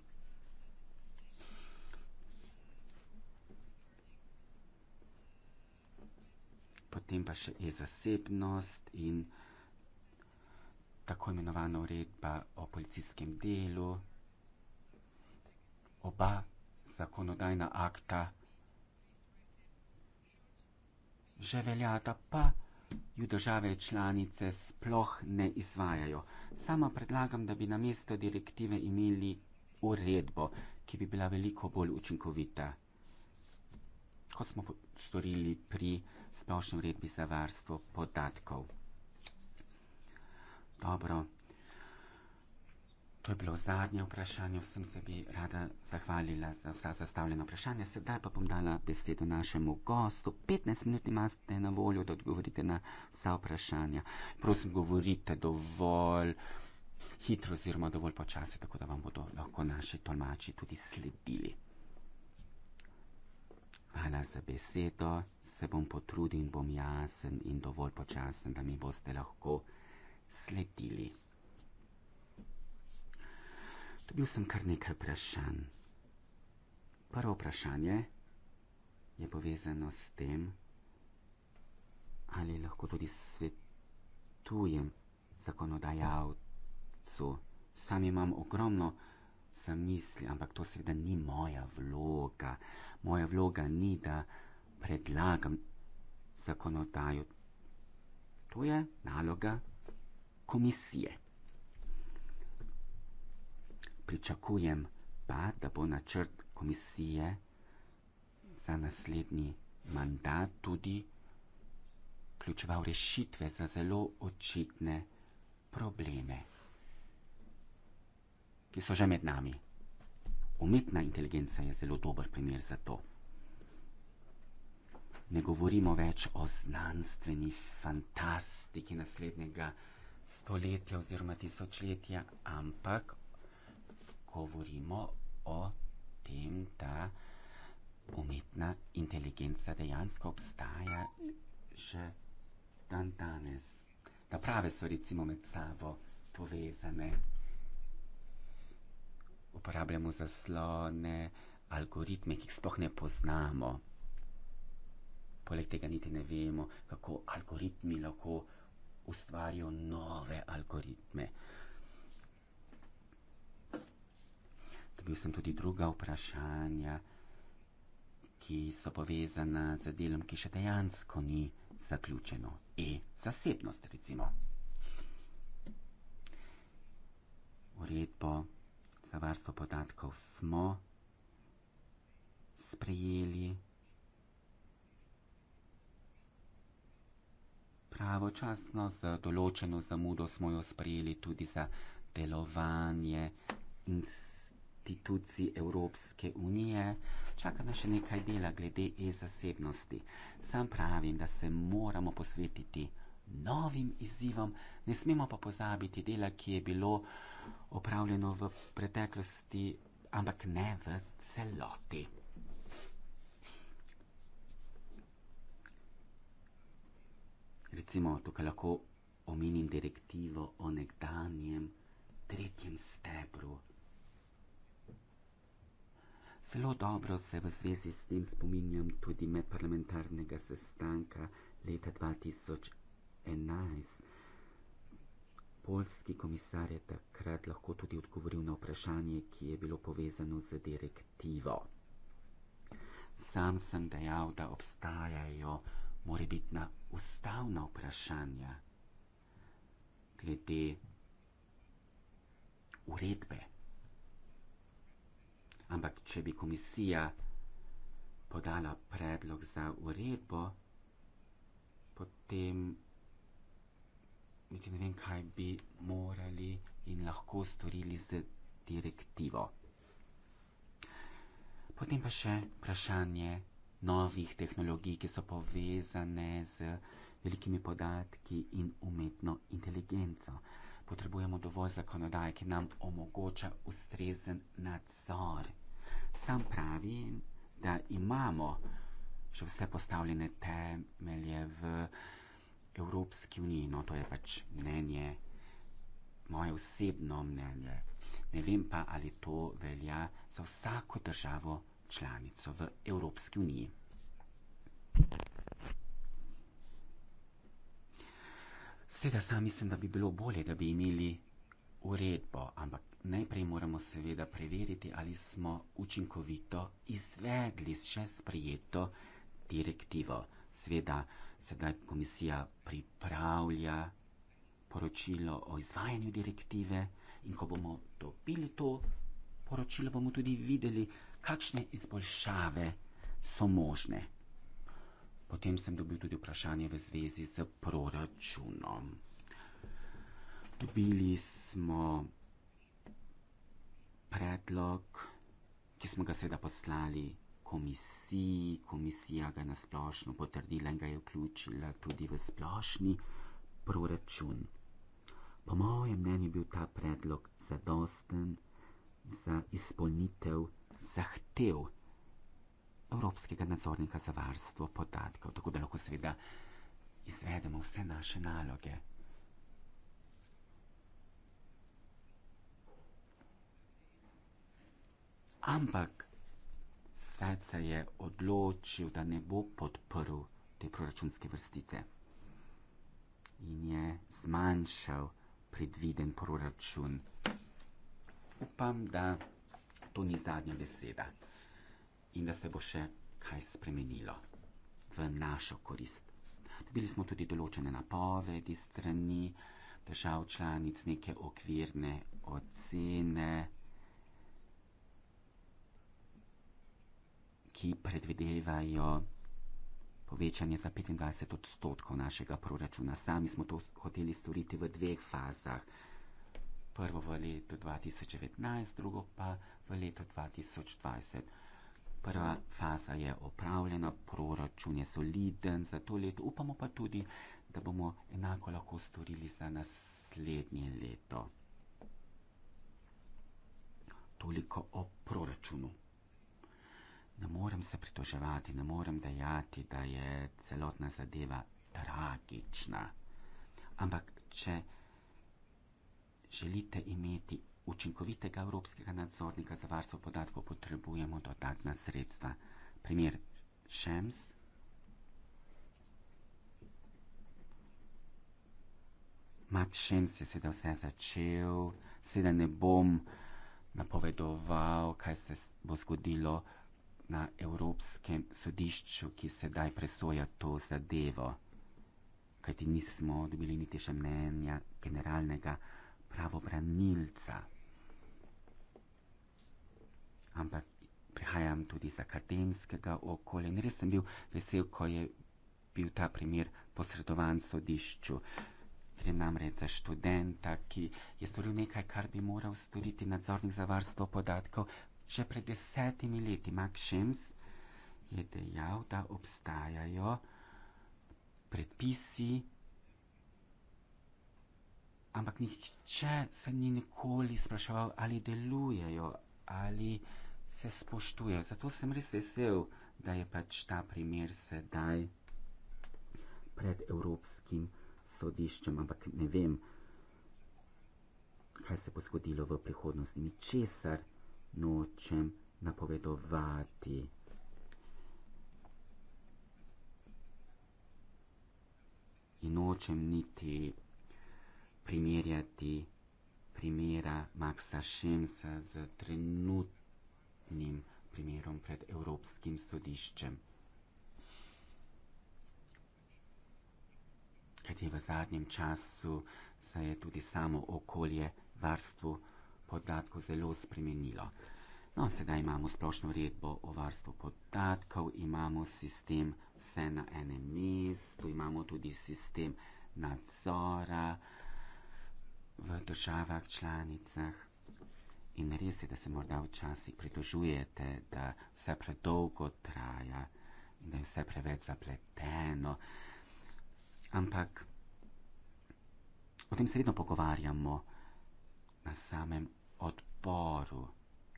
Potem pa še je zasebnost in tako imenovana uredba o policijskem delu. Oba zakonodajna akta že veljata pa jo države članice sploh ne izvajajo. Sama predlagam, da bi na mesto direktive imeli uredbo, ki bi bila veliko bolj učinkovita, kot smo storili pri splošnem uredbi za varstvo podatkov. Dobro, To je bilo zadnje vprašanje. Vsem se bi rada zahvalila za vsa zastavljena vprašanja. Sedaj pa bom dala besedo našemu gostu. 15 minut imate na voljo, da odgovorite na vsa vprašanja. Prosim, govorite dovolj hitro oziroma dovolj počasi, tako da vam bodo lahko naši tolmači tudi sledili. Hvala za besedo. Se bom potrudil in bom jasen in dovolj počasen, da mi boste lahko sledili. Dobil sem kar nekaj vprašanj. Prvo vprašanje je povezano s tem, ali lahko tudi svetujem zakonodajalcu. Sam imam ogromno zamisli, ampak to seveda ni moja vloga. Moja vloga ni, da predlagam zakonodajo. To je naloga komisije pričakujem pa, da bo načrt komisije za naslednji mandat tudi vključeval rešitve za zelo očitne probleme, ki so že med nami. Umetna inteligenca je zelo dober primer za to. Ne govorimo več o znanstveni fantastiki naslednjega stoletja oziroma tisočletja, ampak govorimo o tem, da umetna inteligenca dejansko obstaja že dan danes. Naprave so recimo med sabo povezane, uporabljamo zaslone, algoritme, ki jih sploh ne poznamo. Poleg tega niti ne vemo, kako algoritmi lahko ustvarijo nove algoritme. bil sem tudi druga vprašanja, ki so povezana z delom, ki še dejansko ni zaključeno. E, zasebnost, recimo. Uredbo za varstvo podatkov smo sprejeli pravočasno, z določeno zamudo smo jo sprejeli tudi za delovanje in sprejeli institucij Evropske unije, čaka nas še nekaj dela glede e-zasebnosti. Sam pravim, da se moramo posvetiti novim izzivom, ne smemo pa pozabiti dela, ki je bilo opravljeno v preteklosti, ampak ne v celoti. Recimo, tukaj lahko omenim direktivo o nekdanjem tretjem stebru Zelo dobro se v zvezi s tem spominjam tudi medparlamentarnega sestanka leta 2011. Polski komisar je takrat lahko tudi odgovoril na vprašanje, ki je bilo povezano z direktivo. Sam sem dejal, da obstajajo morebitna ustavna vprašanja glede uredbe. Ampak, če bi komisija podala predlog za uredbo, potem niti ne vem, kaj bi morali in lahko storili z direktivo. Potem pa še vprašanje novih tehnologij, ki so povezane z velikimi podatki in umetno inteligenco potrebujemo dovolj zakonodaje, ki nam omogoča ustrezen nadzor. Sam pravim, da imamo še vse postavljene temelje v Evropski uniji, no to je pač mnenje, moje osebno mnenje. Ne vem pa, ali to velja za vsako državo članico v Evropski uniji. Thank you. Seveda sam mislim, da bi bilo bolje, da bi imeli uredbo, ampak najprej moramo seveda preveriti, ali smo učinkovito izvedli še sprejeto direktivo. Sveda sedaj komisija pripravlja poročilo o izvajanju direktive in ko bomo dobili to poročilo, bomo tudi videli, kakšne izboljšave so možne. Potem sem dobil tudi vprašanje v zvezi z proračunom. Dobili smo predlog, ki smo ga seveda poslali komisiji. Komisija ga je nasplošno potrdila in ga je vključila tudi v splošni proračun. Po mojem mnenju je bil ta predlog zadosten za izpolnitev zahtev. Evropskega nadzornika za varstvo podatkov, tako da lahko seveda izvedemo vse naše naloge. Ampak svet se je odločil, da ne bo podprl te proračunske vrstice in je zmanjšal predviden proračun. Upam, da to ni zadnja beseda in da se bo še kaj spremenilo v našo korist. Dobili smo tudi določene napovedi strani držav članic, neke okvirne ocene, ki predvidevajo povečanje za 25 odstotkov našega proračuna. Sami smo to hoteli storiti v dveh fazah. Prvo v letu 2019, drugo pa v letu 2020. Prva faza je opravljena, proračun je soliden za to leto, upamo pa tudi, da bomo enako lahko storili za naslednje leto. Toliko o proračunu. Ne morem se pritoževati, ne morem dejati, da je celotna zadeva tragična. Ampak, če želite imeti učinkovitega evropskega nadzornika za varstvo podatkov potrebujemo dodatna sredstva. Primer Šems. Mat Šems je sedaj vse začel, sedaj ne bom napovedoval, kaj se bo zgodilo na Evropskem sodišču, ki sedaj presoja to zadevo, kajti nismo dobili niti še mnenja generalnega pravobranilca ampak prihajam tudi iz akademskega okolja in res sem bil vesel, ko je bil ta primer posredovan sodišču. Gre namreč za študenta, ki je storil nekaj, kar bi moral storiti nadzornik za varstvo podatkov. Že pred desetimi leti Mark Shems je dejal, da obstajajo predpisi, ampak nihče se ni nikoli spraševal, ali delujejo, ali se spoštuje. Zato sem res vesel, da je pač ta primer sedaj pred Evropskim sodiščem, ampak ne vem, kaj se bo zgodilo v prihodnosti. Ničesar nočem napovedovati. In nočem niti primerjati primera Maxa Šemsa z trenutnim njim primerom pred Evropskim sodiščem. Kajti v zadnjem času se je tudi samo okolje varstvu podatkov zelo spremenilo. No, sedaj imamo splošno redbo o varstvu podatkov, imamo sistem vse na enem mestu, imamo tudi sistem nadzora v državah članicah. In res je, da se morda včasih pritožujete, da vse predolgo traja in da je vse preveč zapleteno. Ampak o tem se vedno pogovarjamo na samem odboru,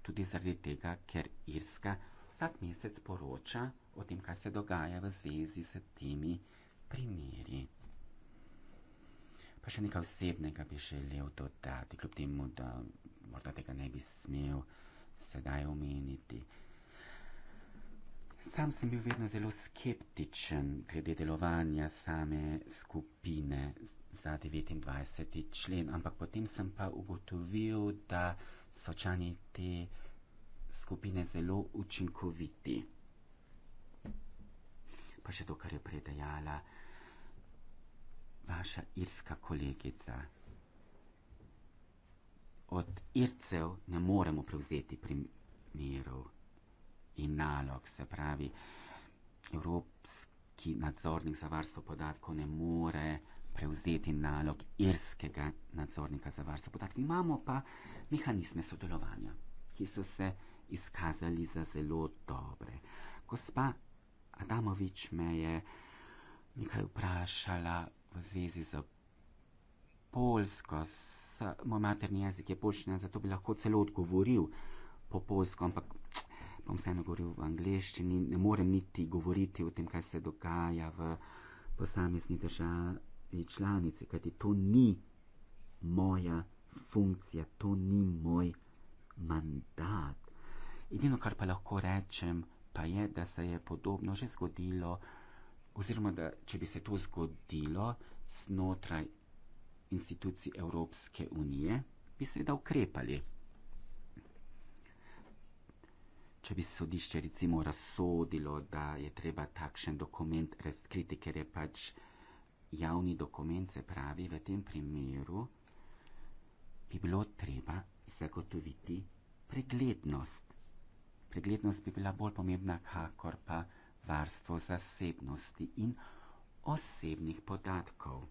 tudi zaradi tega, ker Irska vsak mesec poroča o tem, kaj se dogaja v zvezi s temi primeri. Pa še nekaj osebnega bi želel dodati, kljub temu, da morda tega ne bi smel sedaj omeniti. Sam sem bil vedno zelo skeptičen glede delovanja same skupine za 29. člen, ampak potem sem pa ugotovil, da so člani te skupine zelo učinkoviti. Pa še to, kar je predajala vaša irska kolegica od ircev ne moremo prevzeti primerov in nalog, se pravi, Evropski nadzornik za varstvo podatkov ne more prevzeti nalog irskega nadzornika za varstvo podatkov. Imamo pa mehanizme sodelovanja, ki so se izkazali za zelo dobre. Gospa Adamovič me je nekaj vprašala v zvezi z polsko, moj materni jezik je poščen, zato bi lahko celo odgovoril po polsko, ampak bom vseeno govoril v angleščini, ne morem niti govoriti o tem, kaj se dogaja v posamezni državi članici, kajti to ni moja funkcija, to ni moj mandat. Edino, kar pa lahko rečem, pa je, da se je podobno že zgodilo, oziroma da če bi se to zgodilo znotraj institucij Evropske unije, bi seveda ukrepali. Če bi sodišče recimo razsodilo, da je treba takšen dokument razkriti, ker je pač javni dokument, se pravi, v tem primeru bi bilo treba zagotoviti preglednost. Preglednost bi bila bolj pomembna, kakor pa varstvo zasebnosti in osebnih podatkov.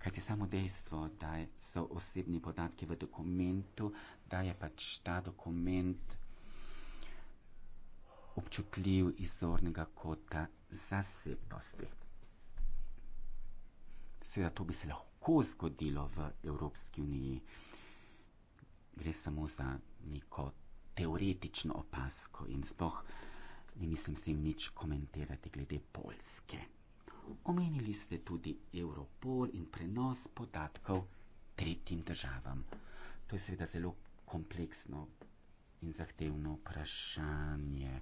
Kajti samo dejstvo, da so osebni podatki v dokumentu, da je pač ta dokument občutljiv izornega kota zasebnosti. Seveda to bi se lahko zgodilo v Evropski uniji. Gre samo za neko teoretično opasko in spoh ne mislim s tem nič komentirati glede Polske. Omenili ste tudi Europol in prenos podatkov tretjim državam. To je seveda zelo kompleksno in zahtevno vprašanje,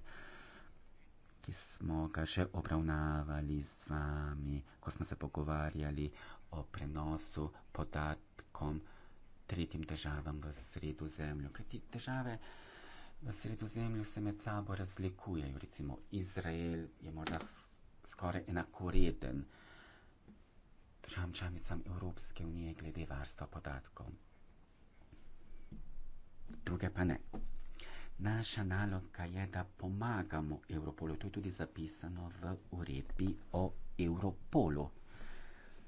ki smo ga že obravnavali z vami, ko smo se pogovarjali o prenosu podatkom tretjim državam v sredo zemljo. Kaj ti države? Na sredozemlju se med sabo razlikujejo, recimo Izrael je morda skoraj enakoreden državam članicam Evropske unije glede varstva podatkov. Druge pa ne. Naša naloga je, da pomagamo Evropolu. To je tudi zapisano v uredbi o Evropolu.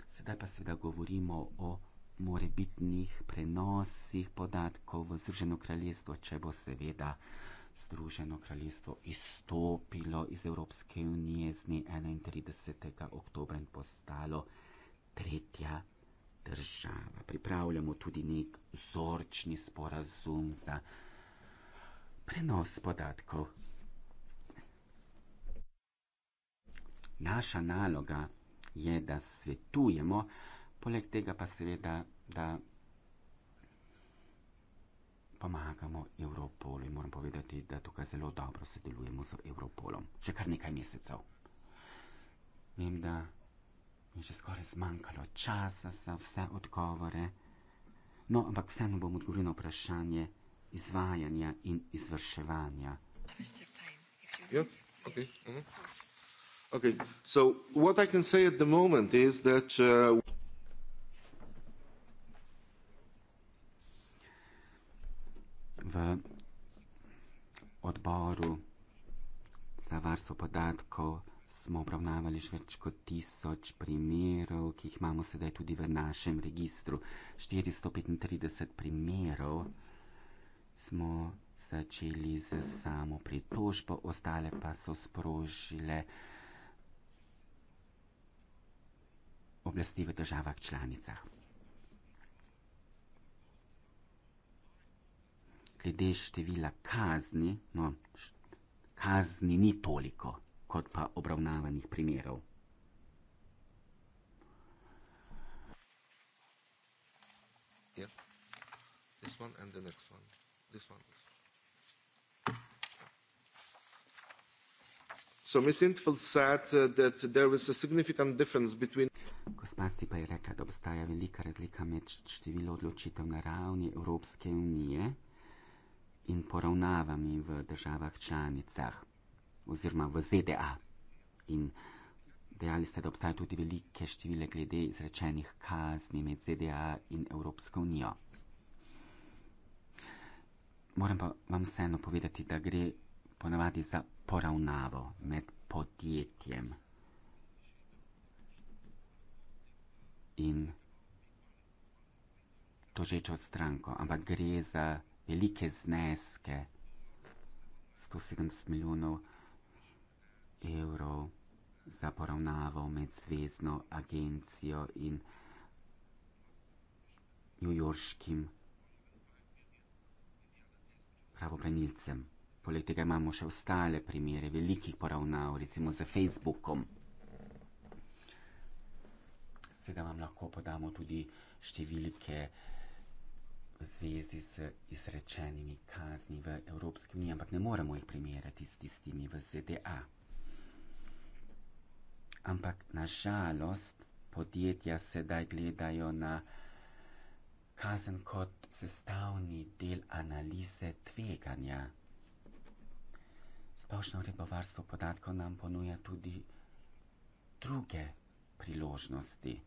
Sedaj pa seveda govorimo o morebitnih prenosih podatkov v Združeno kraljestvo, če bo seveda uh, Združeno kraljestvo izstopilo iz Evropske unije z dne 31. oktober in postalo tretja država. Pripravljamo tudi nek vzorčni sporazum za prenos podatkov. Naša naloga je, da svetujemo, poleg tega pa seveda, da pomagamo Evropolu in moram povedati, da tukaj zelo dobro sodelujemo z Evropolom. Že kar nekaj mesecev. Vem, da mi je že skoraj zmanjkalo časa za vse odgovore, no, ampak vseeno bom odgovoril na vprašanje izvajanja in izvrševanja. Yes? Okay. Yes. Mm -hmm. okay. moment, that, uh... odboru za varstvo podatkov smo obravnavali že več kot tisoč primerov, ki jih imamo sedaj tudi v našem registru. 435 primerov smo začeli z samo pritožbo, ostale pa so sprožile oblasti v državah članicah. glede števila kazni, no, kazni ni toliko, kot pa obravnavanih primerov. Uh, Gospa si pa je rekla, da obstaja velika razlika med številom odločitev na ravni Evropske unije in poravnavami v državah članicah oziroma v ZDA. In dejali ste, da obstaja tudi velike števile glede izrečenih kazni med ZDA in Evropsko unijo. Moram pa vam vseeno povedati, da gre ponavadi za poravnavo med podjetjem in tožečo stranko, ampak gre za velike zneske, 170 milijonov evrov za poravnavo med zvezdno agencijo in newyorškim pravobranilcem. Poleg tega imamo še ostale primere velikih poravnav, recimo za Facebookom. Sedaj vam lahko podamo tudi številke, zvezi z izrečenimi kazni v Evropski uniji, ampak ne moremo jih primerjati s tistimi v ZDA. Ampak nažalost podjetja sedaj gledajo na kazen kot sestavni del analize tveganja. Splošna uredba varstva podatkov nam ponuja tudi druge priložnosti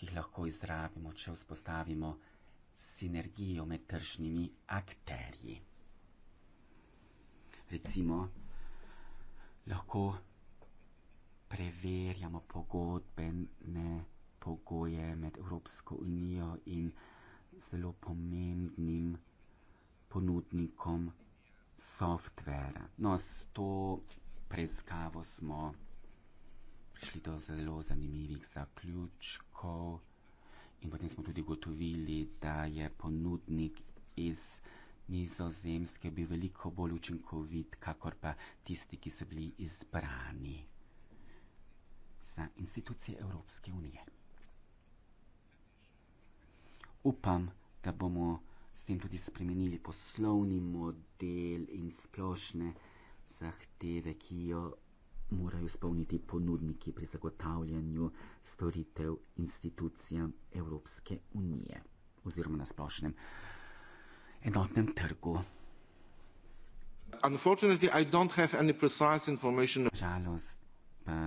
ki jih lahko izrabimo, če vzpostavimo sinergijo med tržnimi akterji. Recimo, lahko preverjamo pogodbene pogoje med Evropsko unijo in zelo pomembnim ponudnikom softvera. No, s to preiskavo smo prišli do zelo zanimivih zaključkov. In potem smo tudi ugotovili, da je ponudnik iz nizozemske bil veliko bolj učinkovit, kakor pa tisti, ki so bili izbrani za institucije Evropske unije. Upam, da bomo s tem tudi spremenili poslovni model in splošne zahteve, ki jo morajo spolniti ponudniki pri zagotavljanju storitev institucijam Evropske unije oziroma na splošnem enotnem trgu. Žalost pa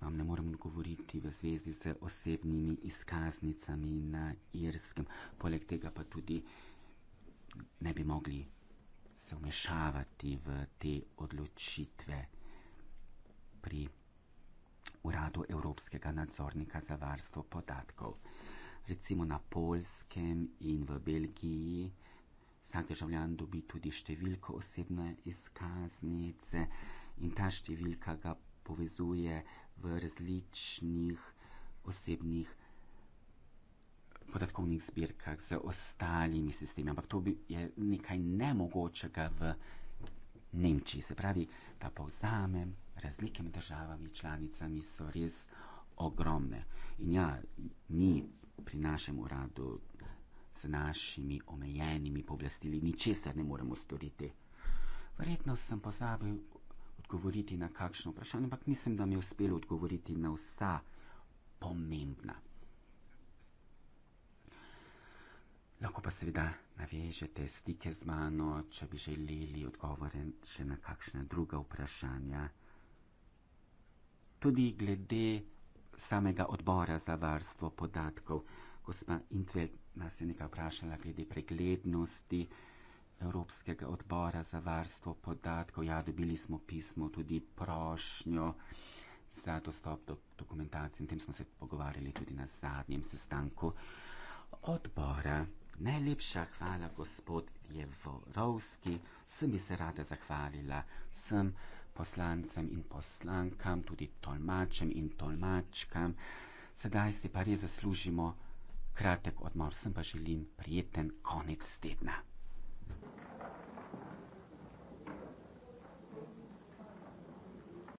vam ne morem govoriti v zvezi z osebnimi izkaznicami na irskem, poleg tega pa tudi ne bi mogli se vmešavati v te odločitve pri uradu Evropskega nadzornika za varstvo podatkov. Recimo na Polskem in v Belgiji vsak državljan dobi tudi številko osebne izkaznice in ta številka ga povezuje v različnih osebnih podatkovnih zbirkah z ostalimi sistemi. Ampak to je nekaj nemogočega v Nemčiji. Se pravi, da povzamem, razlike med državami članicami so res ogromne. In ja, mi pri našem uradu z našimi omejenimi pooblastili ničesar ne moremo storiti. Verjetno sem pozabil odgovoriti na kakšno vprašanje, ampak mislim, da mi je uspelo odgovoriti na vsa pomembna. Lahko pa seveda navežete stike z mano, če bi želeli odgovore še na kakšne druga vprašanja. Tudi glede samega odbora za varstvo podatkov, gospa Intvel nas je nekaj vprašala glede preglednosti Evropskega odbora za varstvo podatkov. Ja, dobili smo pismo tudi prošnjo za dostop do dokumentacije in tem smo se pogovarjali tudi na zadnjem sestanku odbora. Najlepša hvala, gospod Jevorovski. Sem bi se rada zahvalila vsem poslancem in poslankam, tudi tolmačem in tolmačkam. Sedaj si pa res zaslužimo kratek odmor, sem pa želim prijeten konec tedna.